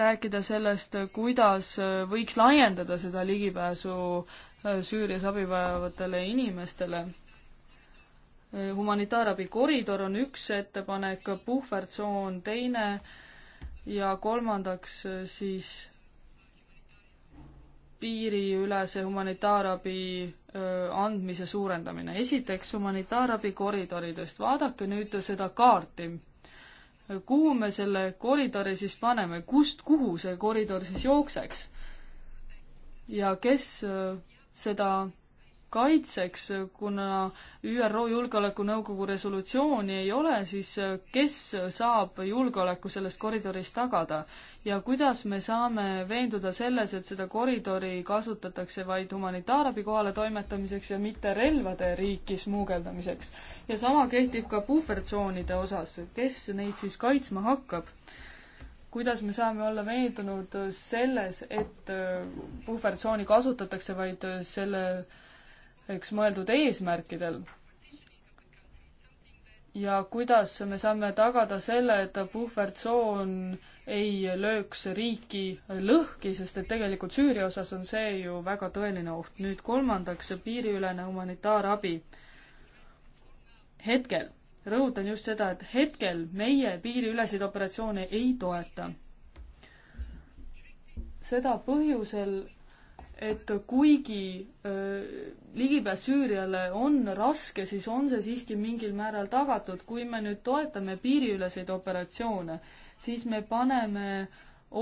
rääkida sellest, kuidas võiks laiendada seda ligipääsu äh, Süürias abi vajavatele inimestele. Äh, humanitaarabi koridor on üks ettepanek, puhvertsoon teine ja kolmandaks äh, siis piiriülese humanitaarabi andmise suurendamine. esiteks humanitaarabi koridoridest, vaadake nüüd seda kaarti. kuhu me selle koridori siis paneme, kust, kuhu see koridor siis jookseks? ja kes seda kaitseks, kuna ÜRO Julgeolekunõukogu resolutsiooni ei ole, siis kes saab julgeoleku selles koridoris tagada ja kuidas me saame veenduda selles, et seda koridori kasutatakse vaid humanitaarabi kohale toimetamiseks ja mitte relvade riiki smuugeldamiseks. ja sama kehtib ka puhvertsoonide osas, kes neid siis kaitsma hakkab? kuidas me saame olla veendunud selles, et puhvertsooni kasutatakse vaid selle eks mõeldud eesmärkidel. ja kuidas me saame tagada selle, et puhvertsoon ei lööks riiki lõhki, sest et tegelikult Süüria osas on see ju väga tõeline oht. nüüd kolmandaks, piiriülene humanitaarabi. hetkel, rõhutan just seda, et hetkel meie piiriüleseid operatsioone ei toeta. seda põhjusel, et kuigi äh, ligipääs Süüriale on raske, siis on see siiski mingil määral tagatud. kui me nüüd toetame piiriüleseid operatsioone, siis me paneme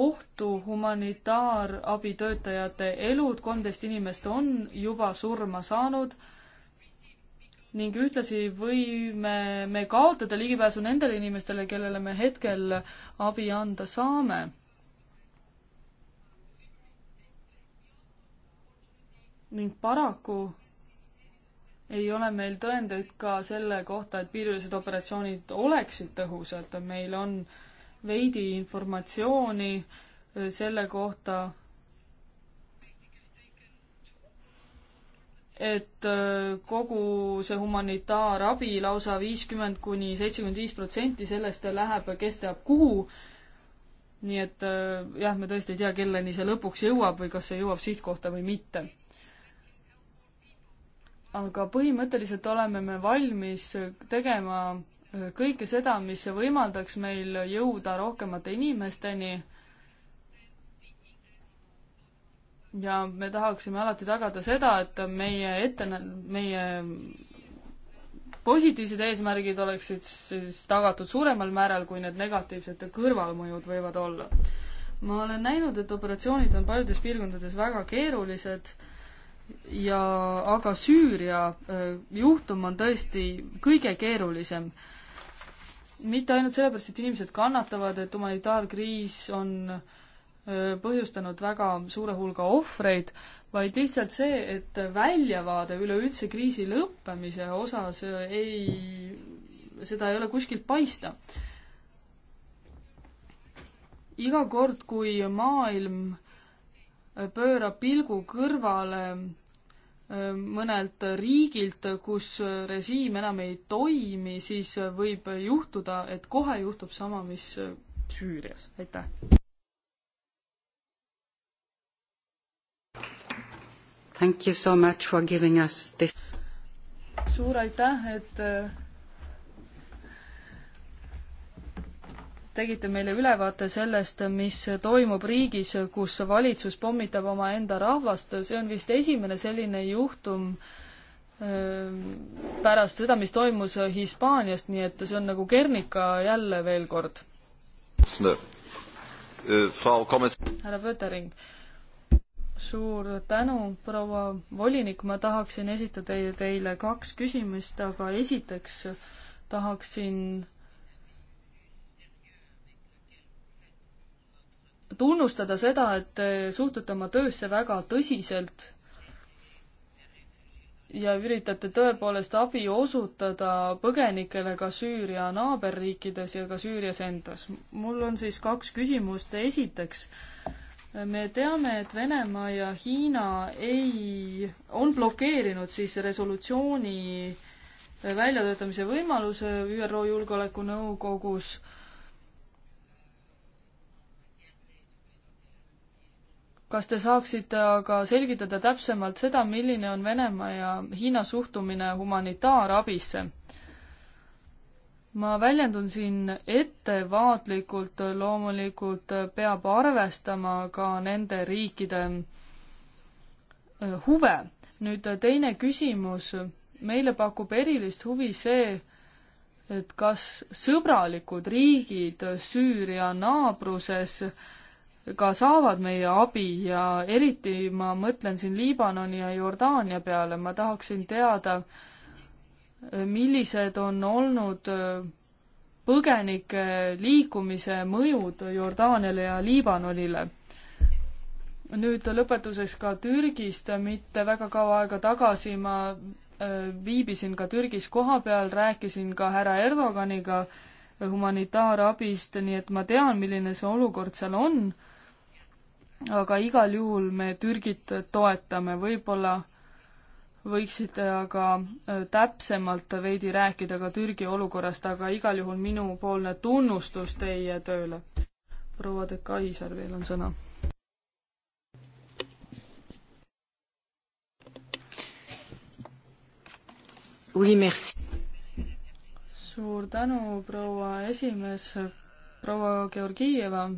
ohtu humanitaarabitöötajate elud, kolmteist inimest on juba surma saanud ning ühtlasi võime me kaotada ligipääsu nendele inimestele, kellele me hetkel abi anda saame ning paraku ei ole meil tõendeid ka selle kohta, et piirilised operatsioonid oleksid tõhusad, meil on veidi informatsiooni äh, selle kohta, et äh, kogu see humanitaarabi lausa viiskümmend kuni seitsekümmend viis protsenti sellest läheb, kes teab kuhu. nii et äh, jah, me tõesti ei tea, kelleni see lõpuks jõuab või kas see jõuab sihtkohta või mitte aga põhimõtteliselt oleme me valmis tegema äh, kõike seda, mis võimaldaks meil jõuda rohkemate inimesteni. ja me tahaksime alati tagada seda, et meie ette, meie positiivsed eesmärgid oleksid siis tagatud suuremal määral, kui need negatiivsed kõrvalmõjud võivad olla. ma olen näinud, et operatsioonid on paljudes piirkondades väga keerulised ja aga Süüria äh, juhtum on tõesti kõige keerulisem. mitte ainult sellepärast, et inimesed kannatavad, et humanitaarkriis on äh, põhjustanud väga suure hulga ohvreid, vaid lihtsalt see, et väljavaade üleüldse kriisi lõppemise osas äh, ei, seda ei ole kuskilt paista. iga kord, kui maailm äh, pöörab pilgu kõrvale mõnelt riigilt, kus režiim enam ei toimi, siis võib juhtuda, et kohe juhtub sama, mis Süürias, aitäh. Thank you so much for giving us this. suur aitäh, et tegite meile ülevaate sellest, mis toimub riigis, kus valitsus pommitab omaenda rahvast, see on vist esimene selline juhtum ähm, pärast seda, mis toimus Hispaanias, nii et see on nagu Guernica jälle veel kord.
härra
Pötering, suur tänu, proua volinik, ma tahaksin esitada teile, teile kaks küsimust, aga esiteks tahaksin tunnustada seda, et te suhtute oma töösse väga tõsiselt ja üritate tõepoolest abi osutada põgenikele ka Süüria naaberriikides ja ka Süürias endas. mul on siis kaks küsimust, esiteks me teame, et Venemaa ja Hiina ei, on blokeerinud siis resolutsiooni väljatöötamise võimaluse ÜRO Julgeolekunõukogus äh, kas te saaksite aga selgitada täpsemalt seda, milline on Venemaa ja Hiina suhtumine humanitaarabisse? ma väljendun siin ettevaatlikult, loomulikult peab arvestama ka nende riikide äh, huve. nüüd teine küsimus, meile pakub erilist huvi see, et kas sõbralikud riigid Süüria naabruses äh, ka saavad meie abi ja eriti ma mõtlen siin Liibanoni ja Jordaania peale, ma tahaksin teada, millised on olnud äh, põgenike liikumise mõjud Jordaaniale ja Liibanonile. nüüd lõpetuseks ka Türgist, mitte väga kaua aega tagasi ma äh, viibisin ka Türgis kohapeal, rääkisin ka härra Erdoganiga humanitaarabist, nii et ma tean, milline see olukord seal on aga igal juhul me Türgit toetame, võib-olla võiksite aga äh, täpsemalt veidi rääkida ka Türgi olukorrast, aga igal juhul minupoolne tunnustus teie tööle. proua de Kaiser, teil on sõna. Oui, merci. suur tänu, proua esimees, proua Georgieva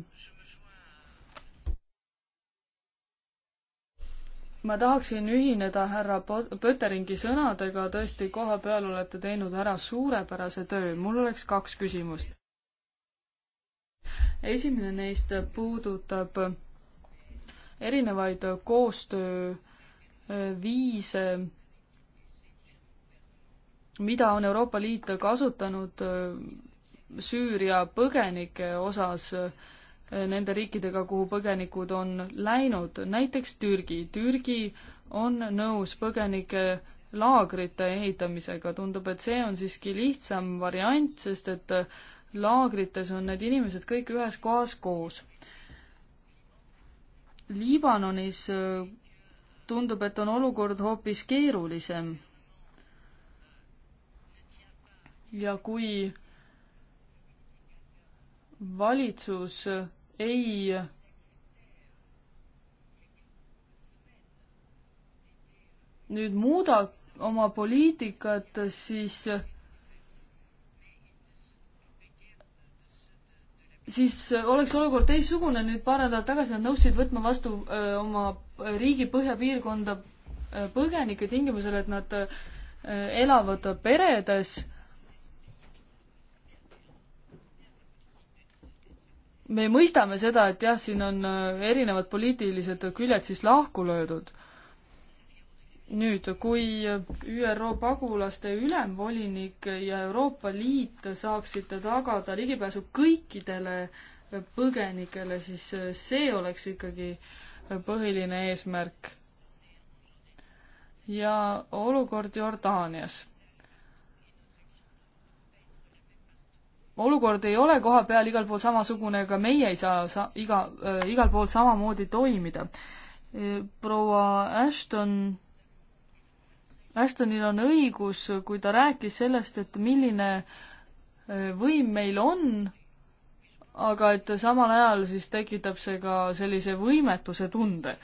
ma tahaksin ühineda härra Pöteringi sõnadega, tõesti, koha peal olete teinud ära suurepärase töö. mul oleks kaks küsimust. esimene neist puudutab erinevaid koostööviise, mida on Euroopa Liit kasutanud Süüria põgenike osas äh, nende riikidega, kuhu põgenikud on läinud, näiteks Türgi. Türgi on nõus põgenike laagrite ehitamisega, tundub, et see on siiski lihtsam variant, sest et laagrites on need inimesed kõik ühes kohas koos. Liibanonis äh, tundub, et on olukord hoopis keerulisem. ja kui valitsus ei nüüd muuda oma poliitikat, siis siis oleks olukord teistsugune, nüüd paar nädalat tagasi nad nõustusid võtma vastu öö, oma riigi põhjapiirkonda põgenike tingimusel, et nad öö, elavad peredes me mõistame seda, et jah, siin on äh, erinevad poliitilised küljed siis lahku löödud. nüüd, kui ÜRO pagulaste ülemvolinik ja Euroopa Liit saaksid tagada ligipääsu kõikidele põgenikele, siis äh, see oleks ikkagi äh, põhiline eesmärk. ja olukord Jordaanias olukord ei ole koha peal igal pool samasugune, ega meie ei saa sa-, iga äh,, igal pool samamoodi toimida. Äh, proua Ashton, Ashtonil on õigus, kui ta rääkis sellest, et milline äh, võim meil on, aga et samal ajal siis tekitab see ka sellise võimetuse tunde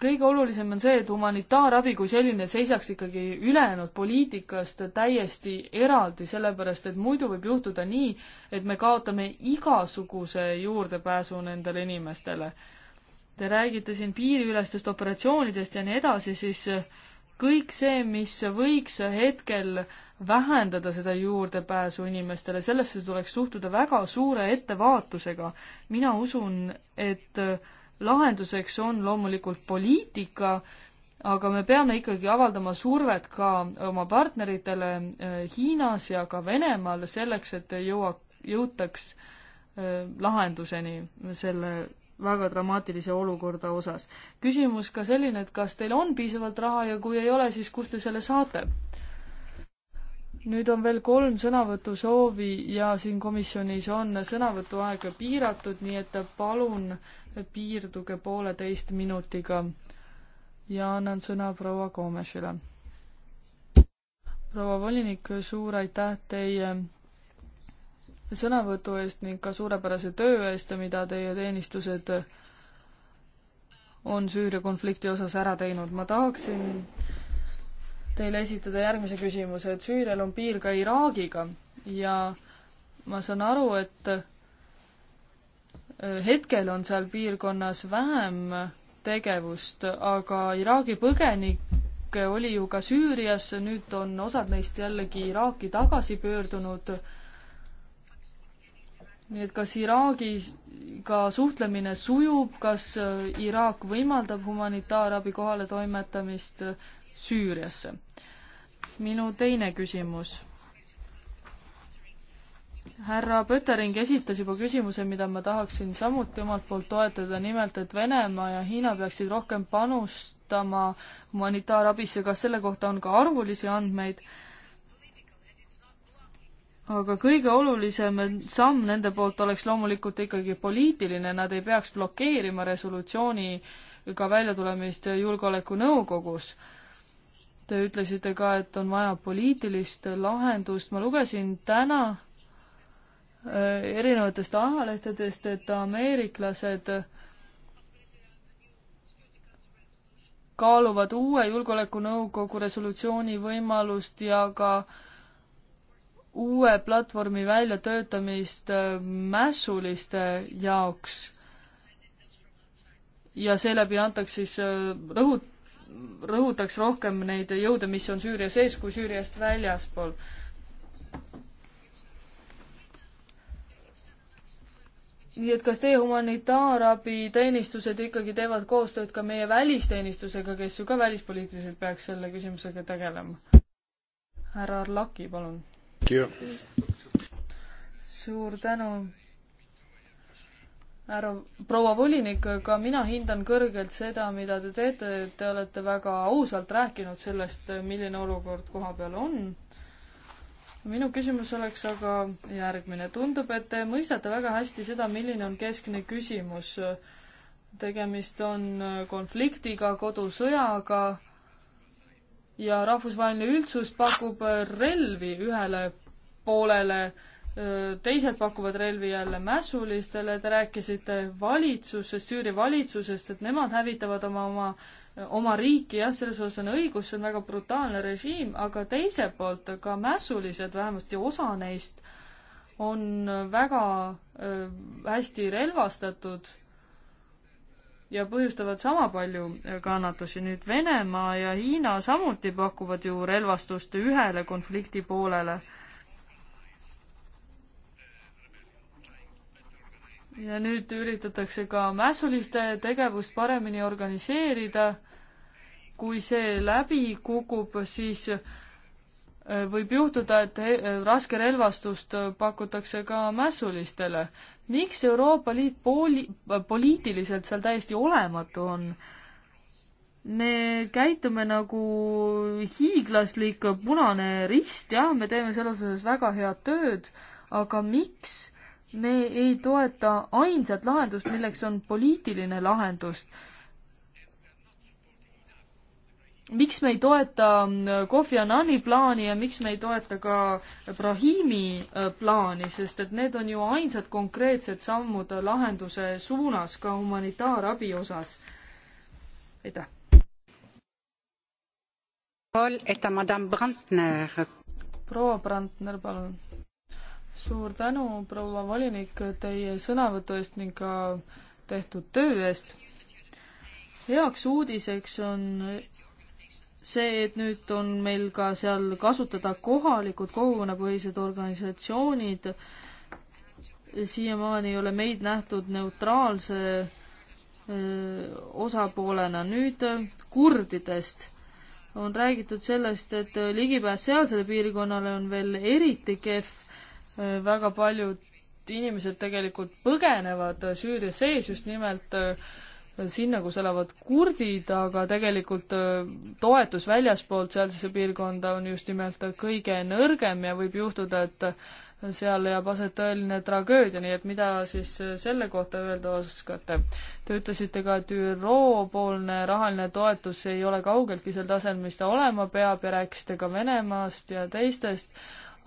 kõige olulisem on see, et humanitaarabi kui selline seisaks ikkagi ülejäänud poliitikast täiesti eraldi, sellepärast et muidu võib juhtuda nii, et me kaotame igasuguse juurdepääsu nendele inimestele. Te räägite siin piiriülestest operatsioonidest ja nii edasi, siis kõik see, mis võiks hetkel vähendada seda juurdepääsu inimestele, sellesse tuleks suhtuda väga suure ettevaatusega. mina usun, et äh, lahenduseks on loomulikult poliitika, aga me peame ikkagi avaldama survet ka oma partneritele eh, Hiinas ja ka Venemaal selleks, et jõua, jõutaks eh, lahenduseni selle väga dramaatilise olukorda osas. küsimus ka selline, et kas teil on piisavalt raha ja kui ei ole, siis kust te selle saate? nüüd on veel kolm sõnavõtusoovi ja siin komisjonis on sõnavõtuaeg piiratud, nii et palun piirduge pooleteist minutiga. ja annan sõna proua Koomesile. proua volinik, suur aitäh teie sõnavõtu eest ning ka suurepärase töö eest, mida teie teenistused on Süüria konflikti osas ära teinud. ma tahaksin teile esitada järgmise küsimuse, et Süürial on piir ka Iraagiga ja ma saan aru, et äh, hetkel on seal piirkonnas vähem tegevust, aga Iraagi põgenikke oli ju ka Süürias, nüüd on osad neist jällegi Iraaki tagasi pöördunud. nii et kas Iraagiga ka suhtlemine sujub, kas äh, Iraak võimaldab humanitaarabi kohale toimetamist, Süüriasse. minu teine küsimus. härra Pöttering esitas juba küsimuse, mida ma tahaksin samuti omalt poolt toetada, nimelt et Venemaa ja Hiina peaksid rohkem panustama humanitaarabisse, kas selle kohta on ka arvulisi andmeid? aga kõige olulisem samm nende poolt oleks loomulikult ikkagi poliitiline, nad ei peaks blokeerima resolutsiooniga väljatulemist Julgeolekunõukogus Te ütlesite ka, et on vaja poliitilist lahendust, ma lugesin täna äh, erinevatest ajalehtedest, et ameeriklased kaaluvad uue Julgeolekunõukogu resolutsiooni võimalust ja ka uue platvormi väljatöötamist äh, mässuliste jaoks. ja seeläbi antaks siis äh, rõhut-, rõhutaks rohkem neid jõude, mis on Süüria sees kui Süüriast väljaspool. nii et kas teie humanitaarabiteenistused ikkagi teevad koostööd ka meie välisteenistusega, kes ju ka välispoliitiliselt peaks selle küsimusega tegelema? härra Arlaki, palun. suur tänu härra, proua volinik, ka mina hindan kõrgelt seda, mida te teete, te olete väga ausalt rääkinud sellest, milline olukord koha peal on. minu küsimus oleks aga järgmine. tundub, et te mõistate väga hästi seda, milline on keskne küsimus. tegemist on konfliktiga, kodusõjaga ja rahvusvaheline üldsus pakub relvi ühele poolele teised pakuvad relvi jälle mässulistele, te rääkisite valitsusest, Süüria valitsusest, et nemad hävitavad oma, oma, oma riiki, jah, selles osas on õigus, see on väga brutaalne režiim, aga teiselt poolt ka mässulised, vähemasti osa neist, on väga hästi relvastatud ja põhjustavad sama palju kannatusi. nüüd Venemaa ja Hiina samuti pakuvad ju relvastust ühele konflikti poolele ja nüüd üritatakse ka mässuliste tegevust paremini organiseerida. kui see läbi kukub, siis äh, võib juhtuda, et äh, raske relvastust äh, pakutakse ka mässulistele. miks Euroopa Liit pooli-, poliitiliselt seal täiesti olematu on? me käitume nagu hiiglaslik punane rist, jah, me teeme selles osas väga head tööd, aga miks me ei toeta ainsat lahendust, milleks on poliitiline lahendus. miks me ei toeta mm, Kofi Annani plaani ja miks me ei toeta ka Brahimi äh, plaani, sest et need on ju ainsad konkreetsed sammud lahenduse suunas ka humanitaarabi osas. aitäh. proua Brandner, palun suur tänu, proua volinik, teie sõnavõtu eest ning ka tehtud töö eest. heaks uudiseks on see, et nüüd on meil ka seal kasutada kohalikud kogukonnapõhised organisatsioonid. siiamaani ei ole meid nähtud neutraalse öö, osapoolena. nüüd kurdidest on räägitud sellest, et ligipääs sealsele piirkonnale on veel eriti kehv väga paljud inimesed tegelikult põgenevad Süüria sees just nimelt äh, sinna, kus elavad kurdid, aga tegelikult äh, toetus väljaspoolt sealsesse piirkonda on just nimelt kõige nõrgem ja võib juhtuda, et äh, seal leiab aset tõeline tragöödia, nii et mida siis selle kohta öelda oskate? Te ütlesite ka, et ÜRO-poolne rahaline toetus ei ole kaugeltki sel tasemel, mis ta olema peab ja rääkisite ka Venemaast ja teistest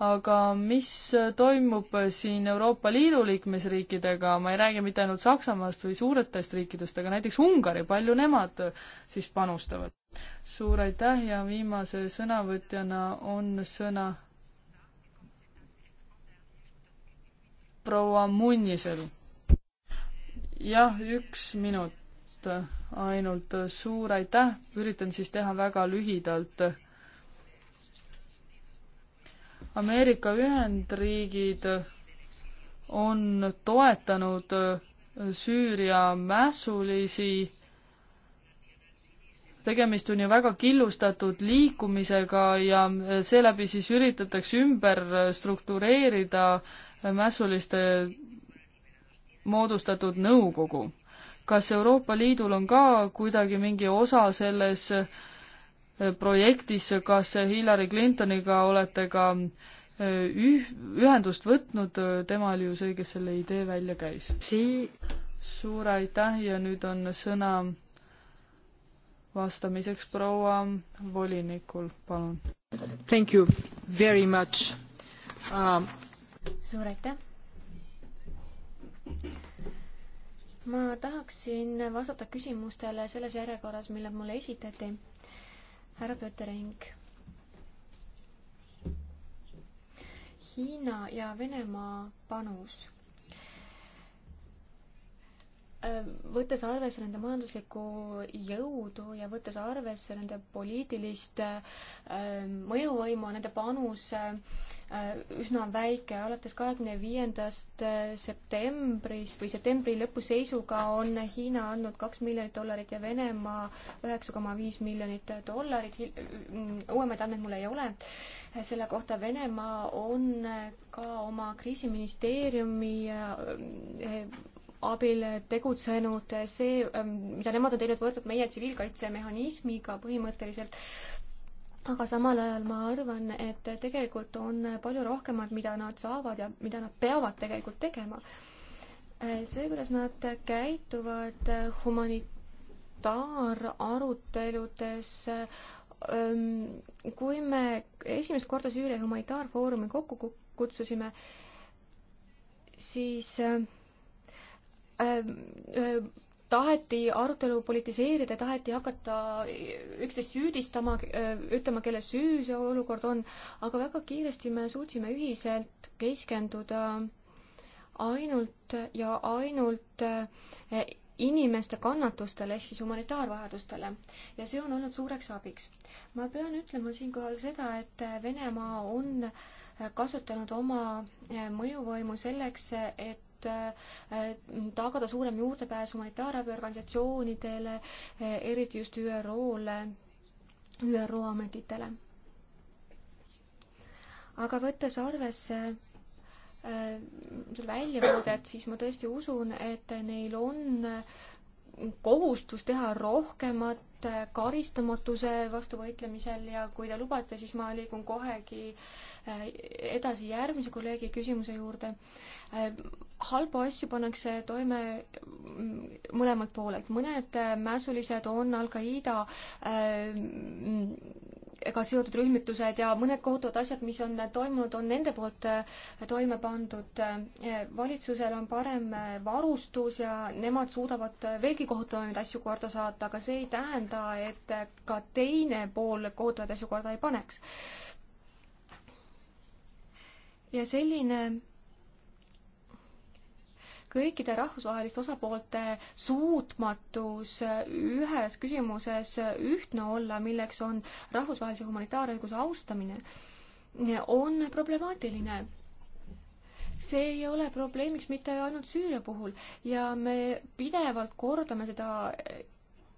aga mis toimub siin Euroopa Liidu liikmesriikidega, ma ei räägi mitte ainult Saksamaast või suuretest riikidest, aga näiteks Ungari, palju nemad siis panustavad? suur aitäh ja viimase sõnavõtjana on sõna proua Munnisel. jah, üks minut ainult, suur aitäh, üritan siis teha väga lühidalt Ameerika Ühendriigid on toetanud äh, Süüria mässulisi. tegemist on ju väga killustatud liikumisega ja äh, seeläbi siis üritatakse ümber äh, struktureerida mässuliste moodustatud nõukogu. kas Euroopa Liidul on ka kuidagi mingi osa selles äh, projektis, kas Hillary Clintoniga olete ka e, üh-, ühendust võtnud, tema oli ju see, kes selle idee välja käis si. suur aitäh ja nüüd on sõna vastamiseks proua volinikul, palun. Thank you very much um....
suur aitäh. ma tahaksin vastata küsimustele selles järjekorras, milled mulle esitati härra Pöttering. Hiina ja Venemaa panus Äh, võttes arvesse nende majanduslikku jõudu ja võttes arvesse nende poliitilist äh, mõjuvõimu, nende panus äh, üsna väike, alates kahekümne viiendast septembrist või septembri lõpu seisuga on Hiina andnud kaks miljonit dollarit ja Venemaa üheksa koma viis miljonit dollarit, mm, uuemaid andmeid mul ei ole, selle kohta Venemaa on ka oma kriisiministeeriumi abil tegutsenud, see, ähm, mida nemad on teinud, võrdub meie tsiviilkaitsemehhanismiga põhimõtteliselt, aga samal ajal ma arvan, et tegelikult on palju rohkemat, mida nad saavad ja mida nad peavad tegelikult tegema. see, kuidas nad käituvad humanitaararuteludes, ähm, kui me esimest korda Süüria humanitaarfoorumi kokku kutsusime, siis äh, Äh, äh, taheti arutelu politiseerida, taheti hakata üksteist süüdistama, äh, ütlema, kelle süü see olukord on, aga väga kiiresti me suutsime ühiselt keskenduda ainult ja ainult inimeste kannatustele ehk siis humanitaarvajadustele ja see on olnud suureks abiks. ma pean ütlema siinkohal seda, et Venemaa on kasutanud oma mõjuvõimu selleks, et et äh, tagada suurem juurdepääs humanitaarabiorganisatsioonidele, äh, eriti just ÜRO-le, ÜRO ametitele. aga võttes arvesse äh, selle väljavaadet, siis ma tõesti usun, et neil on kohustus teha rohkemat tööd karistamatuse vastu võitlemisel ja kui te lubate, siis ma liigun kohegi äh, edasi järgmise kolleegi küsimuse juurde. Äh, halbu asju pannakse toime mm, mõlemalt poolelt, mõned äh, mässulised on Al-Qaeda ka seotud rühmitused ja mõned kohutavad asjad, mis on toimunud, on nende poolt äh, toime pandud. Äh, valitsusel on parem äh, varustus ja nemad suudavad veelgi kohutavamaid asju korda saata, aga see ei tähenda, et ka teine pool kohutavaid asju korda ei paneks. ja selline kõikide rahvusvaheliste osapoolte suutmatus ühes küsimuses ühtne olla, milleks on rahvusvahelise humanitaarõiguse austamine, on problemaatiline see ei ole probleemiks mitte ainult Süüria puhul ja me pidevalt kordame seda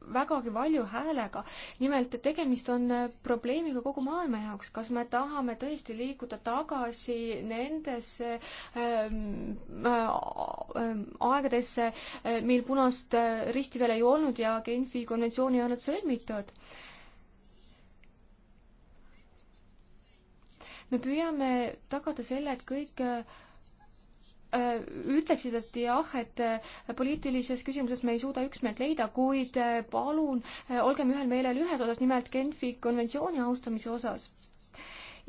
vägagi valju häälega. nimelt tegemist on äh, probleemiga kogu maailma jaoks, kas me tahame tõesti liikuda tagasi nendesse ähm, ähm, aegadesse, äh, mil punast risti veel ei olnud ja Genfi konventsiooni ei olnud sõlmitud me püüame tagada selle, et kõik Äh, ütleksid, et jah, et äh, poliitilises küsimuses me ei suuda üksmeelt leida, kuid äh, palun olgem ühel meelel ühes osas, nimelt Genfi konventsiooni austamise osas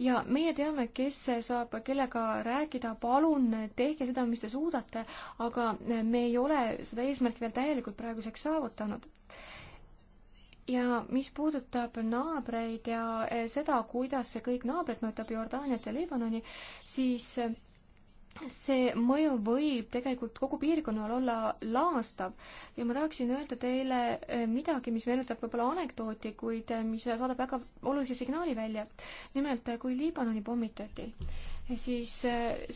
ja meie teame, kes saab kellega rääkida, palun tehke seda, mis te suudate, aga me ei ole seda eesmärki veel täielikult praeguseks saavutanud. ja mis puudutab naabreid ja seda, kuidas see kõik naabreid mõjutab, Jordaaniat ja Liibanoni, siis see mõju võib tegelikult kogu piirkonnal olla laastav ja ma tahaksin öelda teile eh, midagi, mis meenutab võib-olla anekdooti, kuid eh, mis saadab väga olulise signaali välja. nimelt, eh, kui Liibanoni pommitati, siis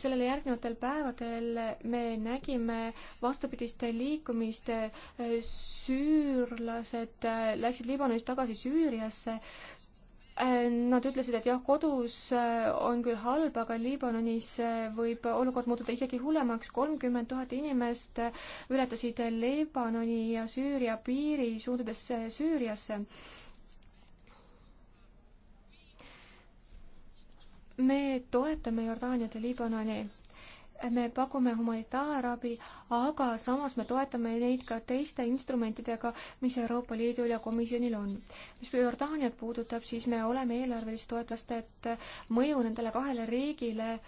sellele järgnevatel päevadel me nägime vastupidist liikumist, süürlased läksid Liibanonist tagasi Süüriasse Äh, nad ütlesid, et jah, kodus äh, on küll halb, aga Liibanonis äh, võib olukord muutuda isegi hullemaks. kolmkümmend tuhat inimest ületasid Liibanoni ja Süüria piiri, suundudes Süüriasse. me toetame Jordaaniat ja Liibanoni me pakume humanitaarabi, aga samas me toetame neid ka teiste instrumentidega, mis Euroopa Liidul ja komisjonil on. mis Jordaaniat puudutab, siis me oleme eelarvelist toetlast, et mõju nendele kahele riigile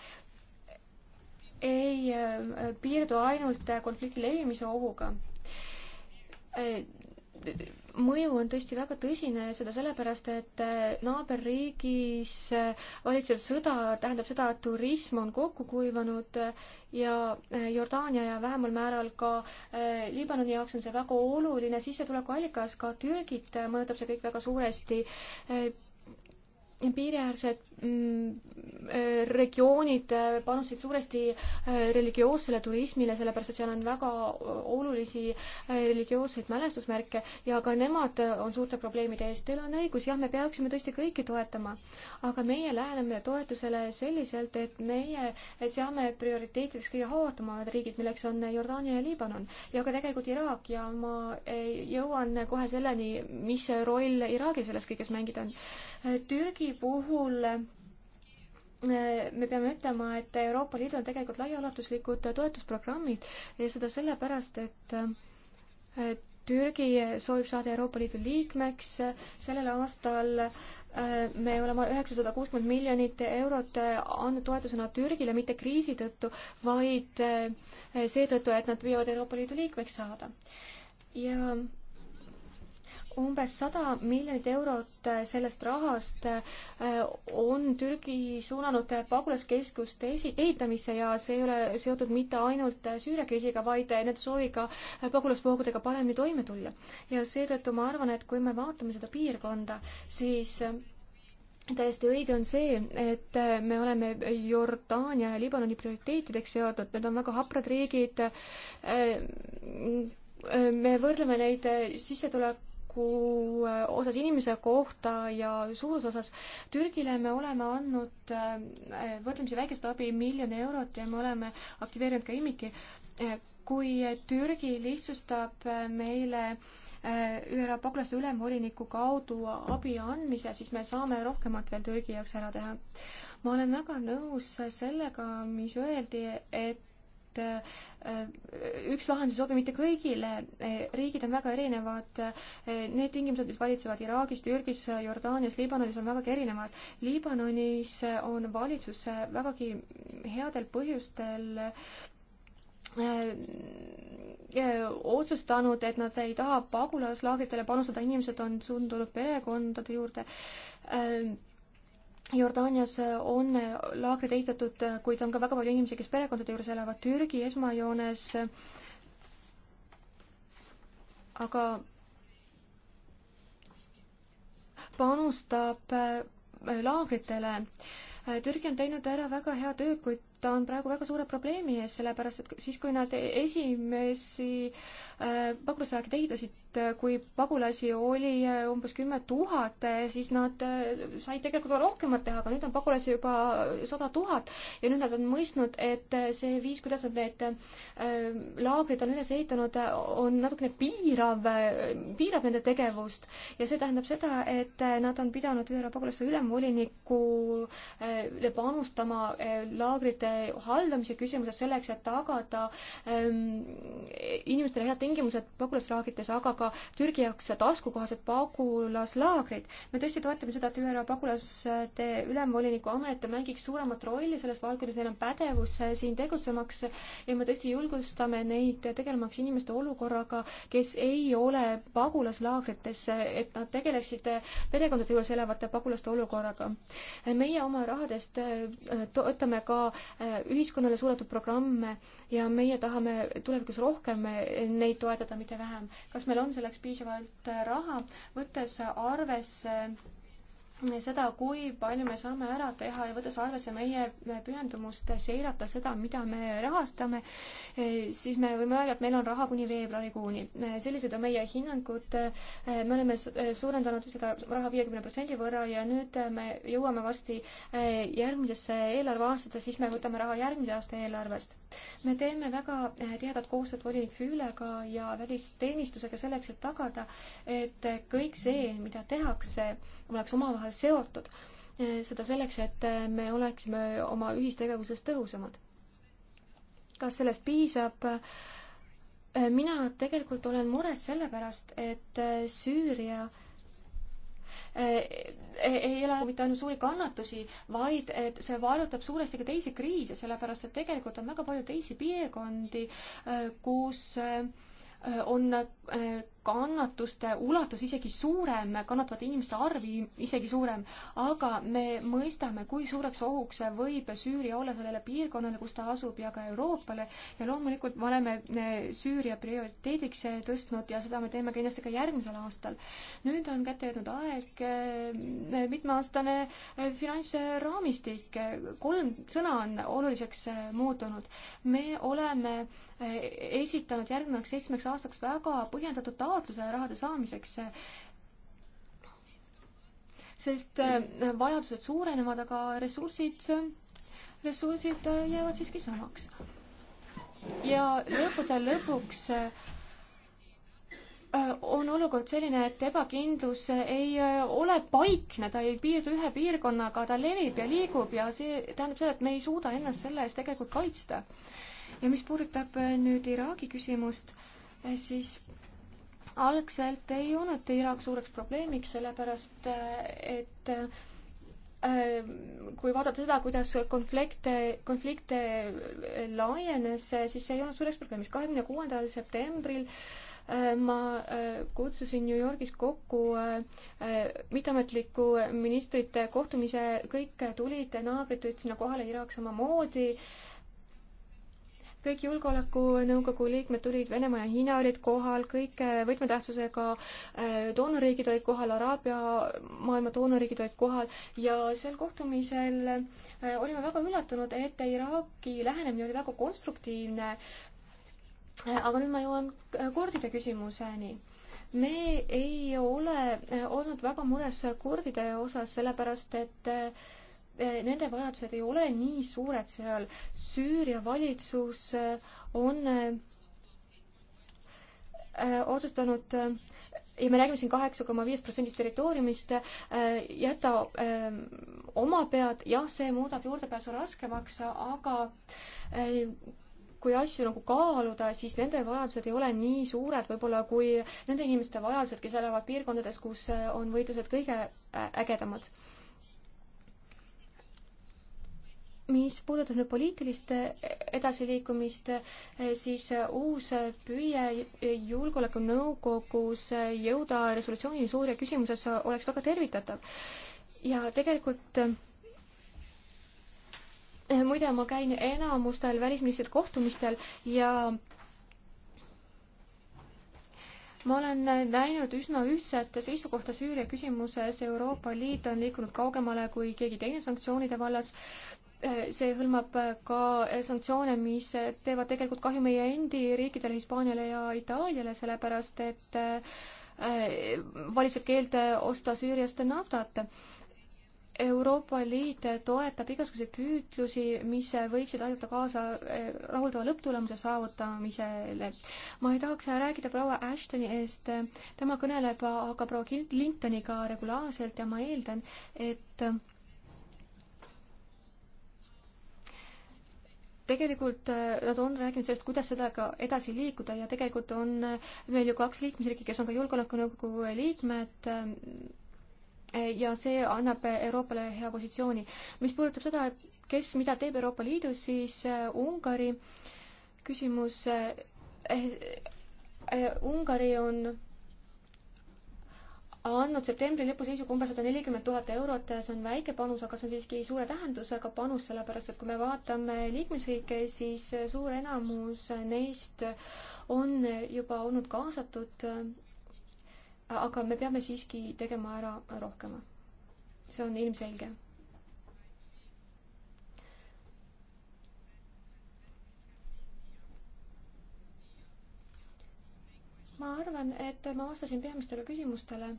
ei äh, piirdu ainult konflikti levimise ohuga äh, mõju on tõesti väga tõsine ja seda sellepärast, et äh, naaberriigis äh, valitsev sõda tähendab seda, et turism on kokku kuivanud äh, ja Jordaania ja vähemal määral ka Liibanoni jaoks on see väga oluline sissetulekuallikas, ka Türgit mõjutab see kõik väga suuresti piiriäärsed mm, äh, regioonid äh, panustasid suuresti äh, religioossele turismile, sellepärast et seal on väga olulisi religioosseid mälestusmärke ja ka nemad on suurte probleemide ees. Teil on õigus, jah, me peaksime tõesti kõiki toetama, aga meie läheneme toetusele selliselt, et meie seame prioriteetideks kõige haavatavamad riigid, milleks on Jordaania ja Liibanon ja ka tegelikult Iraak ja ma jõuan kohe selleni, mis roll Iraagil selles kõiges mängida on. Türgi abi puhul eh, me peame ütlema, et Euroopa Liidul on tegelikult laiaulatuslikud toetusprogrammid ja seda sellepärast, et eh, Türgi soovib saada Euroopa Liidu liikmeks, sellel aastal eh, me oleme üheksasada kuuskümmend miljonit eurot andnud toetusena Türgile mitte kriisi tõttu, vaid seetõttu, et nad püüavad Euroopa Liidu liikmeks saada. ja umbes sada miljonit eurot äh, sellest rahast äh, on Türgi suunanud äh, pagulaskeskuste esi-, ehitamisse ja see ei ole seotud mitte ainult Süüria kriisiga, vaid nende sooviga pagulasvoogudega paremini toime tulla. ja seetõttu ma arvan, et kui me vaatame seda piirkonda, siis täiesti õige on see, et me oleme Jordaania ja Liibanoni prioriteetideks seotud, need on väga haprad riigid, me võrdleme neid sissetulek-, tuleviku äh, osas inimese kohta ja suuruse osas. Türgile me oleme andnud äh, võrdlemisi väikest abi, miljon eurot ja me oleme aktiveerinud ka IMIK-i. Äh, kui Türgi lihtsustab meile ÜRO pagulaste ülemvoliniku kaudu abi andmise, siis me saame rohkemat veel Türgi jaoks ära teha. ma olen väga nõus sellega, mis öeldi, et et äh, üks lahendus ei sobi mitte kõigile, riigid on väga erinevad, need tingimused, mis valitsevad Iraagis, Türgis, Jordaanias, Liibanonis, on vägagi erinevad. Liibanonis on valitsus vägagi headel põhjustel äh, otsustanud, et nad ei taha pagulaslaagritele panustada, inimesed on sundunud perekondade juurde äh, Jordaanias äh, on äh, laagrid ehitatud, äh, kuid on ka väga palju inimesi, kes perekondade juures elavad. Türgi esmajoones aga panustab laagritele. Türgi on teinud ära väga hea töö, kuid ta on praegu väga suure probleemi ees, sellepärast et siis, kui nad esimesi äh, pagulasväge ehitasid, äh, kui pagulasi oli äh, umbes kümme tuhat, äh, siis nad äh, said tegelikult rohkemat teha, aga nüüd on pagulasi juba sada tuhat ja nüüd nad on mõistnud, et äh, see viis, kuidas nad need laagrid on üles ehitanud, on natukene piirav, piirab nende tegevust ja see tähendab seda, et nad on pidanud ÜRO pagulaste ülemvolinikule panustama laagrite haldamise küsimuses selleks, et tagada ähm, inimestele head tingimused pagulasraadides, aga ka Türgi jaoks taskukohased pagulaslaagrid. me tõesti toetame seda, et ÜRO pagulaste ülemvoliniku amet mängiks suuremat rolli selles valdkonnas, neil on pädevus äh, siin tegutsemaks ja me tõesti julgustame neid tegelemaks inimeste olukorraga, kes ei ole pagulaslaagrites, et nad tegeleksid perekondade juures elavate pagulaste olukorraga. meie oma rahadest äh, toetame ka Äh, ühiskonnale suunatud programme ja meie tahame tulevikus rohkem äh, neid toetada, mitte vähem. kas meil on selleks piisavalt äh, raha, võttes arvesse seda, kui palju me saame ära teha ja võttes arvesse meie pühendumust seirata seda, mida me rahastame, eh, siis me võime öelda, et meil on raha kuni veebruarikuuni. Eh, sellised on meie hinnangud. Eh, me oleme suurendanud seda raha viiekümne protsendi võrra ja nüüd me jõuame varsti järgmisesse eelarveaastasse, siis me võtame raha järgmise aasta eelarvest. me teeme väga tihedat koostööd volinik Füülega ja välisteenistusega selleks, et tagada, et kõik see, mida tehakse, oleks omavahel seotud. seda selleks, et me oleksime oma ühistegevuses tõhusamad. kas sellest piisab? mina tegelikult olen mures sellepärast, et Süüria e, e, ei ole mitte ainult suuri kannatusi, vaid et see vaadatab suuresti ka teisi kriise, sellepärast et tegelikult on väga palju teisi piirkondi, e, kus on kannatuste ulatus isegi suurem, kannatavate inimeste arv isegi suurem, aga me mõistame, kui suureks ohuks võib Süüria olla sellele piirkonnale, kus ta asub, ja ka Euroopale ja loomulikult me oleme eh, Süüria prioriteediks eh, tõstnud ja seda me teeme kindlasti ka järgmisel aastal. nüüd on kätte jõudnud aeg, eh, mitmeaastane finantsraamistik, kolm sõna on oluliseks muutunud. me oleme esitanud järgnevaks seitsmeks aastaks väga põhjendatud taotluse, taotluse rahade saamiseks sest äh, vajadused suurenevad, aga ressursid, ressursid äh, jäävad siiski samaks. ja lõppude lõpuks äh, on olukord selline, et ebakindlus ei ole paikne, ta ei piirdu ühe piirkonnaga, ta levib ja liigub ja see tähendab seda, et me ei suuda ennast selle eest tegelikult kaitsta. ja mis puudutab nüüd Iraagi küsimust, siis algselt ei olnud Iraak suureks probleemiks, sellepärast et äh, kui vaadata seda, kuidas konflikte, konflikte laienes, siis see ei olnud suureks probleemiks. kahekümne kuuendal septembril äh, ma äh, kutsusin New Yorgis kokku mitteametliku ministrite kohtumise, kõik tulid, naabrid tulid sinna kohale, Iraak samamoodi kõik Julgeolekunõukogu liikmed tulid, Venemaa ja Hiina olid kohal, kõik äh, võtmetähtsusega äh, doonorriigid olid kohal, Araabia maailma doonorriigid olid kohal ja sel kohtumisel äh, olime väga üllatunud, et Iraagi lähenemine oli väga konstruktiivne. aga nüüd ma jõuan kurdide küsimuseni me ei ole olnud väga mures kurdide osas, sellepärast et äh, Eh, nende vajadused ei ole nii suured seal. Süüria valitsus eh, on eh, otsustanud ja me räägime siin kaheksa koma viiest protsendist territooriumist, jäta oma pead, jah, see muudab juurdepääsu raskemaks, aga kui asju nagu kaaluda, siis nende vajadused ei ole nii suured võib-olla kui nende inimeste vajadused, kes elavad piirkondades, kus on võitlused kõige ägedamad. mis puudutab nüüd poliitilist edasiliikumist, eh, siis eh, uus püüe Julgeolekunõukogus eh, jõuda resolutsioonini Suuria küsimuses oleks väga tervitatav. ja tegelikult muide, ma käin enamustel välisministrite kohtumistel ja ma olen näinud üsna ühtset seisukohta Süüria küsimuses, Euroopa Liit on liikunud kaugemale kui keegi teine sanktsioonide vallas Eh, see hõlmab eh, ka eh, sanktsioone, mis teevad tegelikult kahju meie endi riikidele, Hispaaniale ja Itaaliale, sellepärast et valitseb keeld osta Süüriast naftat. Euroopa Liit toetab igasuguseid püütlusi, mis võiksid aidata kaasa rahuldava lõpptulemuse saavutamisele. ma ei tahaks rääkida proua Ashtoni eest, tema kõneleb aga proua Clintoniga regulaarselt ja ma eeldan, et tegelikult äh, nad on rääkinud sellest, kuidas sellega edasi liikuda ja tegelikult on äh, meil ju kaks liikmesriiki, kes on ka Julgeolekunõukogu liikmed äh, ja see annab Euroopale hea positsiooni. mis puudutab seda, et kes mida teeb Euroopa Liidus, siis Ungari küsimus, Ungari on andnud septembri lõpu seisuga umbes sada nelikümmend tuhat eurot, see on väike panus, aga see on siiski suure tähendusega panus, sellepärast et kui me vaatame liikmesriike, siis suur enamus neist on juba olnud kaasatud. aga me peame siiski tegema ära rohkem. see on ilmselge ma arvan, et ma vastasin peamistele küsimustele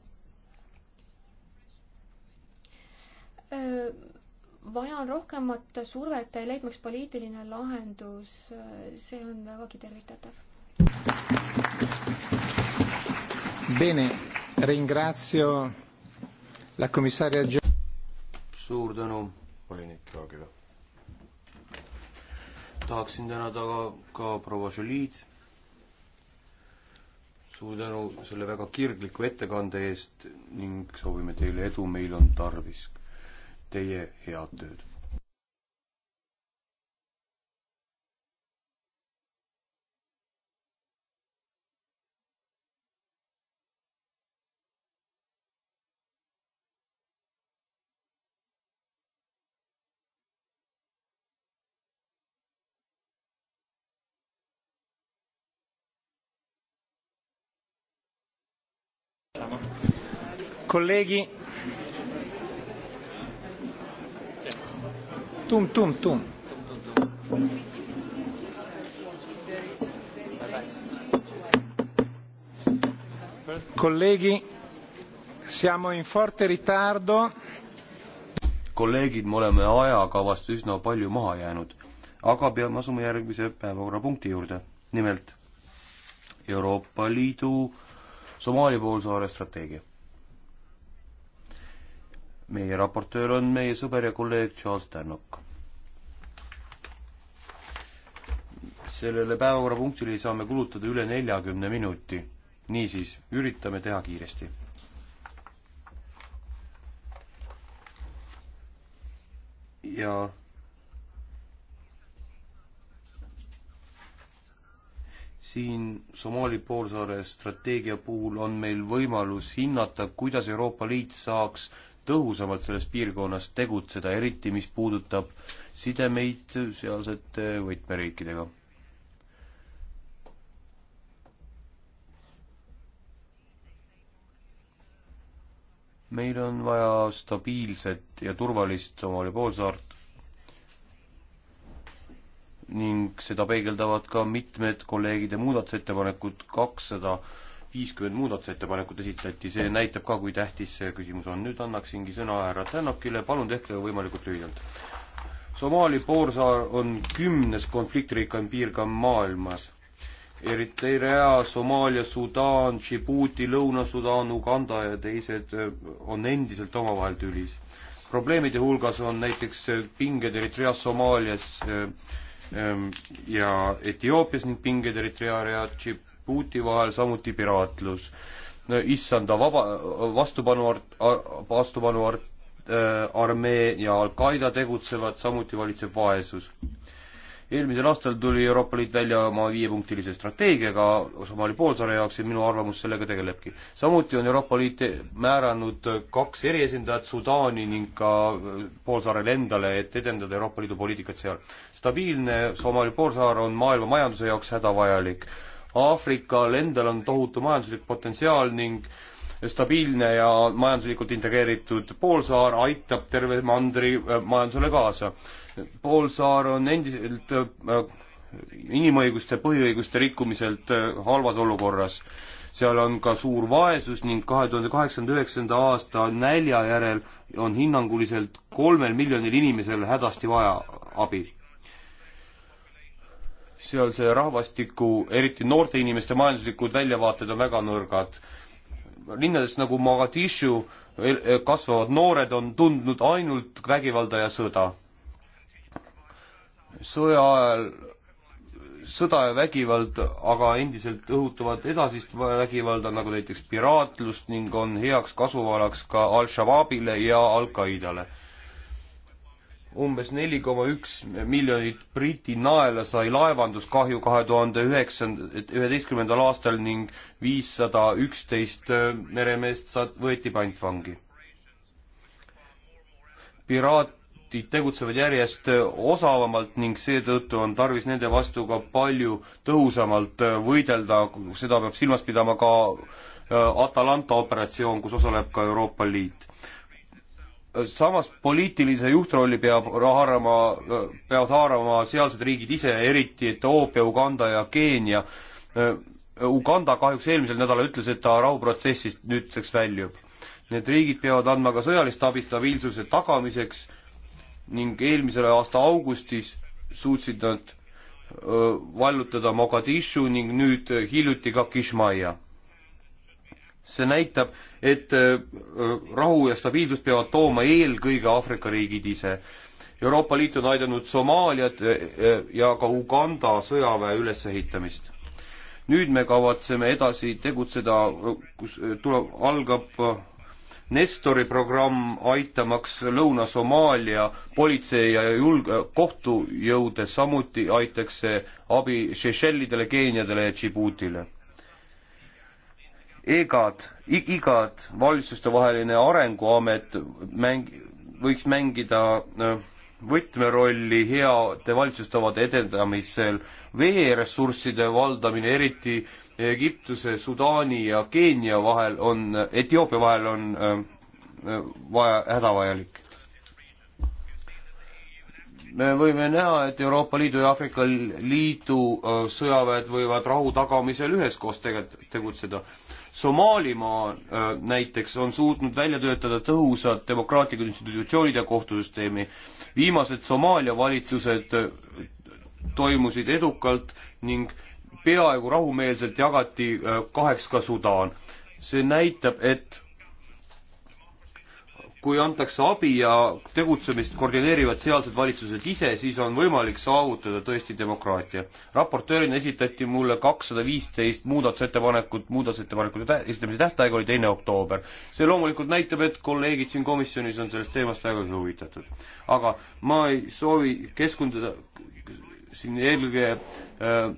vaja on rohkemat survet leidmaks poliitiline lahendus, see on vägagi tervitatav.
Bene, ringrazio la commissaria Gio-.
suur tänu, volinik Jaagile. tahaksin tänada ka, ka proua Jolid. suur tänu selle väga kirgliku ettekande eest ning soovime teile edu, meil on tarvis teie head tööd.
colleghi Tum, tum, tum. Colleghi, siamo in forte ritardo.
kolleegid, me oleme ajakavast üsna palju maha jäänud, aga peame asuma järgmise päevakorrapunkti juurde, nimelt Euroopa Liidu Somaalia poolsaare strateegia meie raportöör on meie sõber ja kolleeg Charles Tannock. sellele päevakorrapunktile saame kulutada üle neljakümne minuti. niisiis, üritame teha kiiresti. ja siin Somaali poolsaare strateegia puhul on meil võimalus hinnata, kuidas Euroopa Liit saaks tõhusamalt selles piirkonnas tegutseda, eriti mis puudutab sidemeid sealsete võtmeriikidega. meil on vaja stabiilset ja turvalist Somaalia poolsaart ning seda peegeldavad ka mitmed kolleegide muudatusettepanekud kakssada 200 viiskümmend muudatusettepanekut esitati, see näitab ka, kui tähtis see küsimus on. nüüd annaksingi sõna härra Tänakile, palun tehke võimalikult lühidalt. Somaali poolsaar on kümnes konfliktirikkam piirkond maailmas. Eritrea, Somaalia, Sudaan, Djibouti, Lõuna-Sudaan, Uganda ja teised eh, on endiselt omavahel tülis. probleemide hulgas on näiteks eh, pinged Eritreas, Somaalias eh, ja Etioopias ning pinged Eritrea ja Djib-, Djibouti vahel, samuti piraatlus. issanda vaba, vastupanu, vastupanu äh, armee ja Al-Qaeda tegutsevad, samuti valitseb vaesus. eelmisel aastal tuli Euroopa Liit välja oma viiepunktilise strateegiaga Somaali poolsaare jaoks ja minu arvamus sellega tegelebki. samuti on Euroopa Liit määranud kaks eriesindajat Sudaani ning ka äh, poolsaarele endale, et edendada Euroopa Liidu poliitikat seal. stabiilne Somaali poolsaar on maailma majanduse jaoks hädavajalik Aafrikal endal on tohutu majanduslik potentsiaal ning stabiilne ja majanduslikult integreeritud poolsaar aitab terve mandri äh, majandusele kaasa. poolsaar on endiselt äh, inimõiguste, põhiõiguste rikkumiselt äh, halvas olukorras. seal on ka suur vaesus ning kahe tuhande kaheksakümne üheksanda aasta nälja järel on hinnanguliselt kolmel miljonil inimesel hädasti vaja abi sealse rahvastiku, eriti noorte inimeste majanduslikud väljavaated on väga nõrgad. linnades nagu Mogadishu kasvavad noored on tundnud ainult vägivalda ja sõda. sõja ajal, sõda ja vägivald aga endiselt õhutavad edasist vägivalda, nagu näiteks piraatlust ning on heaks kasualaks ka Al-Shabaabile ja Al-Qaidale umbes neli koma üks miljonit Briti naela sai laevanduskahju kahe tuhande üheksanda, üheteistkümnendal aastal ning viissada üksteist äh, meremeest saad, võeti pantvangi. piraatid tegutsevad järjest äh, osavamalt ning seetõttu on tarvis nende vastu ka palju tõhusamalt äh, võidelda, seda peab silmas pidama ka Atalanta operatsioon, kus osaleb ka Euroopa Liit samas poliitilise juhtrolli peab haarama, peavad haarama sealsed riigid ise, eriti Etioopia, Uganda ja Keenia. Uganda kahjuks eelmisel nädalal ütles, et ta rahuprotsessist nüüdseks väljub. Need riigid peavad andma ka sõjalist abi stabiilsuse tagamiseks ning eelmisel aasta augustis suutsid nad vallutada Mogadishu ning nüüd hiljuti ka Kishmaia see näitab, et äh, rahu ja stabiilsust peavad tooma eelkõige Aafrika riigid ise. Euroopa Liit on aidanud Somaaliat äh, äh, ja ka Uganda sõjaväe ülesehitamist. nüüd me kavatseme edasi tegutseda, kus tuleb, algab Nestori programm aitamaks Lõuna-Somaalia politsei ja julge-, kohtujõude, samuti aitaks see abi Seychellidele, Keeniadele ja Djiboutile EGAD, IGAD, valitsustevaheline arenguamet mäng, võiks mängida äh, võtmerolli heade valitsustavade edendamisel, veeressursside valdamine, eriti Egiptuse, Sudaani ja Keenia vahel on, Etioopia vahel on äh, äh, vaja, hädavajalik me võime näha, et Euroopa Liidu ja Aafrika Liidu sõjaväed võivad rahu tagamisel üheskoos tegutseda. Somaalimaa äh, näiteks on suutnud välja töötada tõhusad demokraatlikud institutsioonid ja kohtusüsteemi. viimased Somaalia valitsused äh, toimusid edukalt ning peaaegu rahumeelselt jagati äh, kaheks ka Sudaan. see näitab, et kui antakse abi ja tegutsemist koordineerivad sealsed valitsused ise, siis on võimalik saavutada tõesti demokraatia. raportöörina esitati mulle kakssada viisteist muudatusettepanekut, muudatusettepanekute esitamise tähtaeg oli teine oktoober. see loomulikult näitab, et kolleegid siin komisjonis on sellest teemast vägagi huvitatud. aga ma ei soovi keskenduda siin eelkõige äh,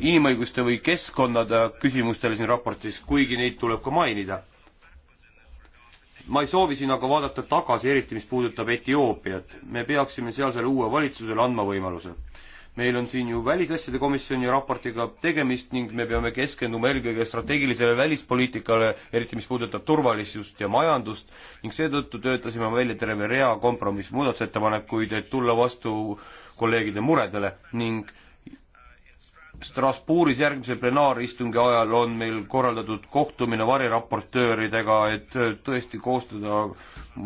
inimõiguste või keskkonnade küsimustele siin raportis, kuigi neid tuleb ka mainida ma ei soovi siin aga vaadata tagasi, eriti mis puudutab Etioopiat. me peaksime sealsele uue valitsusele andma võimaluse. meil on siin ju välisasjade komisjoni raportiga tegemist ning me peame keskenduma eelkõige strateegilisele välispoliitikale, eriti mis puudutab turvalisust ja majandust ning seetõttu töötasime välja terve rea kompromissmuudatusettepanekuid, et tulla vastu kolleegide muredele ning Strasbourgis järgmise plenaaristungi ajal on meil korraldatud kohtumine variraportööridega, et äh, tõesti koostada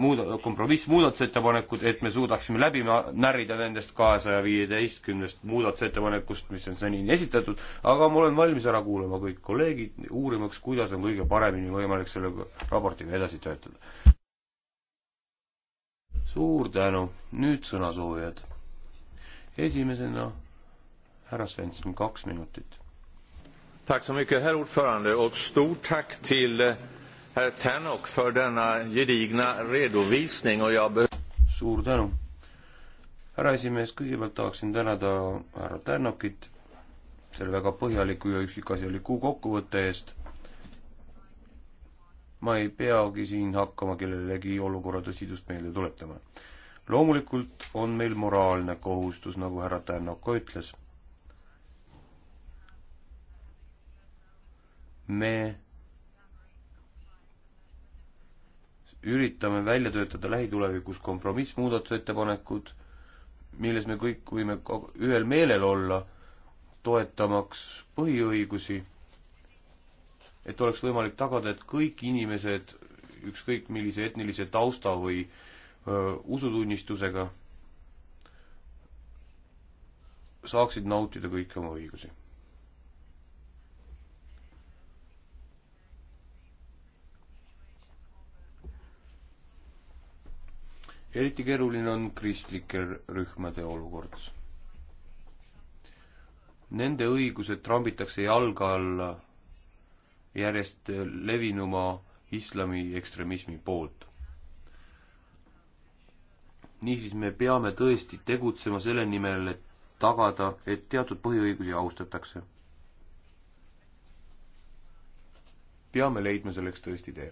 muud-, kompromissmuudatusettepanekud, et me suudaksime läbi närida nendest kahesaja viieteistkümnest muudatusettepanekust, mis on senini esitatud, aga ma olen valmis ära kuulama kõik kolleegid, uurimaks, kuidas on kõige paremini võimalik selle raportiga edasi töötada. suur tänu, nüüd sõnasoovijad. esimesena härra Svensson, kaks minutit. Tack så mycket, herr ordförande, och stort tack till eh, herr Tänok för denna gedigna redovisning och jag suur tänu. härra esimees, kõigepealt tahaksin tänada härra Tänokit selle väga põhjaliku ja üksikasjaliku kokkuvõtte eest. ma ei peagi siin hakkama kellelegi olukorra tõsidust meelde tuletama. loomulikult on meil moraalne kohustus, nagu härra Tänok ka ütles me üritame välja töötada lähitulevikus kompromissmuudatusettepanekud, milles me kõik võime ühel meelel olla, toetamaks põhiõigusi, et oleks võimalik tagada, et kõik inimesed, ükskõik millise etnilise tausta või öö, usutunnistusega, saaksid nautida kõiki oma õigusi eriti keeruline on kristlike rühmade olukord. Nende õigused trambitakse jalge alla järjest levinuma islami ekstremismi poolt. niisiis me peame tõesti tegutsema selle nimel, et tagada, et teatud põhiõigusi austatakse. peame leidma selleks tõesti tee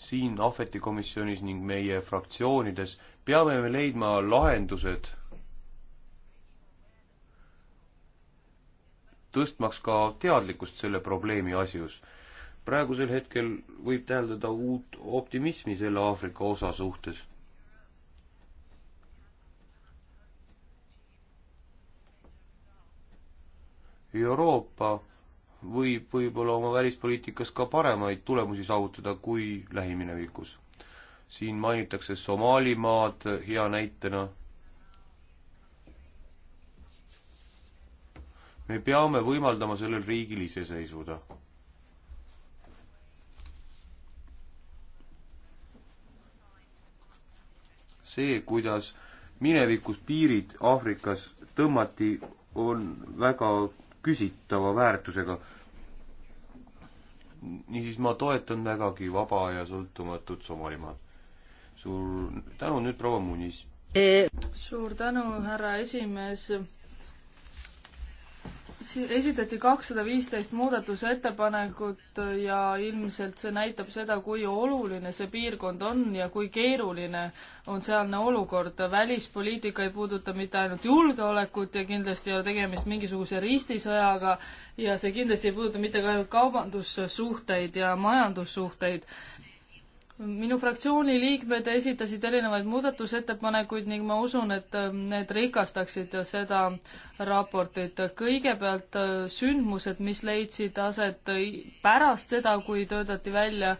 siin ahvetikomisjonis ning meie fraktsioonides peame me leidma lahendused, tõstmaks ka teadlikkust selle probleemi asjus. praegusel hetkel võib täheldada uut optimismi selle Aafrika osa suhtes. Euroopa võib võib-olla oma välispoliitikas ka paremaid tulemusi saavutada kui lähiminevikus. siin mainitakse Somaalimaad hea näitena. me peame võimaldama sellel riigil iseseisvuda. see, kuidas minevikus piirid Aafrikas tõmmati, on väga küsitava väärtusega. niisiis, ma toetan vägagi vaba ja sõltumatut Somalimaad. suur tänu nüüd, proua Munis.
suur tänu, härra esimees esitati kakssada viisteist muudatusettepanekut ja ilmselt see näitab seda, kui oluline see piirkond on ja kui keeruline on sealne olukord. välispoliitika ei puuduta mitte ainult julgeolekut ja kindlasti ei ole tegemist mingisuguse ristisõjaga ja see kindlasti ei puuduta mitte ka ainult kaubandussuhteid ja majandussuhteid minu fraktsiooni liikmed esitasid erinevaid muudatusettepanekuid ning ma usun, et äh, need rikastaksid seda raportit. kõigepealt äh, sündmused, mis leidsid aset äh, pärast seda, kui töötati välja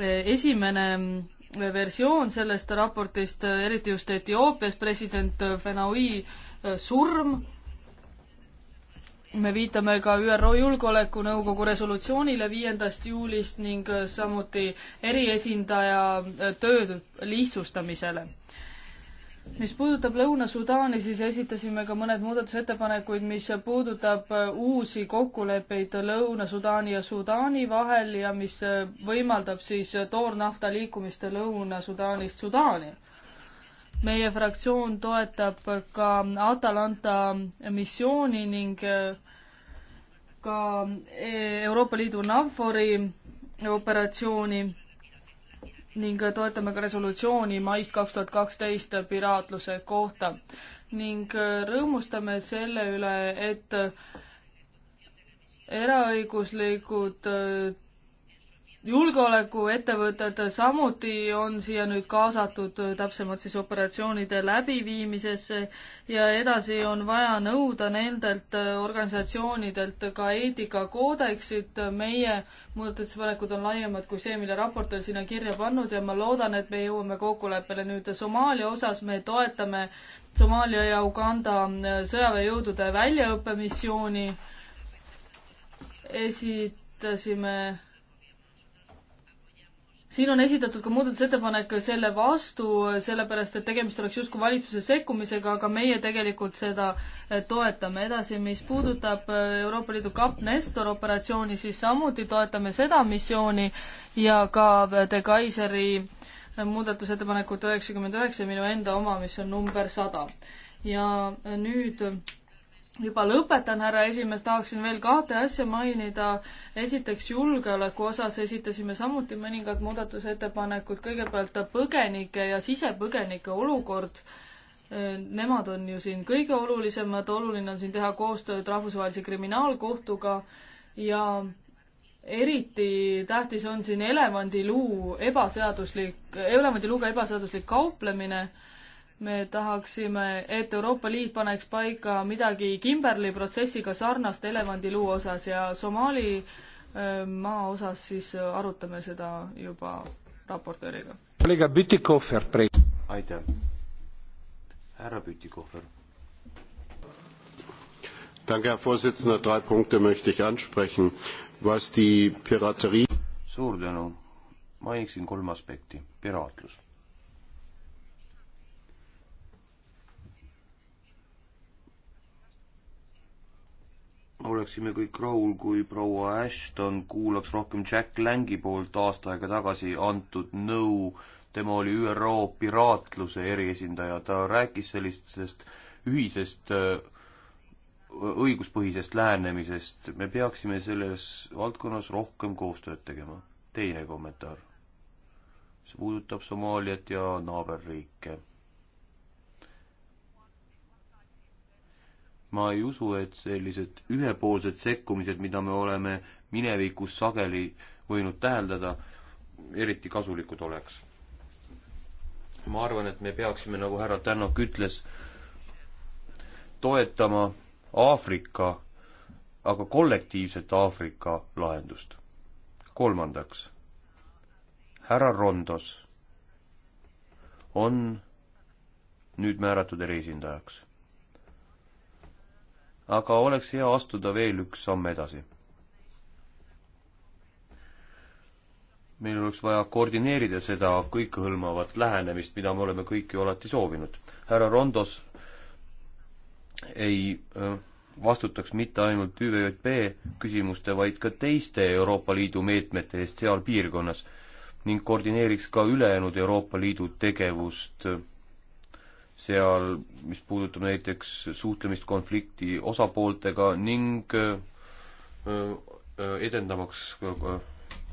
esimene versioon sellest raportist, eriti just Etioopias president Fenaui surm me viitame ka ÜRO Julgeolekunõukogu resolutsioonile viiendast juulist ning äh, samuti eriesindaja äh, töö lihtsustamisele. mis puudutab Lõuna-Sudaani, siis esitasime ka mõned muudatusettepanekuid, mis puudutab äh, uusi kokkuleppeid Lõuna-Sudaani ja Sudaani vahel ja mis võimaldab siis toornafta liikumist Lõuna-Sudaanist Sudaani, Sudaani meie fraktsioon toetab ka Atalanta missiooni ning äh, ka äh, Euroopa Liidu NAVFOR-i operatsiooni ning toetame ka resolutsiooni maist kaks tuhat kaksteist piraatluse kohta ning äh, rõõmustame selle üle, et eraõiguslikud julgeolekuettevõtted samuti on siia nüüd kaasatud, täpsemalt siis operatsioonide läbiviimisesse ja edasi on vaja nõuda nendelt organisatsioonidelt ka eetikakoodeksit. meie muudatusettepanekud on laiemad kui see, mille raport on sinna kirja pannud ja ma loodan, et me jõuame kokkuleppele nüüd Somaalia osas, me toetame Somaalia ja Uganda sõjaväejõudude väljaõppemissiooni. esitasime siin on esitatud ka muudatusettepanek selle vastu, sellepärast et tegemist oleks justkui valitsuse sekkumisega, aga meie tegelikult seda eh, toetame edasi. mis puudutab eh, Euroopa Liidu Cap Nestor operatsiooni, siis samuti toetame seda missiooni ja ka De Kaiseri eh, muudatusettepanekut üheksakümmend üheksa ja minu enda oma, mis on number sada. ja nüüd juba lõpetan, härra esimees, tahaksin veel kahte asja mainida. esiteks julgeoleku osas esitasime samuti mõningad muudatusettepanekud, kõigepealt põgenike ja sisepõgenike olukord. Nemad on ju siin kõige olulisemad, oluline on siin teha koostööd Rahvusvahelise Kriminaalkohtuga ja eriti tähtis on siin elevandiluu ebaseaduslik, elevandiluuga ebaseaduslik kauplemine me tahaksime, et Euroopa Liit paneks paika midagi Kimberli protsessiga sarnast elevandiluu osas ja Somaali maa osas siis arutame seda juba raportööriga.
kolleeg Bütikofer,
aitäh. härra Bütikofer. Danke, Herr Vorsitzender. Drei Punkte möchte ich ansprechen. Was die Piraterie. Suur tänu. mainiksin kolm aspekti. piraatlus oleksime kõik rahul, kui proua Ashton kuulaks rohkem Jack Langi poolt aasta aega tagasi antud nõu. tema oli ÜRO piraatluse eriesindaja, ta rääkis sellistest ühisest äh, õiguspõhisest lähenemisest, me peaksime selles valdkonnas rohkem koostööd tegema. teine kommentaar. see puudutab Somaaliat ja naaberriike ma ei usu, et sellised ühepoolsed sekkumised, mida me oleme minevikus sageli võinud täheldada, eriti kasulikud oleks. ma arvan, et me peaksime, nagu härra Tänak ütles, toetama Aafrika, aga kollektiivset Aafrika lahendust. kolmandaks, härra Rondos on nüüd määratud eriesindajaks aga oleks hea astuda veel üks samm edasi. meil oleks vaja koordineerida seda kõikehõlmavat lähenemist, mida me oleme kõik ju alati soovinud. härra Rondos ei äh, vastutaks mitte ainult ÜVJP küsimuste, vaid ka teiste Euroopa Liidu meetmete eest seal piirkonnas ning koordineeriks ka ülejäänud Euroopa Liidu tegevust äh, seal, mis puudutab näiteks suhtlemist konflikti osapooltega ning äh, äh, edendamaks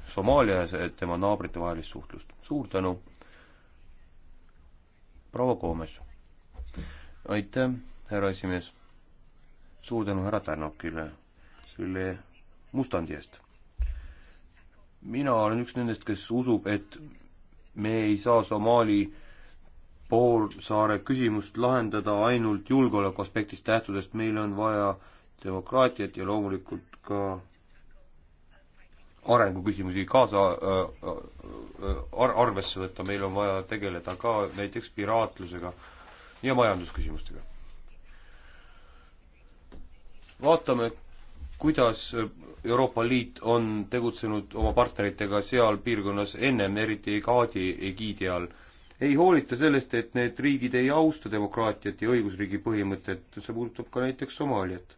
Somaalias tema naabrite vahelist suhtlust. suur tänu, proua Koomes. aitäh, härra esimees. suur tänu härra Tänakile selle mustandi eest. mina olen üks nendest, kes usub, et me ei saa Somaali äh, poolsaare küsimust lahendada ainult julgeoleku aspektist lähtudest, meil on vaja demokraatiat ja loomulikult ka arenguküsimusi kaasa äh, äh, ar-, arvesse võtta, meil on vaja tegeleda ka näiteks piraatlusega ja majandusküsimustega. vaatame, kuidas Euroopa Liit on tegutsenud oma partneritega seal piirkonnas ennem, eriti Gaadi egiidi all ei hoolita sellest, et need riigid ei austa demokraatiat ja õigusriigi põhimõtet, see puudutab ka näiteks Somaaliat.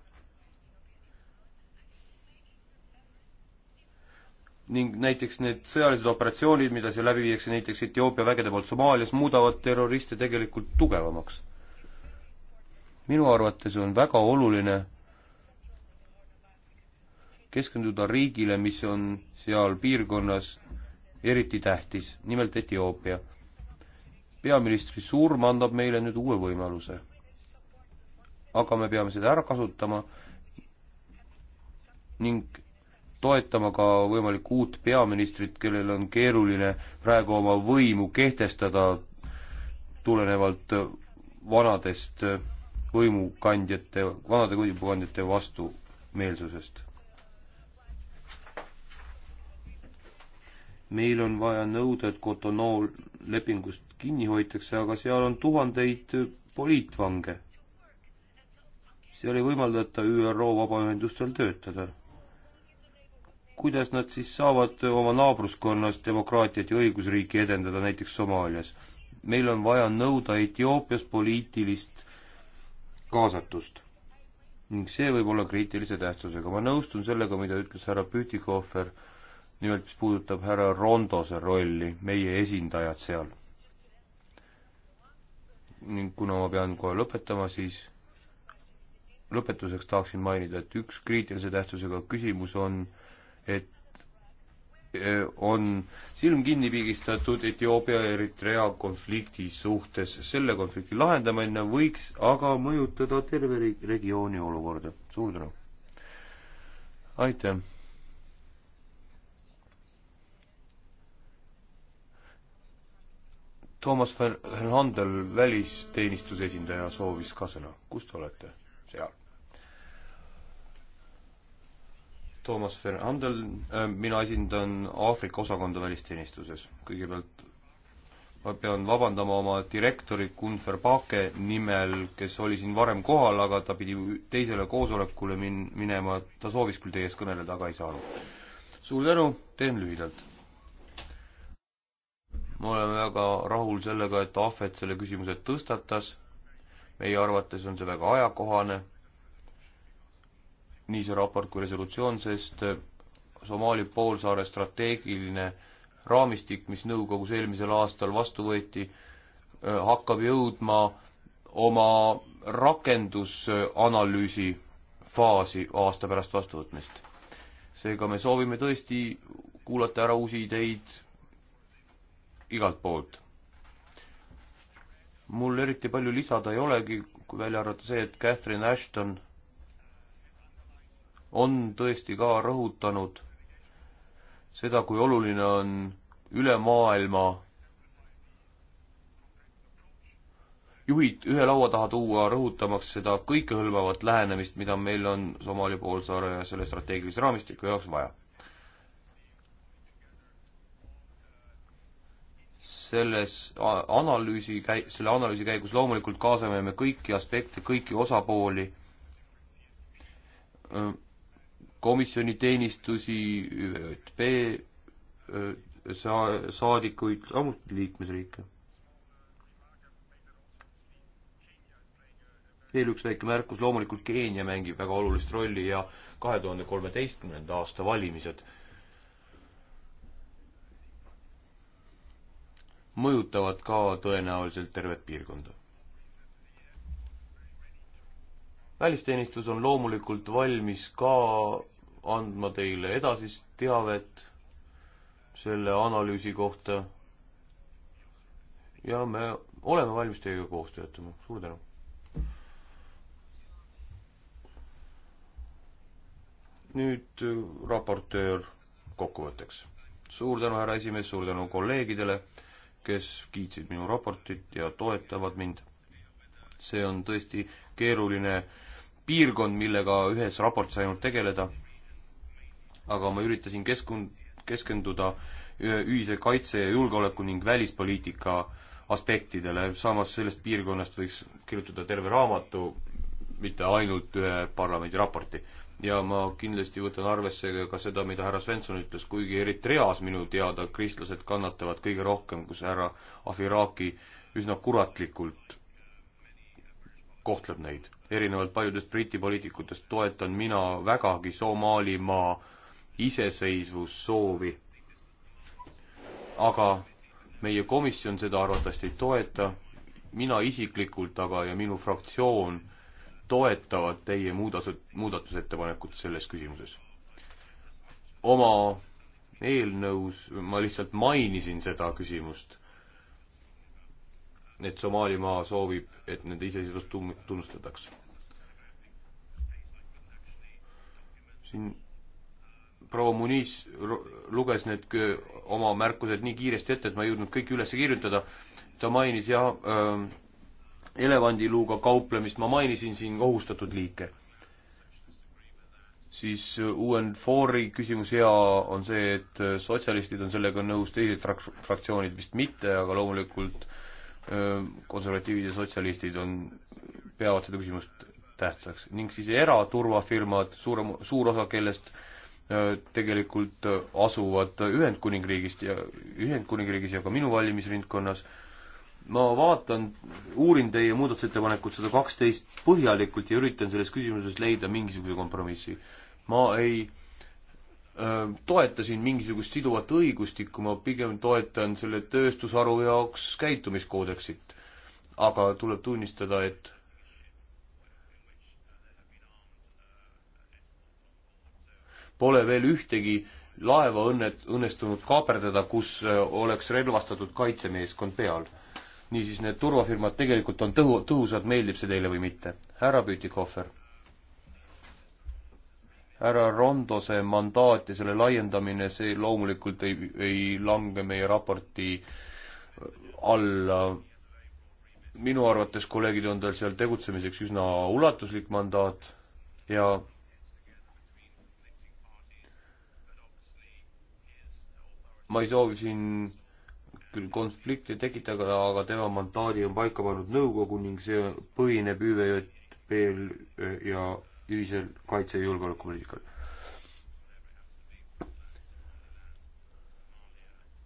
ning näiteks need sõjalised operatsioonid, mida seal läbi viiakse näiteks Etioopia vägede poolt Somaalias, muudavad terroriste tegelikult tugevamaks. minu arvates on väga oluline keskenduda riigile, mis on seal piirkonnas eriti tähtis, nimelt Etioopia peaministri surm annab meile nüüd uue võimaluse. aga me peame seda ära kasutama ning toetama ka võimalikku uut peaministrit, kellel on keeruline praegu oma võimu kehtestada tulenevalt vanadest võimukandjate, vanade võimukandjate vastumeelsusest. meil on vaja nõuda, et Cotonou lepingust kinni hoitakse, aga seal on tuhandeid poliitvange. seal ei võimaldata ÜRO vabaühendustel töötada. kuidas nad siis saavad oma naabruskonnas demokraatiat ja õigusriiki edendada, näiteks Somaalias? meil on vaja nõuda Etioopias poliitilist kaasatust ning see võib olla kriitilise tähtsusega. ma nõustun sellega, mida ütles härra Pütikohver, nimelt mis puudutab härra Rondose rolli, meie esindajad seal ning kuna ma pean kohe lõpetama, siis lõpetuseks tahaksin mainida, et üks kriitilise tähtsusega küsimus on, et eh, on silm kinni pigistatud Etioopia ja Eritrea konflikti suhtes. selle konflikti lahendamine võiks aga mõjutada terve regiooni olukorda. suur tänu! aitäh! Toomas Fernandel, välisteenistuse esindaja, soovis ka sõna. kus te olete? seal. Toomas Fernandel, äh, mina esindan Aafrika osakonda välisteenistuses. kõigepealt ma pean vabandama oma direktori Gunfer Paake nimel, kes oli siin varem kohal, aga ta pidi teisele koosolekule min-, minema, ta soovis küll teie ees kõneleda, aga ei saanud. suur tänu, teen lühidalt me oleme väga rahul sellega, et Ahvet selle küsimuse tõstatas. meie arvates on see väga ajakohane. nii see raport kui resolutsioon, sest Somaali poolsaare strateegiline raamistik, mis nõukogus eelmisel aastal vastu võeti, äh, hakkab jõudma oma rakendusanalüüsi faasi aasta pärast vastuvõtmist. seega me soovime tõesti kuulata ära uusi ideid, igalt poolt. mul eriti palju lisada ei olegi, kui välja arvata see, et Catherine Ashton on tõesti ka rõhutanud seda, kui oluline on üle maailma juhid ühe laua taha tuua, rõhutamaks seda kõikehõlmavat lähenemist, mida meil on Somaalia poolsaare ja selle strateegilise raamistiku jaoks vaja. selles analüüsi käi-, selle analüüsi käigus loomulikult kaasame me kõiki aspekte, kõiki osapooli, komisjoni teenistusi, ÜTP sa-, saadikuid, samuti liikmesriike. veel üks väike märkus, loomulikult Keenia mängib väga olulist rolli ja kahe tuhande kolmeteistkümnenda aasta valimised mõjutavad ka tõenäoliselt tervet piirkonda. välisteenistus on loomulikult valmis ka andma teile edasist teavet selle analüüsi kohta. ja me oleme valmis teiega koos töötama, suur tänu. nüüd äh, raportöör kokkuvõtteks. suur tänu, härra esimees, suur tänu kolleegidele kes kiitsid minu raportit ja toetavad mind. see on tõesti keeruline piirkond, millega ühes raportis ainult tegeleda. aga ma üritasin keskund-, keskenduda ühise kaitse ja julgeoleku ning välispoliitika aspektidele, samas sellest piirkonnast võiks kirjutada terve raamatu, mitte ainult ühe parlamendi raporti ja ma kindlasti võtan arvesse ka seda, mida härra Svensson ütles, kuigi Eritreas minu teada kristlased kannatavad kõige rohkem, kus härra Afiraki üsna kuratlikult kohtleb neid. erinevalt paljudest Briti poliitikutest toetan mina vägagi Somaalimaa iseseisvussoovi. aga meie komisjon seda arvatavasti ei toeta, mina isiklikult aga ja minu fraktsioon toetavad teie muudatus, muudatusettepanekut selles küsimuses. oma eelnõus ma lihtsalt mainisin seda küsimust, et Somaalimaa soovib, et nende iseseisvust tunnustataks. siin proua Muniz luges need oma märkused nii kiiresti ette, et ma ei jõudnud kõiki üles kirjutada, ta mainis jah äh, elevandiluuga kauplemist, ma mainisin siin ohustatud liike. siis äh, UNFOR-i küsimus hea on see, et äh, sotsialistid on sellega nõus, teised frak-, fraktsioonid vist mitte, aga loomulikult äh, konservatiivid ja sotsialistid on, peavad seda küsimust tähtsaks ning siis eraturvafirmad, suurem, suur osa kellest tegelikult asuvad Ühendkuningriigist ja Ühendkuningriigis ja ka minu valimisringkonnas ma vaatan, uurin teie muudatusettepanekut sada kaksteist põhjalikult ja üritan selles küsimuses leida mingisuguse kompromissi. ma ei öö, äh, toeta siin mingisugust siduvat õigustikku, ma pigem toetan selle tööstusharu jaoks käitumiskoodeksit. aga tuleb tunnistada, et pole veel ühtegi laeva õnnet-, õnnestunud kaaperdada, kus äh, oleks relvastatud kaitsemeeskond peal niisiis, need turvafirmad tegelikult on tõhu-, tõhusad, meeldib see teile või mitte. härra Pütikohver, härra Rondose mandaat ja selle laiendamine, see loomulikult ei, ei lange meie raporti äh, alla. minu arvates, kolleegid, on tal seal tegutsemiseks üsna ulatuslik mandaat ja ma ei soovi siin küll konflikte tekitada, aga tema mandaadi on paika pannud nõukogu ning see põhineb ÜVJP-l e, ja ühisel kaitse- ja julgeolekupoliitikal.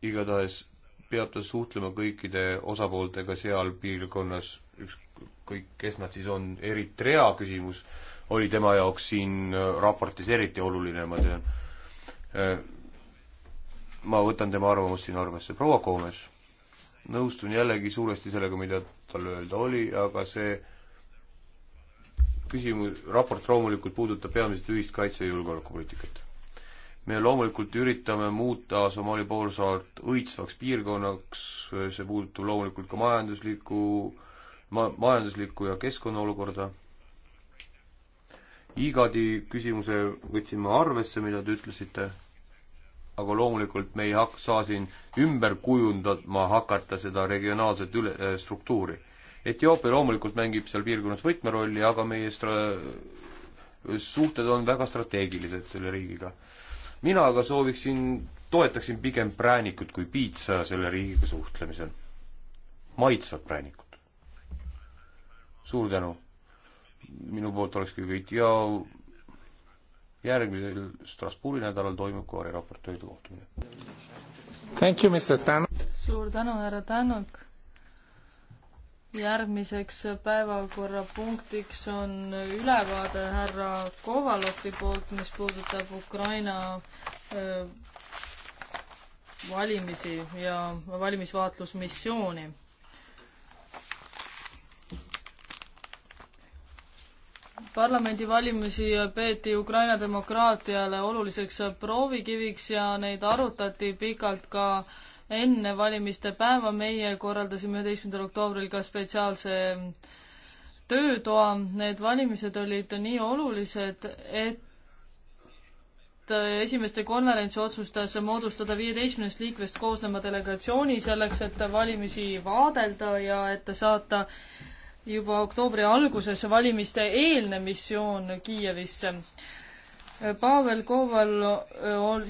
igatahes peab ta suhtlema kõikide osapooltega seal piirkonnas, ükskõik kes nad siis on, Eritrea küsimus oli tema jaoks siin äh, raportis eriti oluline, ma tean äh, ma võtan tema arvamust siin arvesse. proua Koomes, nõustun jällegi suuresti sellega, mida tal öelda oli, aga see küsimus, raport loomulikult puudutab peamiselt ühist kaitse- ja julgeolekupoliitikat. me loomulikult üritame muuta Somaali poolsaart õitsvaks piirkonnaks, see puudutab loomulikult ka majanduslikku, ma-, majanduslikku ja keskkonna olukorda. igati küsimuse võtsin ma arvesse, mida te ütlesite aga loomulikult me ei hak-, saa siin ümber kujundama hakata seda regionaalset üle, äh, struktuuri. Etioopia loomulikult mängib seal piirkonnas võtmerolli, aga meie stra-, suhted on väga strateegilised selle riigiga. mina aga sooviksin, toetaksin pigem präänikut kui piitsa selle riigiga suhtlemisel. maitsvat präänikut. suur tänu. minu poolt olekski kõik ja järgmisel Strasbourgi nädalal toimub ka variraportööride kohtumine.
suur tänu, härra Tänuk. järgmiseks päevakorrapunktiks on ülevaade härra Kovalovi poolt, mis puudutab Ukraina öö, valimisi ja valimisvaatlusmissiooni parlamendivalimisi peeti Ukraina demokraatiale oluliseks proovikiviks ja neid arutati pikalt ka enne valimiste päeva. meie korraldasime üheteistkümnendal oktoobril ka spetsiaalse töötoa. Need valimised olid nii olulised, et esimeste konverents otsustas moodustada viieteistkümnest liikmest koosneva delegatsiooni selleks, et valimisi vaadelda ja et saata juba oktoobri alguses valimiste eelne missioon Kiievisse. Pavel Koval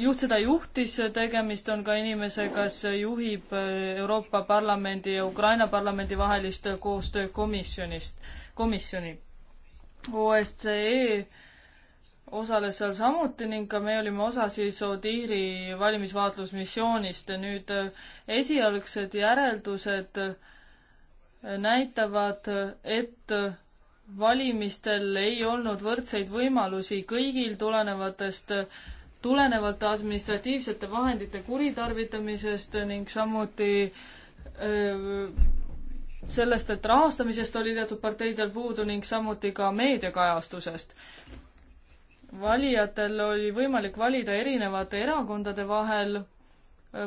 juht seda juhtis, tegemist on ka inimesega, kes juhib äh, Euroopa Parlamendi ja Ukraina Parlamendi vahelist koostöökomisjonist, komisjoni. OSCE osales seal samuti ning ka me olime osa siis Odiiri valimisvaatlusmissioonist ja nüüd äh, esialgsed järeldused äh, näitavad, et valimistel ei olnud võrdseid võimalusi kõigil tulenevatest, tulenevalt administratiivsete vahendite kuritarvitamisest ning samuti öö, sellest, et rahastamisest oli teatud parteidel puudu ning samuti ka meediakajastusest. valijatel oli võimalik valida erinevate erakondade vahel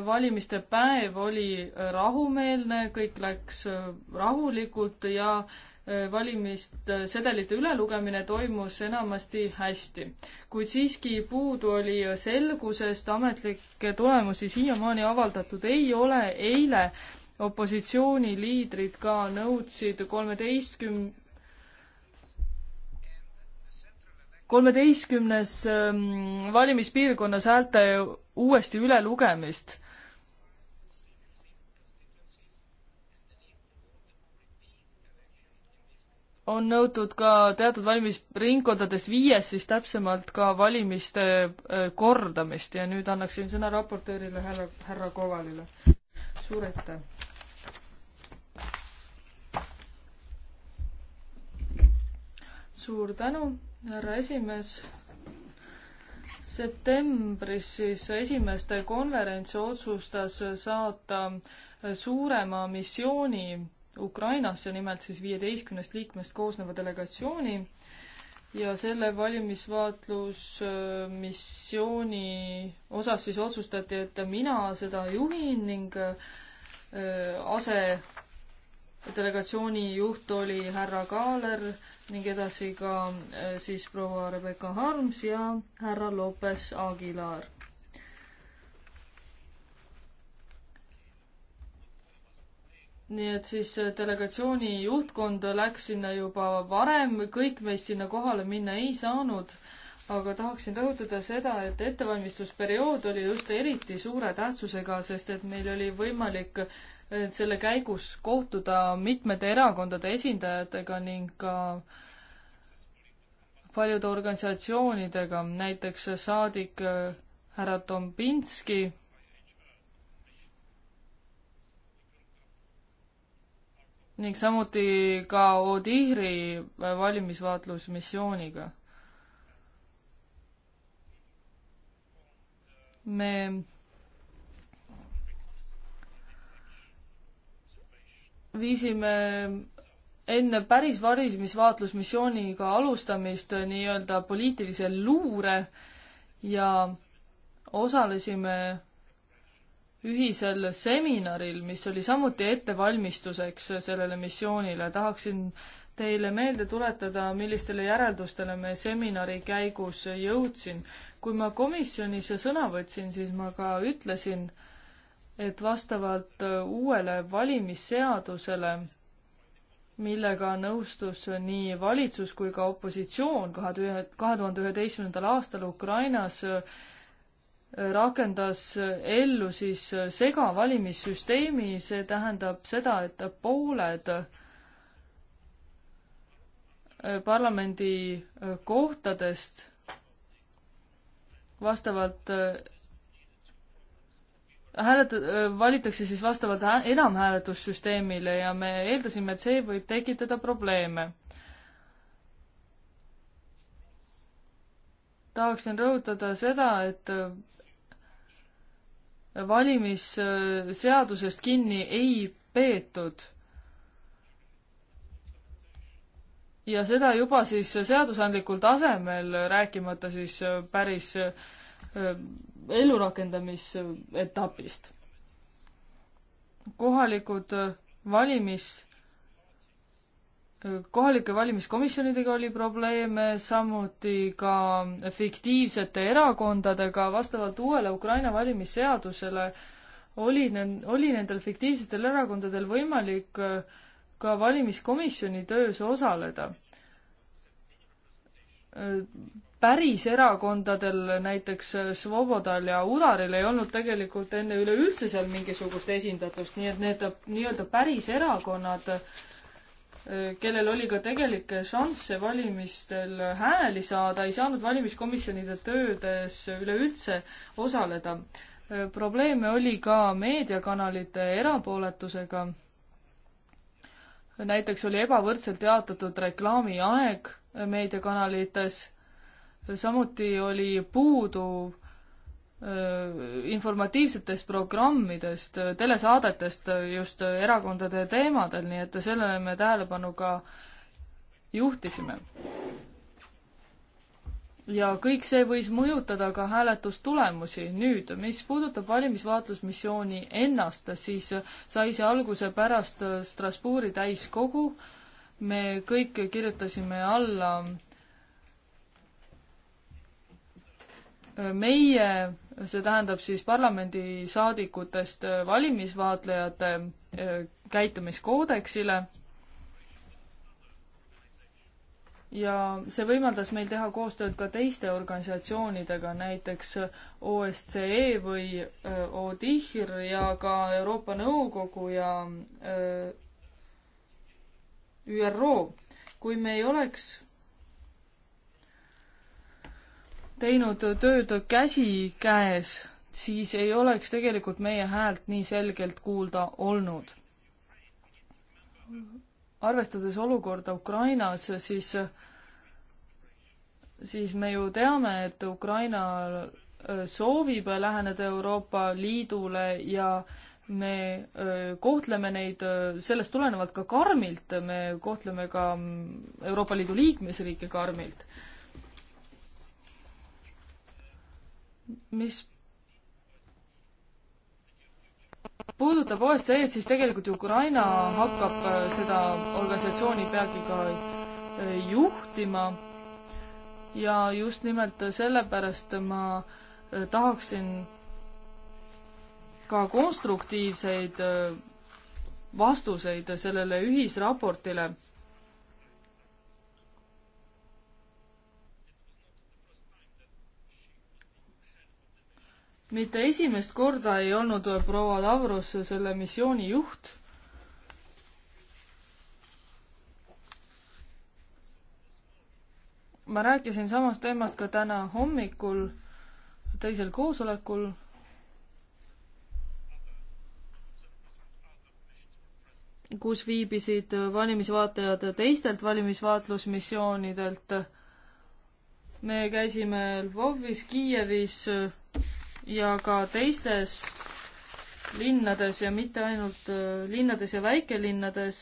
valimiste päev oli äh, rahumeelne, kõik läks äh, rahulikult ja äh, valimist, sedelite ülelugemine toimus enamasti hästi. kuid siiski puudu oli selgusest, ametlikke tulemusi siiamaani avaldatud ei ole, eile opositsiooniliidrid ka nõudsid kolmeteistküm-, kolmeteistkümnes ähm, valimispiirkonnas häälte uuesti ülelugemist. on nõutud ka teatud valimisringkondades viies siis täpsemalt ka valimiste äh, kordamist ja nüüd annaksin sõna raportöörile härra, härra Kovalile. suur aitäh! suur tänu! härra esimees. septembris siis esimeste konverents otsustas saata suurema missiooni Ukrainasse, nimelt siis viieteistkümnest liikmest koosneva delegatsiooni ja selle valimisvaatlusmissiooni osas siis otsustati, et mina seda juhin ning äh, ase delegatsiooni juht oli härra Kaaler, ning edasi ka äh, siis proua Rebecca Harms ja härra Lopes Aguilar. nii et siis äh, delegatsiooni juhtkond läks sinna juba varem, kõik meist sinna kohale minna ei saanud, aga tahaksin rõhutada seda, et ettevalmistusperiood oli just eriti suure tähtsusega, sest et meil oli võimalik selle käigus kohtuda mitmete erakondade esindajatega ning ka paljude organisatsioonidega, näiteks saadik äh, härra Tombinski, ning samuti ka Odihri valimisvaatlusmissiooniga. me viisime enne päris varisemisvaatlusmissiooniga alustamist nii-öelda poliitilise luure ja osalesime ühisel seminaril, mis oli samuti ettevalmistuseks sellele missioonile. tahaksin teile meelde tuletada, millistele järeldustele me seminari käigus jõudsin. kui ma komisjonis sõna võtsin, siis ma ka ütlesin, et vastavalt äh, uuele valimisseadusele, millega nõustus nii valitsus kui ka opositsioon kahe tuhande, kahe tuhande üheteistkümnendal aastal Ukrainas, äh, rakendas äh, ellu siis segavalimissüsteemi, see tähendab seda, et pooled parlamendikohtadest vastavalt hääletu-, valitakse siis vastavalt enamhääletussüsteemile ja me eeldasime, et see võib tekitada probleeme. tahaksin rõhutada seda, et valimisseadusest kinni ei peetud. ja seda juba siis seadusandlikul tasemel, rääkimata siis päris äh, Äh, ellurakendamisetapist. kohalikud äh, valimis, äh, kohalike valimiskomisjonidega oli probleeme, samuti ka fiktiivsete erakondadega, vastavalt uuele Ukraina valimisseadusele oli nend-, oli nendel fiktiivsetel erakondadel võimalik ka valimiskomisjoni töös osaleda päris erakondadel, näiteks äh, Svobodal ja Udaril ei olnud tegelikult enne üleüldse seal mingisugust esindatust, nii et need nii-öelda päris erakonnad, äh, kellel oli ka tegelikke šansse valimistel hääli saada, ei saanud valimiskomisjonide töödes üleüldse osaleda. Äh, probleeme oli ka meediakanalite erapooletusega. näiteks oli ebavõrdselt jaotatud reklaamiaeg meediakanalites samuti oli puudu äh, informatiivsetest programmidest, äh, telesaadetest just äh, erakondade teemadel, nii et sellele me tähelepanu ka juhtisime. ja kõik see võis mõjutada ka hääletustulemusi. nüüd, mis puudutab valimisvaatlusmissiooni ennast, siis sai see alguse pärast Strasbourgi täiskogu. me kõik kirjutasime alla äh, meie, see tähendab siis parlamendisaadikutest valimisvaatlejate eh, käitumiskoodeksile. ja see võimaldas meil teha koostööd ka teiste organisatsioonidega, näiteks OSCE või eh, ODIHR ja ka Euroopa Nõukogu ja eh, ÜRO. kui me ei oleks teinud tööd käsikäes, siis ei oleks tegelikult meie häält nii selgelt kuulda olnud. arvestades olukorda Ukrainas, siis, siis me ju teame, et Ukraina soovib läheneda Euroopa Liidule ja me kohtleme neid sellest tulenevalt ka karmilt, me kohtleme ka Euroopa Liidu liikmesriike karmilt mis puudutab OSCE-d, siis tegelikult Ukraina hakkab äh, seda organisatsiooni peagi ka äh, juhtima ja just nimelt sellepärast ma äh, tahaksin ka konstruktiivseid vastuseid sellele ühisraportile mitte esimest korda ei olnud proua Lavros selle missiooni juht. ma rääkisin samast teemast ka täna hommikul teisel koosolekul. kus viibisid valimisvaatajad teistelt valimisvaatlusmissioonidelt. me käisime Lvovis, Kiievis ja ka teistes linnades ja mitte ainult äh, linnades ja väikelinnades,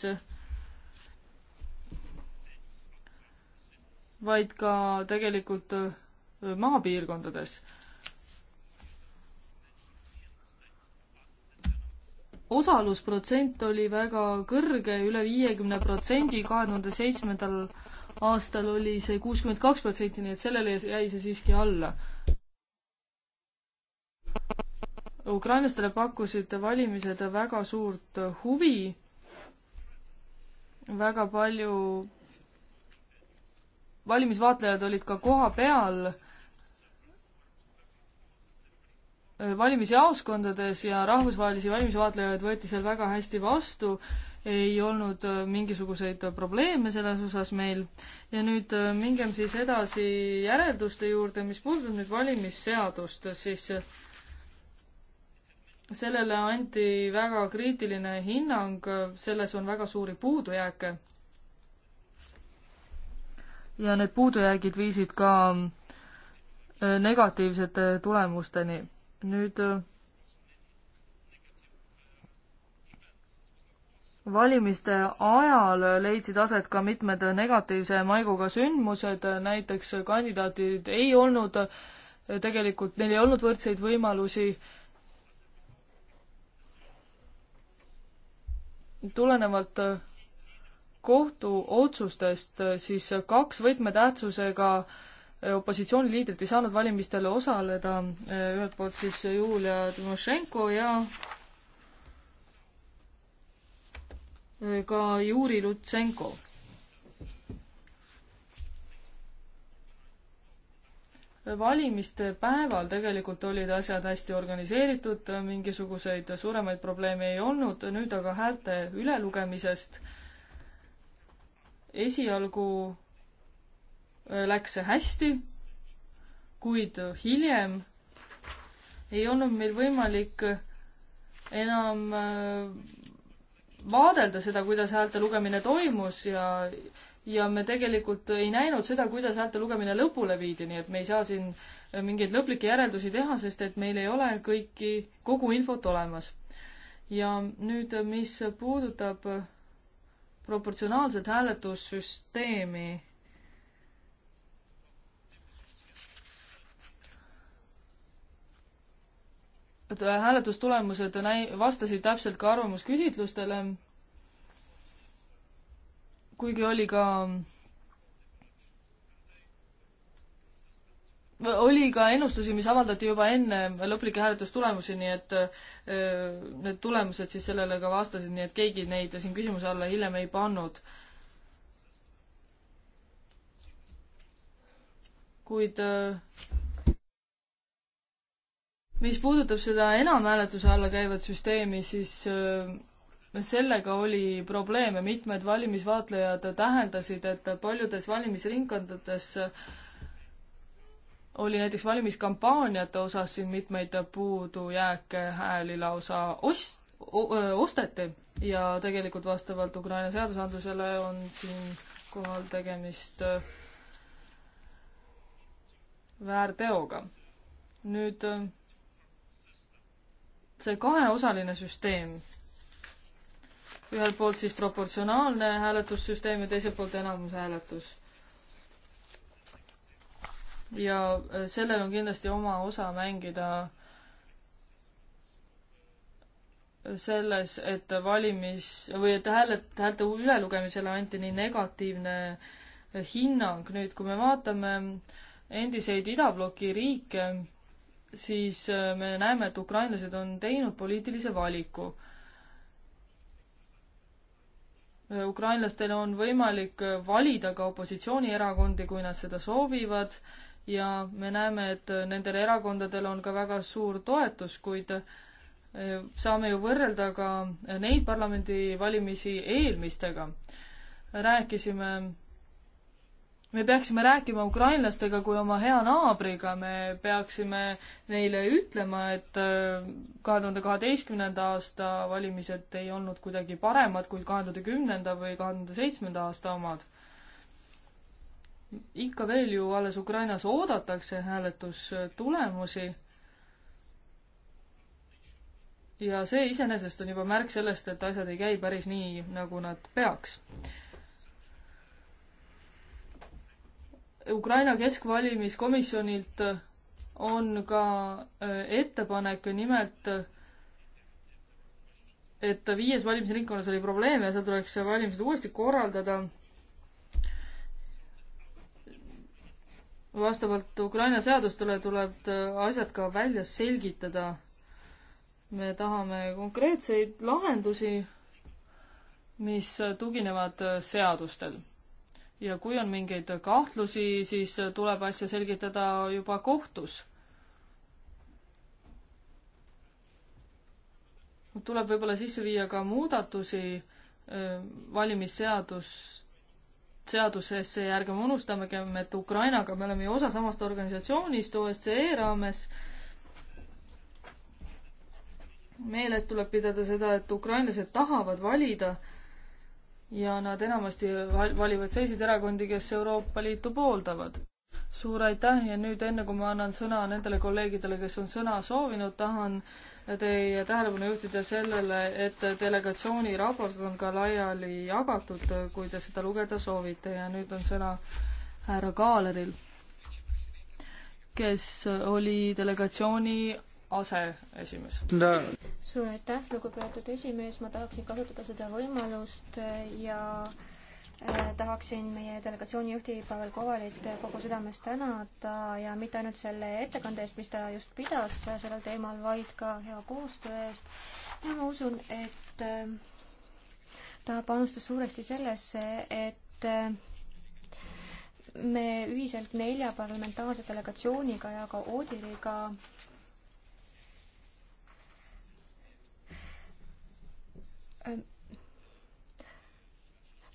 vaid ka tegelikult äh, maapiirkondades. osalusprotsent oli väga kõrge üle, üle viiekümne protsendi, kahe tuhande seitsmendal aastal oli see kuuskümmend kaks protsenti, nii et sellele jäi see siiski alla ukrainlastele pakkusid valimised väga suurt huvi, väga palju valimisvaatlejad olid ka koha peal valimisjaoskondades ja rahvusvahelisi valimisvaatlejaid võeti seal väga hästi vastu, ei olnud mingisuguseid probleeme selles osas meil. ja nüüd äh, mingem siis edasi järelduste juurde, mis puudutab nüüd valimisseadust, siis äh, sellele anti väga kriitiline hinnang, selles on väga suuri puudujääke. ja need puudujäägid viisid ka äh, negatiivsete tulemusteni. nüüd äh, valimiste ajal leidsid aset ka mitmed negatiivse maiguga sündmused, näiteks kandidaadid ei olnud äh, tegelikult, neil ei olnud võrdseid võimalusi äh, tulenevalt äh, kohtuotsustest äh, siis kaks võtmetähtsusega äh, opositsiooniliidrit ei saanud valimistel osaleda, ühelt poolt siis Julia Timošenko ja ka Juri Lutsenko valimiste päeval tegelikult olid asjad hästi organiseeritud, mingisuguseid suuremaid probleeme ei olnud, nüüd aga häälte ülelugemisest esialgu äh, läks see hästi, kuid hiljem ei olnud meil võimalik enam äh, vaadelda seda, kuidas häälte lugemine toimus ja ja me tegelikult ei näinud seda, kuidas häälte lugemine lõpule viidi, nii et me ei saa siin äh, mingeid lõplikke järeldusi teha, sest et meil ei ole kõiki, kogu infot olemas. ja nüüd, äh, mis puudutab äh, proportsionaalset hääletussüsteemi, hääletustulemused näi-, vastasid täpselt ka arvamusküsitlustele kuigi oli ka oli ka ennustusi, mis avaldati juba enne lõplikke hääletustulemusi, nii et äh, need tulemused siis sellele ka vastasid, nii et keegi neid siin küsimuse alla hiljem ei pannud. kuid äh, mis puudutab seda enamhääletuse alla käivat süsteemi, siis äh, sellega oli probleeme, mitmed valimisvaatlejad täheldasid, et paljudes valimisringkondades oli näiteks valimiskampaaniate osas siin mitmeid puudujääke, hääli lausa ost-, osteti ja tegelikult vastavalt Ukraina seadusandlusele on siinkohal tegemist väärteoga. nüüd see kaheosaline süsteem ühelt poolt siis proportsionaalne hääletussüsteem ja teiselt poolt enamushääletus. ja äh, sellel on kindlasti oma osa mängida selles, et valimis või et hääled, häälte ülelugemisele anti nii negatiivne hinnang. nüüd, kui me vaatame endiseid idabloki riike, siis äh, me näeme, et ukrainlased on teinud poliitilise valiku ukrainlastel on võimalik valida ka opositsioonierakondi, kui nad seda soovivad ja me näeme, et nendel erakondadel on ka väga suur toetus, kuid e, saame ju võrrelda ka neid parlamendivalimisi eelmistega. rääkisime me peaksime rääkima ukrainlastega kui oma hea naabriga, me peaksime neile ütlema, et äh, kahe tuhande kaheteistkümnenda aasta valimised ei olnud kuidagi paremad kui kahe tuhande kümnenda või kahe tuhande seitsmenda aasta omad. ikka veel ju alles Ukrainas oodatakse hääletustulemusi. ja see iseenesest on juba märk sellest, et asjad ei käi päris nii, nagu nad peaks Ukraina keskvalimiskomisjonilt on ka äh, ettepanek nimelt, et viies valimisringkonnas oli probleeme ja seal tuleks valimised uuesti korraldada. vastavalt Ukraina seadustele tuleb äh, asjad ka välja selgitada. me tahame konkreetseid lahendusi, mis tuginevad äh, seadustel ja kui on mingeid kahtlusi, siis tuleb asja selgitada juba kohtus. tuleb võib-olla sisse viia ka muudatusi äh, valimisseadus, seadusesse ja ärgem unustamegem, et Ukrainaga me oleme ju osa samast organisatsioonist OSCE raames. meeles tuleb pidada seda, et ukrainlased tahavad valida ja nad enamasti valivad selliseid erakondi, kes Euroopa Liitu pooldavad. suur aitäh ja nüüd enne, kui ma annan sõna nendele kolleegidele, kes on sõna soovinud, tahan teie tähelepanu juhtida sellele, et delegatsiooni raport on ka laiali jagatud, kui te seda lugeda soovite ja nüüd on sõna härra Kaaleril, kes oli delegatsiooni aseesimees
no..
suur aitäh, lugupeetud esimees, ma tahaksin kasutada seda võimalust ja äh, tahaksin meie delegatsiooni juhti Pavel Kovalit kogu südamest tänada ja mitte ainult selle ettekande eest, mis ta just pidas sellel teemal, vaid ka hea koostöö eest. ja ma usun, et äh, ta panustas suuresti sellesse, et äh, me ühiselt nelja parlamentaarse delegatsiooniga ja ka Oodiriga Äh,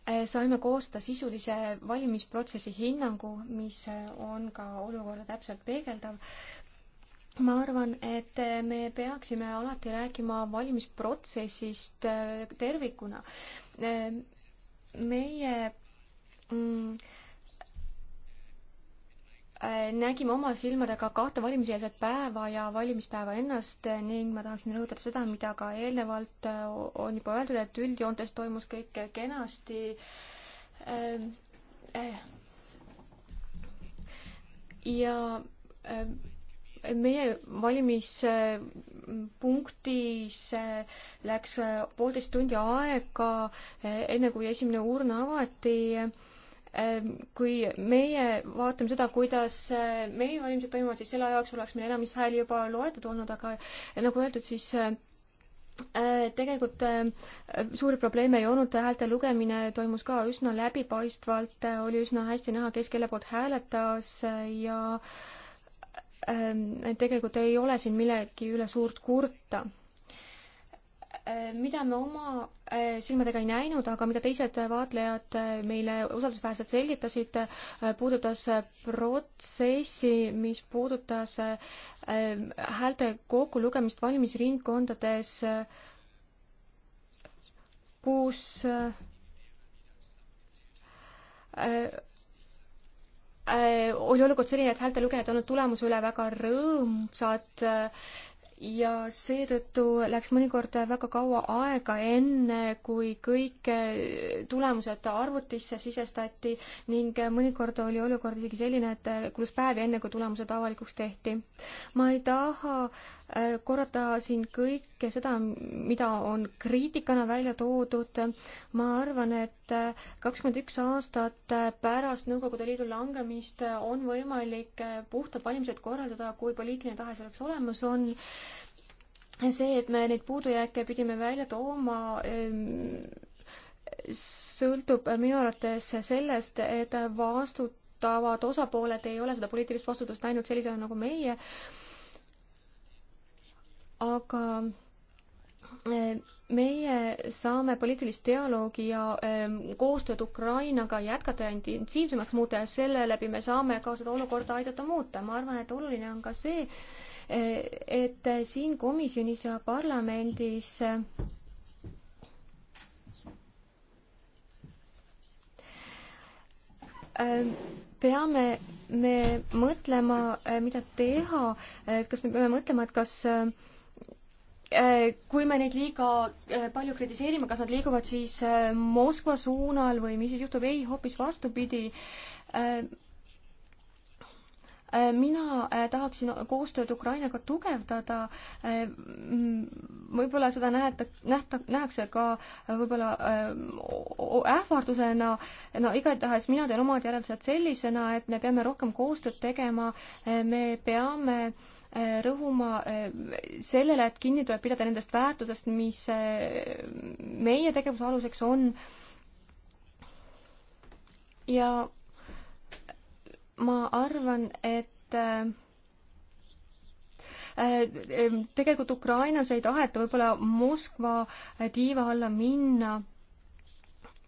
äh, saime koostada sisulise valimisprotsessi hinnangu, mis äh, on ka olukorda täpselt peegeldav. ma arvan, et me peaksime alati rääkima valimisprotsessist tervikuna. meie mm, nägime oma silmadega kahte valimiseelset päeva ja valimispäeva ennast ning ma tahaksin rõhutada seda, mida ka eelnevalt äh, on juba öeldud, et üldjoontes toimus kõik kenasti. Ähm, äh, ja äh, meie valimispunktis läks poolteist tundi aega, enne kui esimene urn avati Ähm, kui meie vaatame seda, kuidas äh, meie valimised toimuvad, siis selle aja jooksul oleks meil enamus hääli juba loetud olnud, aga äh, nagu öeldud, siis äh, tegelikult suuri probleeme ei olnud, häälte lugemine toimus ka üsna läbipaistvalt, oli üsna hästi näha, kes kelle poolt hääletas ja ähm, tegelikult ei ole siin millegi üle suurt kurta Äh, mida me oma äh, silmadega ei näinud, aga mida teised vaatlejad äh, meile usaldusväärselt selgitasid, puudutas protsessi, mis puudutas häälte kokkulugemist valimisringkondades, kus oli olukord selline, et häälte lugejad ei olnud tulemuse üle väga rõõmsad ja seetõttu läks mõnikord väga kaua aega, enne kui kõik eh, tulemused arvutisse sisestati ning mõnikord oli olukord isegi selline, et eh, kulus päevi, enne kui tulemused avalikuks tehti. ma ei taha äh, korrata siin kõike seda, mida on kriitikana välja toodud. ma arvan, et kakskümmend üks aastat pärast Nõukogude Liidu langemist on võimalik puhtad valimised korraldada, kui poliitiline tahe selleks olemas on see, et me neid puudujääke pidime välja tooma, sõltub minu arvates sellest, et vastutavad osapooled ei ole seda poliitilist vastutust näinud sellisena nagu meie aga äh, meie saame poliitilist dialoogi ja ähm, koostööd Ukrainaga jätkata ja intensiivsemaks muuta ja selle läbi me saame ka seda olukorda aidata muuta. ma arvan, et oluline on ka see, äh, et siin komisjonis ja parlamendis äh, peame me mõtlema, mida teha, et kas me peame mõtlema, et kas Äh, kui me neid liiga äh, palju kritiseerime, kas nad liiguvad siis äh, Moskva suunal või mis siis juhtub, ei, hoopis vastupidi. mina tahaksin koostööd Ukrainaga tugevdada. võib-olla seda näete, nähta, nähakse ka võib-olla ähvardusena. no igatahes mina teen omad järeldused sellisena, et me peame rohkem koostööd tegema, me peame äh, Äh, rõhuma äh, sellele, et kinni tuleb pidada nendest väärtusest, mis äh, meie tegevuse aluseks on. ja ma arvan, et tegelikult Ukrainas ei taheta võib-olla Moskva tiiva alla minna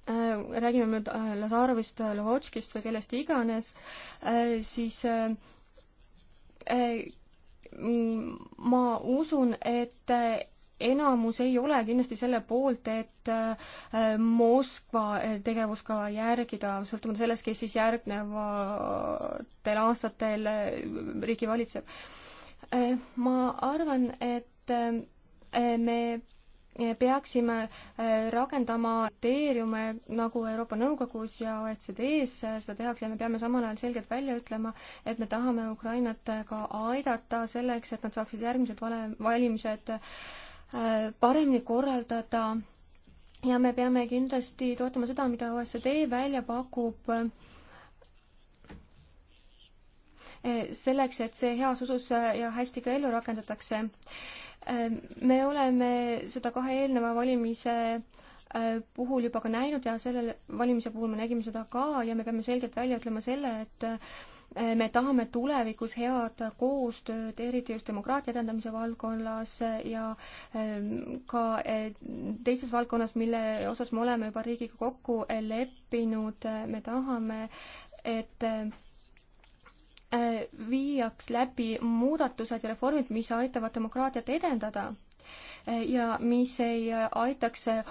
räägime nüüd Lazarovist, Lovotškist või kellest iganes, siis ma usun, et enamus ei ole kindlasti selle poolt, et äh, Moskva tegevuskava järgida, sõltumata sellest, kes siis järgnevatel aastatel äh, riiki valitseb. Äh, ma arvan, et me peaksime äh, rakendama teeriume nagu Euroopa Nõukogus ja OECD-s äh, seda tehakse ja me peame samal ajal selgelt välja ütlema, et me tahame Ukrainat äh, ka aidata selleks, et nad saaksid järgmised vale-, valimised paremini korraldada ja me peame kindlasti toetama seda, mida OECD välja pakub, selleks, et see heas usus ja hästi ka ellu rakendatakse Ehm, me oleme seda kahe eelneva valimise äh, puhul juba ka näinud ja sellel valimise puhul me nägime seda ka ja me peame selgelt välja ütlema selle, et äh, me tahame tulevikus head koostööd, eriti just demokraatia edendamise valdkonnas ja ehm, ka teises valdkonnas, mille osas me oleme juba riigiga kokku leppinud, me tahame, et ehm, Äh, viiaks läbi muudatused ja reformid, mis aitavad demokraatiat edendada äh, ja mis ei aitaks äh,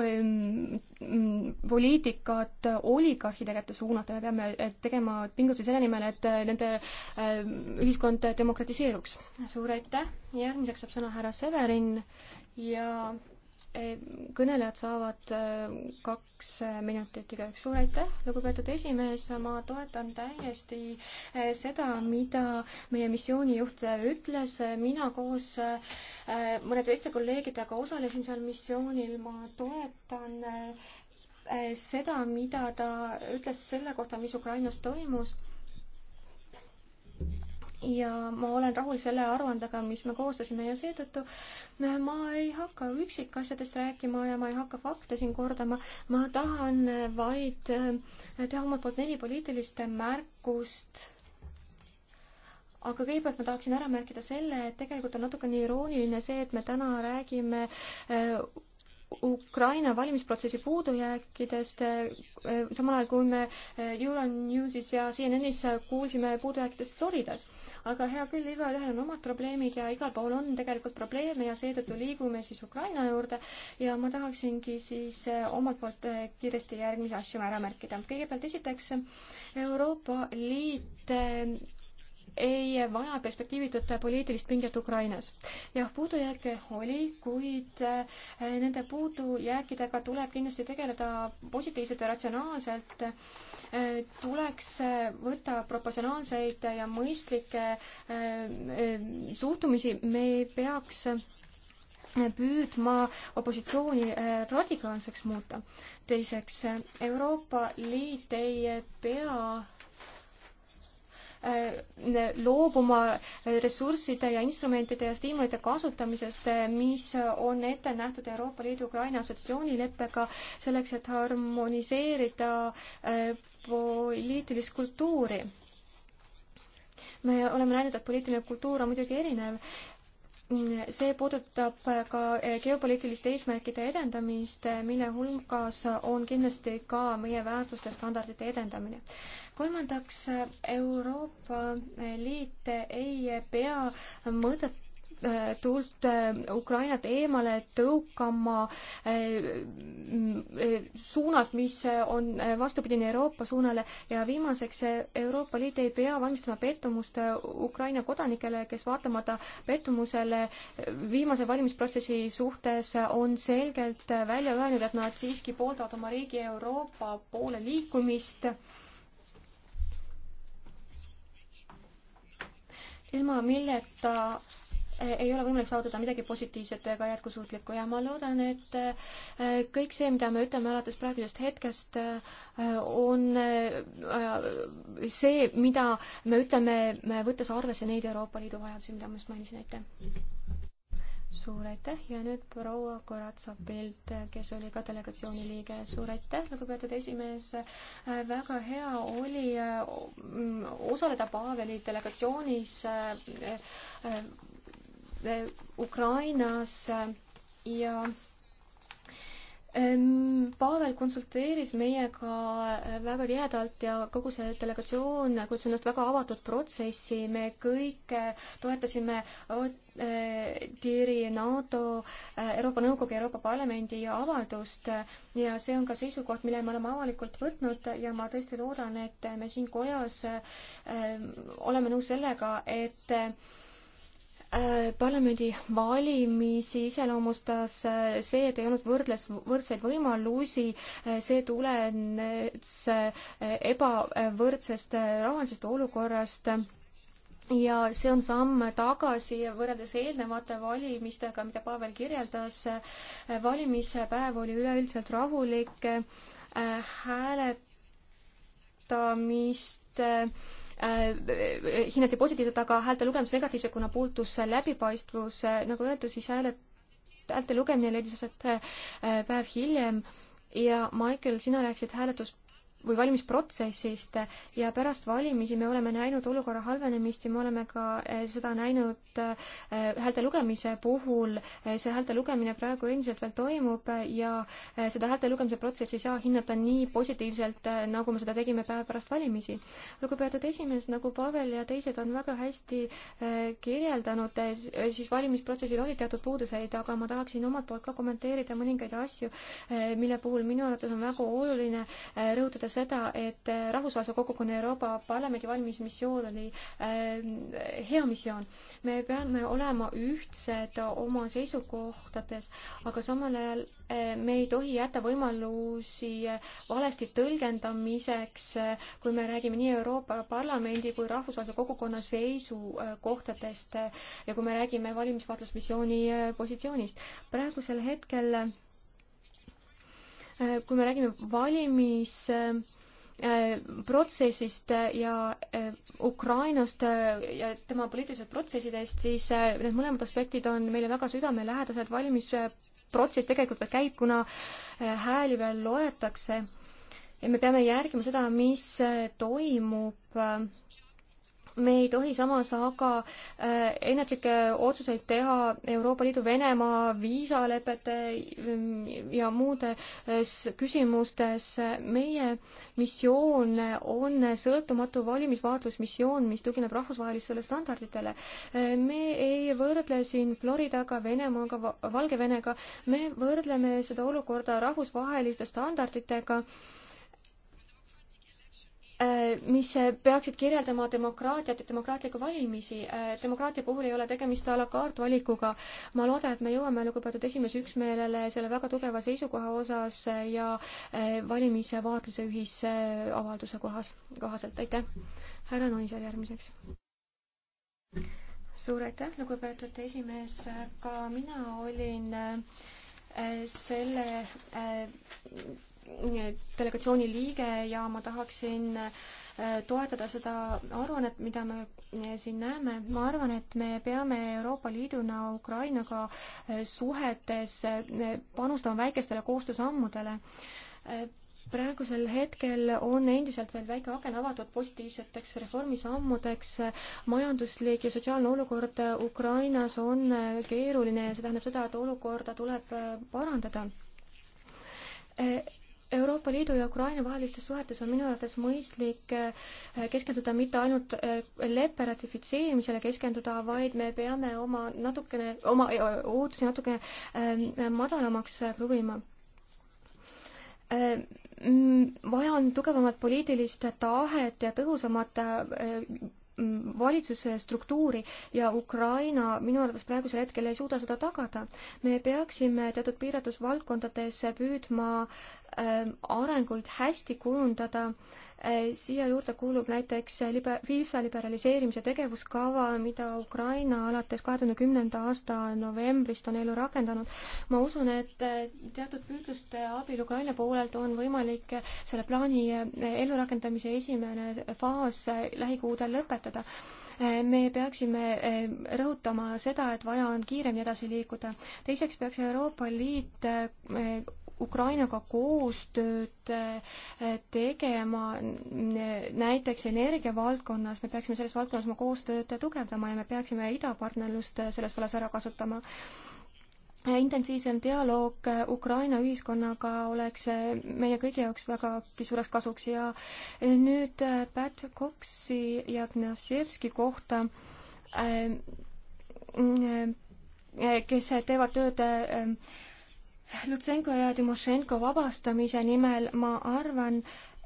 ähm, poliitikat oligarhide kätte suunata, me peame tegema pingutusi selle nimel, et nende ühiskond demokratiseeruks. suur aitäh, järgmiseks saab sõna härra Severin ja kõnelejad saavad äh, kaks äh, minutit igaüks. suur aitäh, lugupeetud esimees, ma toetan täiesti äh, seda, mida meie missioonijuht ütles. mina koos mõne teiste kolleegidega osalesin seal missioonil, ma toetan seda, mida ta ütles selle kohta, mis Ukrainas toimus ja ma olen rahul selle aruandega, mis me koostasime ja seetõttu äh, ma ei hakka üksikasjadest rääkima ja ma ei hakka fakte siin kordama, ma tahan vaid äh, teha omalt poolt neli poliitilist märkust aga kõigepealt ma tahaksin ära märkida selle, et tegelikult on natukene irooniline see, et me täna räägime äh, Ukraina valimisprotsessi puudujääkidest, eh, samal ajal kui me eh, Euronewsis ja CNN-is kuulsime puudujääkidest Floridas. aga hea küll, igaühel on omad probleemid ja igal pool on tegelikult probleeme ja seetõttu liigume siis Ukraina juurde ja ma tahaksingi siis eh, omalt poolt kiiresti järgmisi asju ära märkida. kõigepealt esiteks, Euroopa Liit ei vaja perspektiivitut poliitilist pinget Ukrainas. jah, puudujääke oli, kuid äh, nende puudujääkidega tuleb kindlasti tegeleda positiivselt ja ratsionaalselt. Äh, tuleks äh, võtta proportsionaalseid ja mõistlikke suhtumisi, me ei peaks püüdma opositsiooni radikaalseks muuta. teiseks, Euroopa Liit ei pea Äh, loobuma ressursside ja instrumentide ja stiimulite kasutamisest, äh, mis on ette nähtud Euroopa Liidu Ukraina assotsiatsioonileppega, selleks et harmoniseerida äh, poliitilist kultuuri me oleme näinud, et poliitiline kultuur on muidugi erinev see puudutab ka eh, geopoliitiliste eesmärkide edendamist, eh, mille hulgas on kindlasti ka meie väärtuste standardite edendamine. kolmandaks, eh, Euroopa Liit ei pea mõõdet tuult äh, Ukrainat eemale tõukama äh, äh, suunas, mis on vastupidine Euroopa suunale ja viimaseks, Euroopa Liit ei pea valmistama pettumust Ukraina kodanikele, kes vaatamata pettumusele viimase valimisprotsessi suhtes on selgelt välja öelnud, et nad siiski pooldavad oma riigi Euroopa poole liikumist ilma milleta ei ole võimalik saavutada midagi positiivset ega jätkusuutlikku ja ma loodan, et äh, kõik see, mida me ütleme alates praegusest hetkest, äh, on äh, see, mida me ütleme, võttes arvesse neid Euroopa Liidu vajadusi, mida ma just mainisin, aitäh! suur aitäh ja nüüd proua Koratsa-Pilt, kes oli ka delegatsiooni liige, suur aitäh, lugupeetud esimees. väga hea oli osaleda Paveli delegatsioonis Äh, Ukrainas äh, ja ähm, Pavel konsulteeris meiega äh, väga tihedalt ja kogu see delegatsioon kutsus ennast väga avatud protsessi, me kõik toetasime Tiri, NATO, Euroopa Nõukogu ja Euroopa Parlamendi avaldust ja see on ka seisukoht, mille me oleme avalikult võtnud ja ma tõesti loodan, et me siin kojas oleme nõus sellega, et Äh, parlamendi valimisi iseloomustas äh, see, et ei olnud võrdles, võrdseid võimalusi, äh, see tulenes ebavõrdsest rahandusest olukorrast ja see on samm tagasi võrreldes eelnevate valimistega, mida Pavel kirjeldas. valimispäev oli üleüldiselt rahulik hääletamist äh, Äh, hinnati positiivselt, aga häälte lugemis negatiivselt, kuna puutus läbipaistvus, äh, nagu öeldud, siis hääled, häälte lugemine leidis aset äh, päev hiljem ja Michael, sina rääkisid hääletus või valimisprotsessist ja pärast valimisi me oleme näinud olukorra halvenemist ja me oleme ka eh, seda näinud eh, häälte lugemise puhul. Eh, see häälte lugemine praegu endiselt veel toimub ja seda häälte lugemise protsessi ei saa hinnata nii positiivselt, nagu me seda tegime päev pärast valimisi. lugupeetud esimees, nagu Pavel ja teised on väga hästi kirjeldanud, siis valimisprotsessil oli teatud puuduseid, aga ma tahaksin omalt poolt ka kommenteerida mõningaid asju, mille puhul minu arvates on väga oluline rõhutada seda, et rahvusvahelise kogukonna Euroopa Parlamendi valmismissioon oli äh, hea missioon. me peame olema ühtsed oma seisukohtades, aga samal ajal äh, me ei tohi jätta võimalusi valesti tõlgendamiseks, äh, kui me räägime nii Euroopa Parlamendi kui rahvusvahelise kogukonna seisukohtadest ja kui me räägime valimisvaatlusmissiooni positsioonist. praegusel hetkel kui me räägime valimis protsessist ja eh, Ukrainast eh, ja tema poliitilisest protsessidest, siis eh, need mõlemad aspektid on meile väga südamelähedased, valimisprotsess tegelikult veel käib, kuna hääli veel loetakse ja me peame järgima seda, mis toimub me ei tohi samas aga äh, ennatlikke otsuseid teha Euroopa Liidu Venemaa viisalepete mm, ja muudes äh, küsimustes. meie missioon on sõltumatu valimisvaatlusmissioon, mis tugineb rahvusvahelistele standarditele. Äh, me ei võrdle siin Floridaga, Venemaaga, Valgevenega, me võrdleme seda olukorda rahvusvaheliste standarditega Äh, mis äh, peaksid kirjeldama demokraatiat ja demokraatlikke valimisi. Äh, demokraatia puhul ei ole tegemist a la carte valikuga. ma loodan, et me jõuame, lugupeetud esimees, üksmeelele selle väga tugeva seisukoha osas ja valimisvaatluse ühisavalduse kohas, kohaselt. aitäh. härra Noisel järgmiseks. suur aitäh, lugupeetud esimees. ka mina olin selle delegatsiooni liige ja ma tahaksin äh, toetada seda aruannet, mida me äh, siin näeme. ma arvan, et me peame Euroopa Liiduna Ukrainaga äh, suhetes panustama väikestele koostöösammudele praegusel hetkel on endiselt veel väike aken avatud positiivseteks reformisammudeks. majanduslik ja sotsiaalne olukord Ukrainas on keeruline ja see tähendab seda, et olukorda tuleb parandada Euroopa Liidu ja Ukraina vahelistes suhetes on minu arvates mõistlik eh, keskenduda mitte ainult eh, leppe ratifitseerimisele keskenduda, vaid me peame oma natukene, oma eh, ootusi natukene madalamaks kruvima mm, vaja on tugevamat poliitilist tahet ja tõhusamat mm, valitsuse struktuuri ja Ukraina minu arvates praegusel hetkel ei suuda seda tagada. me peaksime teatud piiratusvaldkondades püüdma Ähm, arenguid hästi kujundada. Äh, siia juurde kuulub näiteks libe-, viisa liberaliseerimise tegevuskava, mida Ukraina alates kahe tuhande kümnenda aasta novembrist on ellu rakendanud. ma usun, et äh, teatud püüdluste abil Ukraina poolelt on võimalik selle plaani äh, ellurakendamise esimene faas lähikuudel lõpetada me peaksime rõhutama seda, et vaja on kiiremini edasi liikuda. teiseks peaks Euroopa Liit Ukrainaga koostööd eh, tegema, näiteks energiavaldkonnas, me peaksime selles valdkonnas oma koostööd tugevdama ja me peaksime idapartnerlust eh, selles vallas ära kasutama intensiivsem dialoog eh, Ukraina ühiskonnaga oleks meie kõigi jaoks vägagi suureks kasuks ja nüüd Pat Coxi ja Gnassevski kohta, mm, kes teevad tööd Lutsenko ja Timošenko vabastamise nimel ma arvan,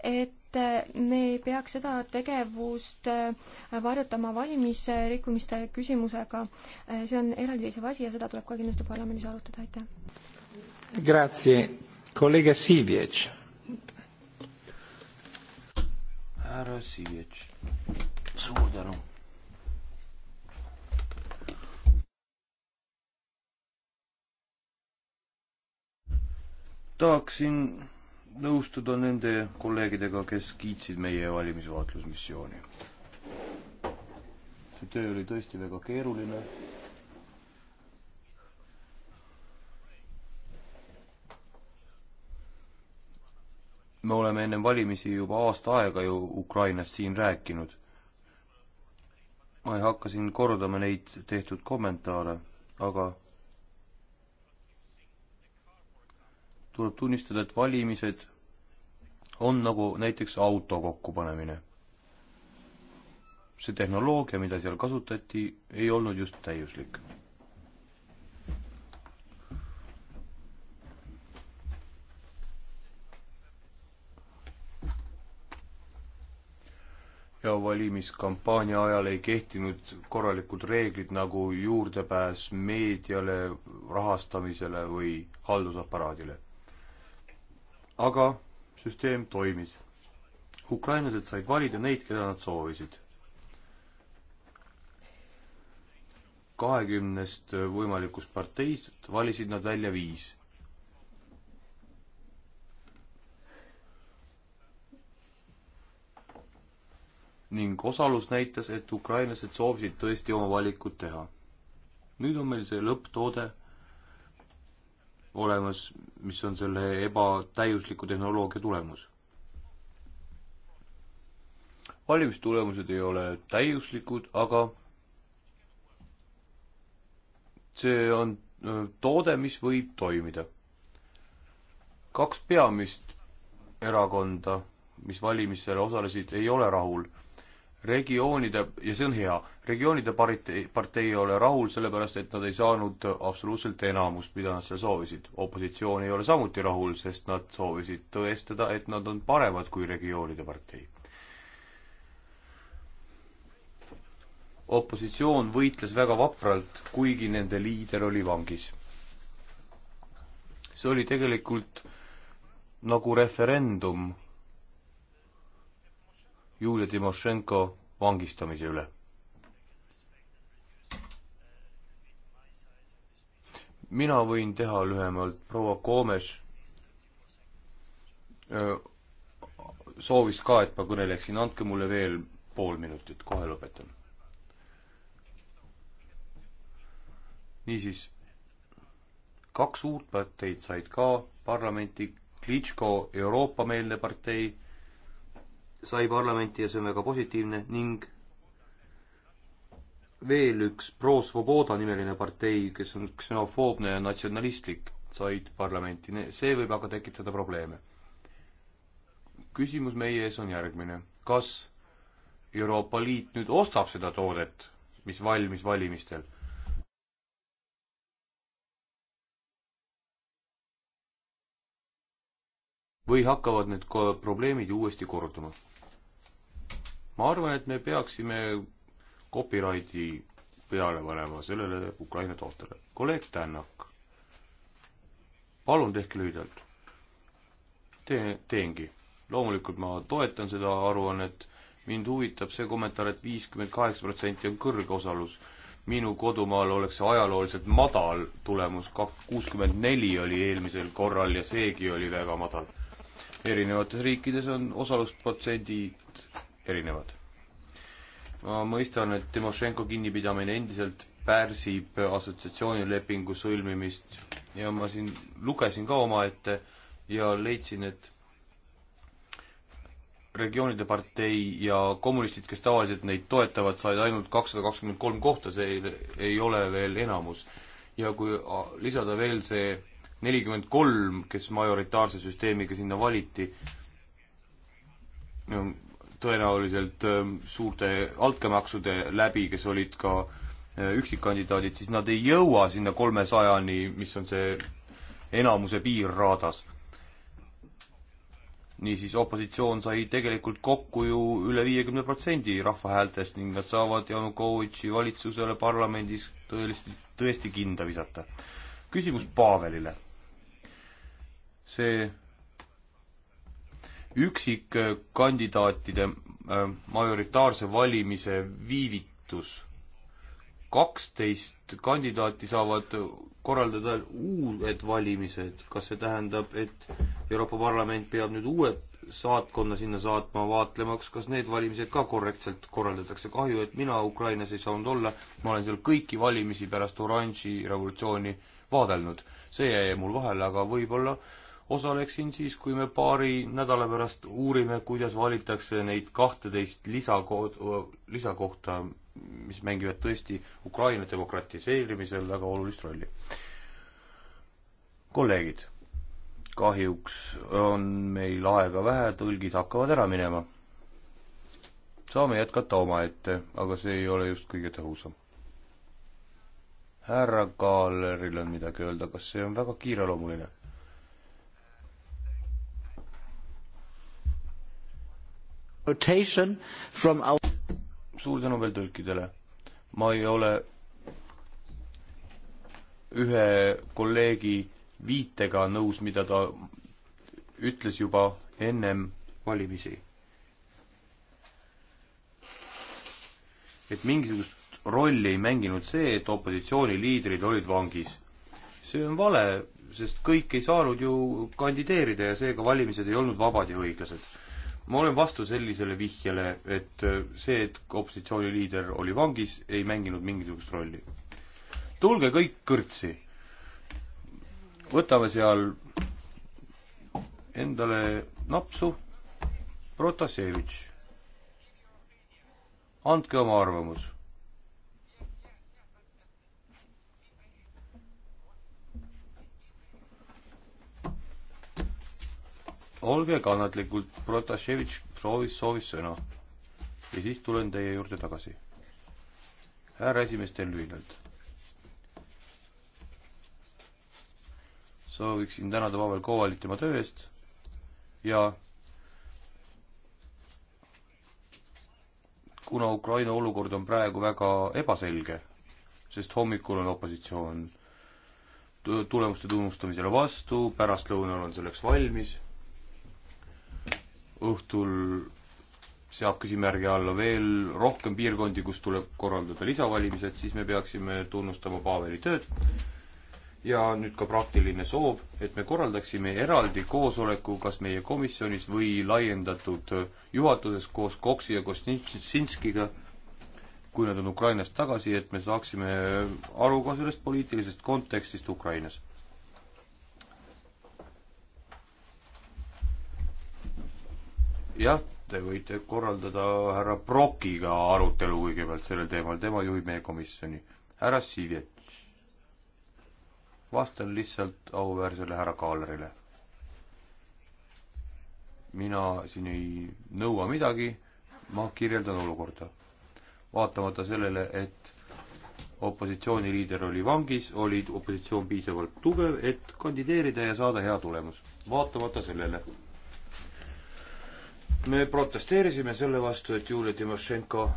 et me ei peaks seda tegevust äh, varjutama valimisrikkumiste küsimusega. Äh, see on eraldiseisev asi ja seda tuleb ka kindlasti parlamendis arutada, aitäh.
Grazie, kolleeg Sivjetš.
härra Sivjetš, suur tänu tahaksin nõustuda nende kolleegidega, kes kiitsid meie valimisvaatlusmissiooni. see töö oli tõesti väga keeruline. me oleme ennem valimisi juba aasta aega ju Ukrainast siin rääkinud. ma ei hakka siin kordama neid tehtud kommentaare, aga tuleb tunnistada, et valimised on nagu näiteks auto kokkupanemine. see tehnoloogia, mida seal kasutati, ei olnud just täiuslik. ja valimiskampaania ajal ei kehtinud korralikud reeglid nagu juurdepääs meediale, rahastamisele või haldusaparaadile aga süsteem toimis. ukrainlased said valida neid, keda nad soovisid. kahekümnest võimalikust parteist valisid nad välja viis ning osalus näitas, et ukrainlased soovisid tõesti oma valikut teha. nüüd on meil see lõpptoode olemas, mis on selle ebatäiusliku tehnoloogia tulemus. valimistulemused ei ole täiuslikud, aga see on toode, mis võib toimida. kaks peamist erakonda, mis valimistel osalesid, ei ole rahul regioonide, ja see on hea, regioonide partei, partei ei ole rahul, sellepärast et nad ei saanud absoluutselt enamust, mida nad seal soovisid. opositsioon ei ole samuti rahul, sest nad soovisid tõestada, et nad on paremad kui regioonide partei. opositsioon võitles väga vapralt, kuigi nende liider oli vangis. see oli tegelikult nagu referendum Julia Timošenko vangistamise üle. mina võin teha lühemalt, proua Koomes soovis ka, et ma kõneleksin, andke mulle veel pool minutit, kohe lõpetan. niisiis, kaks uut parteid said ka parlamenti, Klitschko Euroopa-meelne partei sai parlamenti ja see on väga positiivne ning veel üks Pro Svoboda nimeline partei, kes on ksenofoobne ja natsionalistlik, said parlamenti, see võib aga tekitada probleeme. küsimus meie ees on järgmine, kas Euroopa Liit nüüd ostab seda toodet, mis valmis valimistel või hakkavad need probleemid ju uuesti korduma? ma arvan, et me peaksime copyrighti peale panema sellele Ukraina tootele. kolleeg Tännak, palun tehke lühidalt. Tee, teengi. loomulikult ma toetan seda aruannet, mind huvitab see kommentaar et, et viiskümmend kaheksa protsenti on kõrgosalus. minu kodumaal oleks see ajalooliselt madal tulemus, kuuskümmend neli oli eelmisel korral ja seegi oli väga madal erinevates riikides on osalusprotsendid erinevad. ma mõistan, et Timošenko kinnipidamine endiselt pärsib assotsiatsioonilepingu sõlmimist ja ma siin lugesin ka omaette ja leidsin, et regioonide partei ja kommunistid, kes tavaliselt neid toetavad, said ainult kakssada kakskümmend kolm kohta, see ei, ei ole veel enamus. ja kui lisada veel see nelikümmend kolm, kes majoritaarse süsteemiga sinna valiti, tõenäoliselt ähm, suurte altkäemaksude läbi, kes olid ka äh, üksikkandidaadid, siis nad ei jõua sinna kolmesajani, mis on see enamuse piir raadas. niisiis, opositsioon sai tegelikult kokku ju üle viiekümne protsendi rahvahäältest ning nad saavad Janukovitši valitsusele parlamendis tõeliselt, tõesti kinda visata. küsimus Pavelile see üksikkandidaatide äh, majoritaarse valimise viivitus, kaksteist kandidaati saavad korraldada uued valimised, kas see tähendab, et Euroopa Parlament peab nüüd uue saatkonna sinna saatma, vaatlemaks, kas need valimised ka korrektselt korraldatakse, kahju, et mina Ukrainas ei saanud olla, ma olen seal kõiki valimisi pärast oranži revolutsiooni vaadelnud. see jäi mul vahele, aga võib-olla äh, osaleksin siis, kui me paari nädala pärast uurime, kuidas valitakse neid kahteteist lisakood-, lisakohta, mis mängivad tõesti Ukraina demokratiseerimisel väga olulist rolli. kolleegid, kahjuks on meil aega vähe, tõlgid hakkavad ära minema. saame jätkata omaette, aga see ei ole just kõige tõhusam. härra Kaaleril on midagi öelda, kas see on väga kiireloomuline? interpretation from our suur tänu veel tõlkidele. ma ei ole ühe kolleegi viitega nõus, mida ta ütles juba ennem valimisi. et mingisugust rolli ei mänginud see, et opositsiooniliidrid olid vangis. see on vale, sest kõik ei saanud ju kandideerida ja seega valimised ei olnud vabad ja õiglased ma olen vastu sellisele vihjele, et see, et opositsiooni liider oli vangis, ei mänginud mingisugust rolli. tulge kõik kõrtsi. võtame seal endale napsu, Protasevitš. andke oma arvamus olge kannatlikud, Protasevitš soovis, soovis sõna. ja siis tulen teie juurde tagasi. härra esimees, teen lühidalt. sooviksin tänada Pavel Kovalit tema töö eest ja kuna Ukraina olukord on praegu väga ebaselge, sest hommikul on opositsioon tulemuste tunnustamisele vastu, pärastlõunal on selleks valmis õhtul seab küsimärgi alla veel rohkem piirkondi, kus tuleb korraldada lisavalimised, siis me peaksime tunnustama Paveli tööd. ja nüüd ka praktiline soov, et me korraldaksime eraldi koosoleku kas meie komisjonis või laiendatud juhatuses koos Koksi ja Kostinskiga, kui nad on Ukrainast tagasi, et me saaksime aru ka sellest poliitilisest kontekstist Ukrainas jah, te võite korraldada härra Brokiga arutelu kõigepealt sellel teemal, tema juhib meie komisjoni. härra Sivetš. vastan lihtsalt auväärsele härra Kaalerile. mina siin ei nõua midagi, ma kirjeldan olukorda. vaatamata sellele, et opositsiooni liider oli vangis, olid opositsioon piisavalt tugev, et kandideerida ja saada hea tulemus. vaatamata sellele me protesteerisime selle vastu, et Julia Timošenko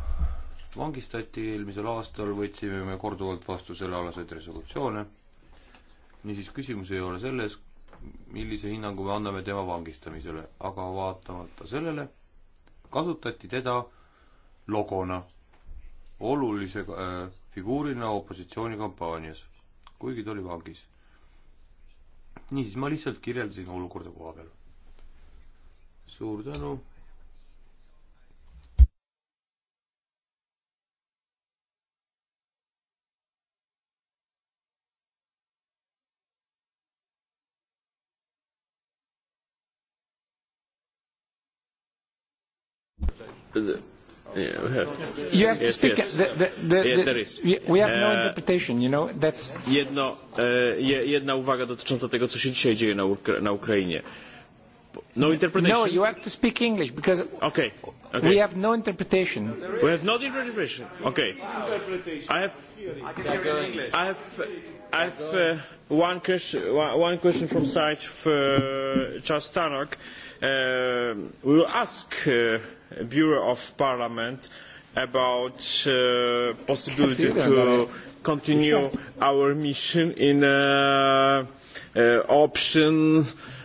vangistati eelmisel aastal, võtsime me korduvalt vastu sellealaseid resolutsioone. niisiis, küsimus ei ole selles, millise hinnangu me anname tema vangistamisele, aga vaatamata sellele kasutati teda logona, olulise äh, figuurina opositsioonikampaanias, kuigi ta oli vangis. niisiis, ma lihtsalt kirjeldasin olukorda koha peal. suur tänu
The, yeah, we have. You have yes, to speak. Yes. The, the,
the, yes, there is. We have no uh, interpretation, you know. That's. Jedno, e, jedna uwaga dotycząca tego, co się dzisiaj dzieje na, Ukra na Ukrainie. No interpretation. No, you have to speak English because. Okay. okay. We have no interpretation. We have no interpretation. Okay. I have. I can hear in English. I have. I have uh, one question. One question from side of uh, Charles Tannock. Uh, we will ask. Uh, Bureau of Parliament about uh, possibility to continue our mission in uh, uh, option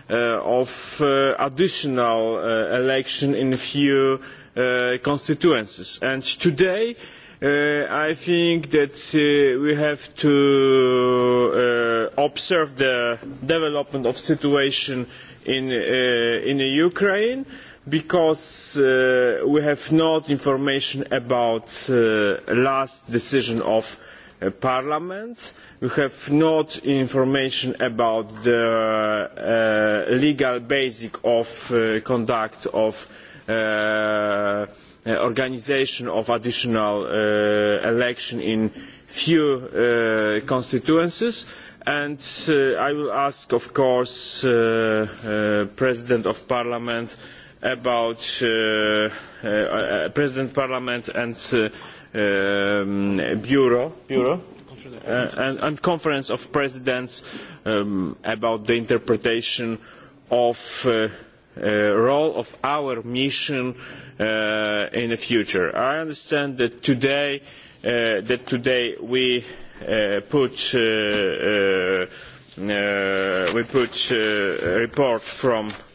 uh, of uh, additional uh, election in a few uh, constituencies. And today, uh, I think that uh, we have to uh, observe the development of situation in, uh, in Ukraine. Uh, because uh, we have not information about uh, last decision of uh, parliament we have not information about the uh, legal basic of uh, conduct of uh, uh organization of additional uh, election in few uh, constituencies and uh, i will ask of course uh, uh, president of parliament uh, about uh, uh, uh, President, Parliament and uh, um, Bureau, Bureau? Uh, and, and Conference of Presidents um, about the interpretation of uh, uh, role of our mission uh, in the future. I understand that today, uh, that today we uh, put uh, uh, uh, we put uh, a report from uh,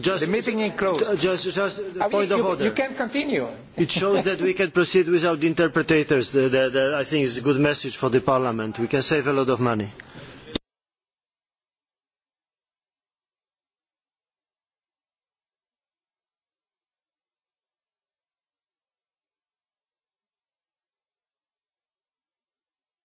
Just, the meeting is closed. Just, just I mean, point you, of order. You can continue. It shows that we
can proceed without interpreters. The, the, the, I think is a good message for the Parliament. We can save a lot of money.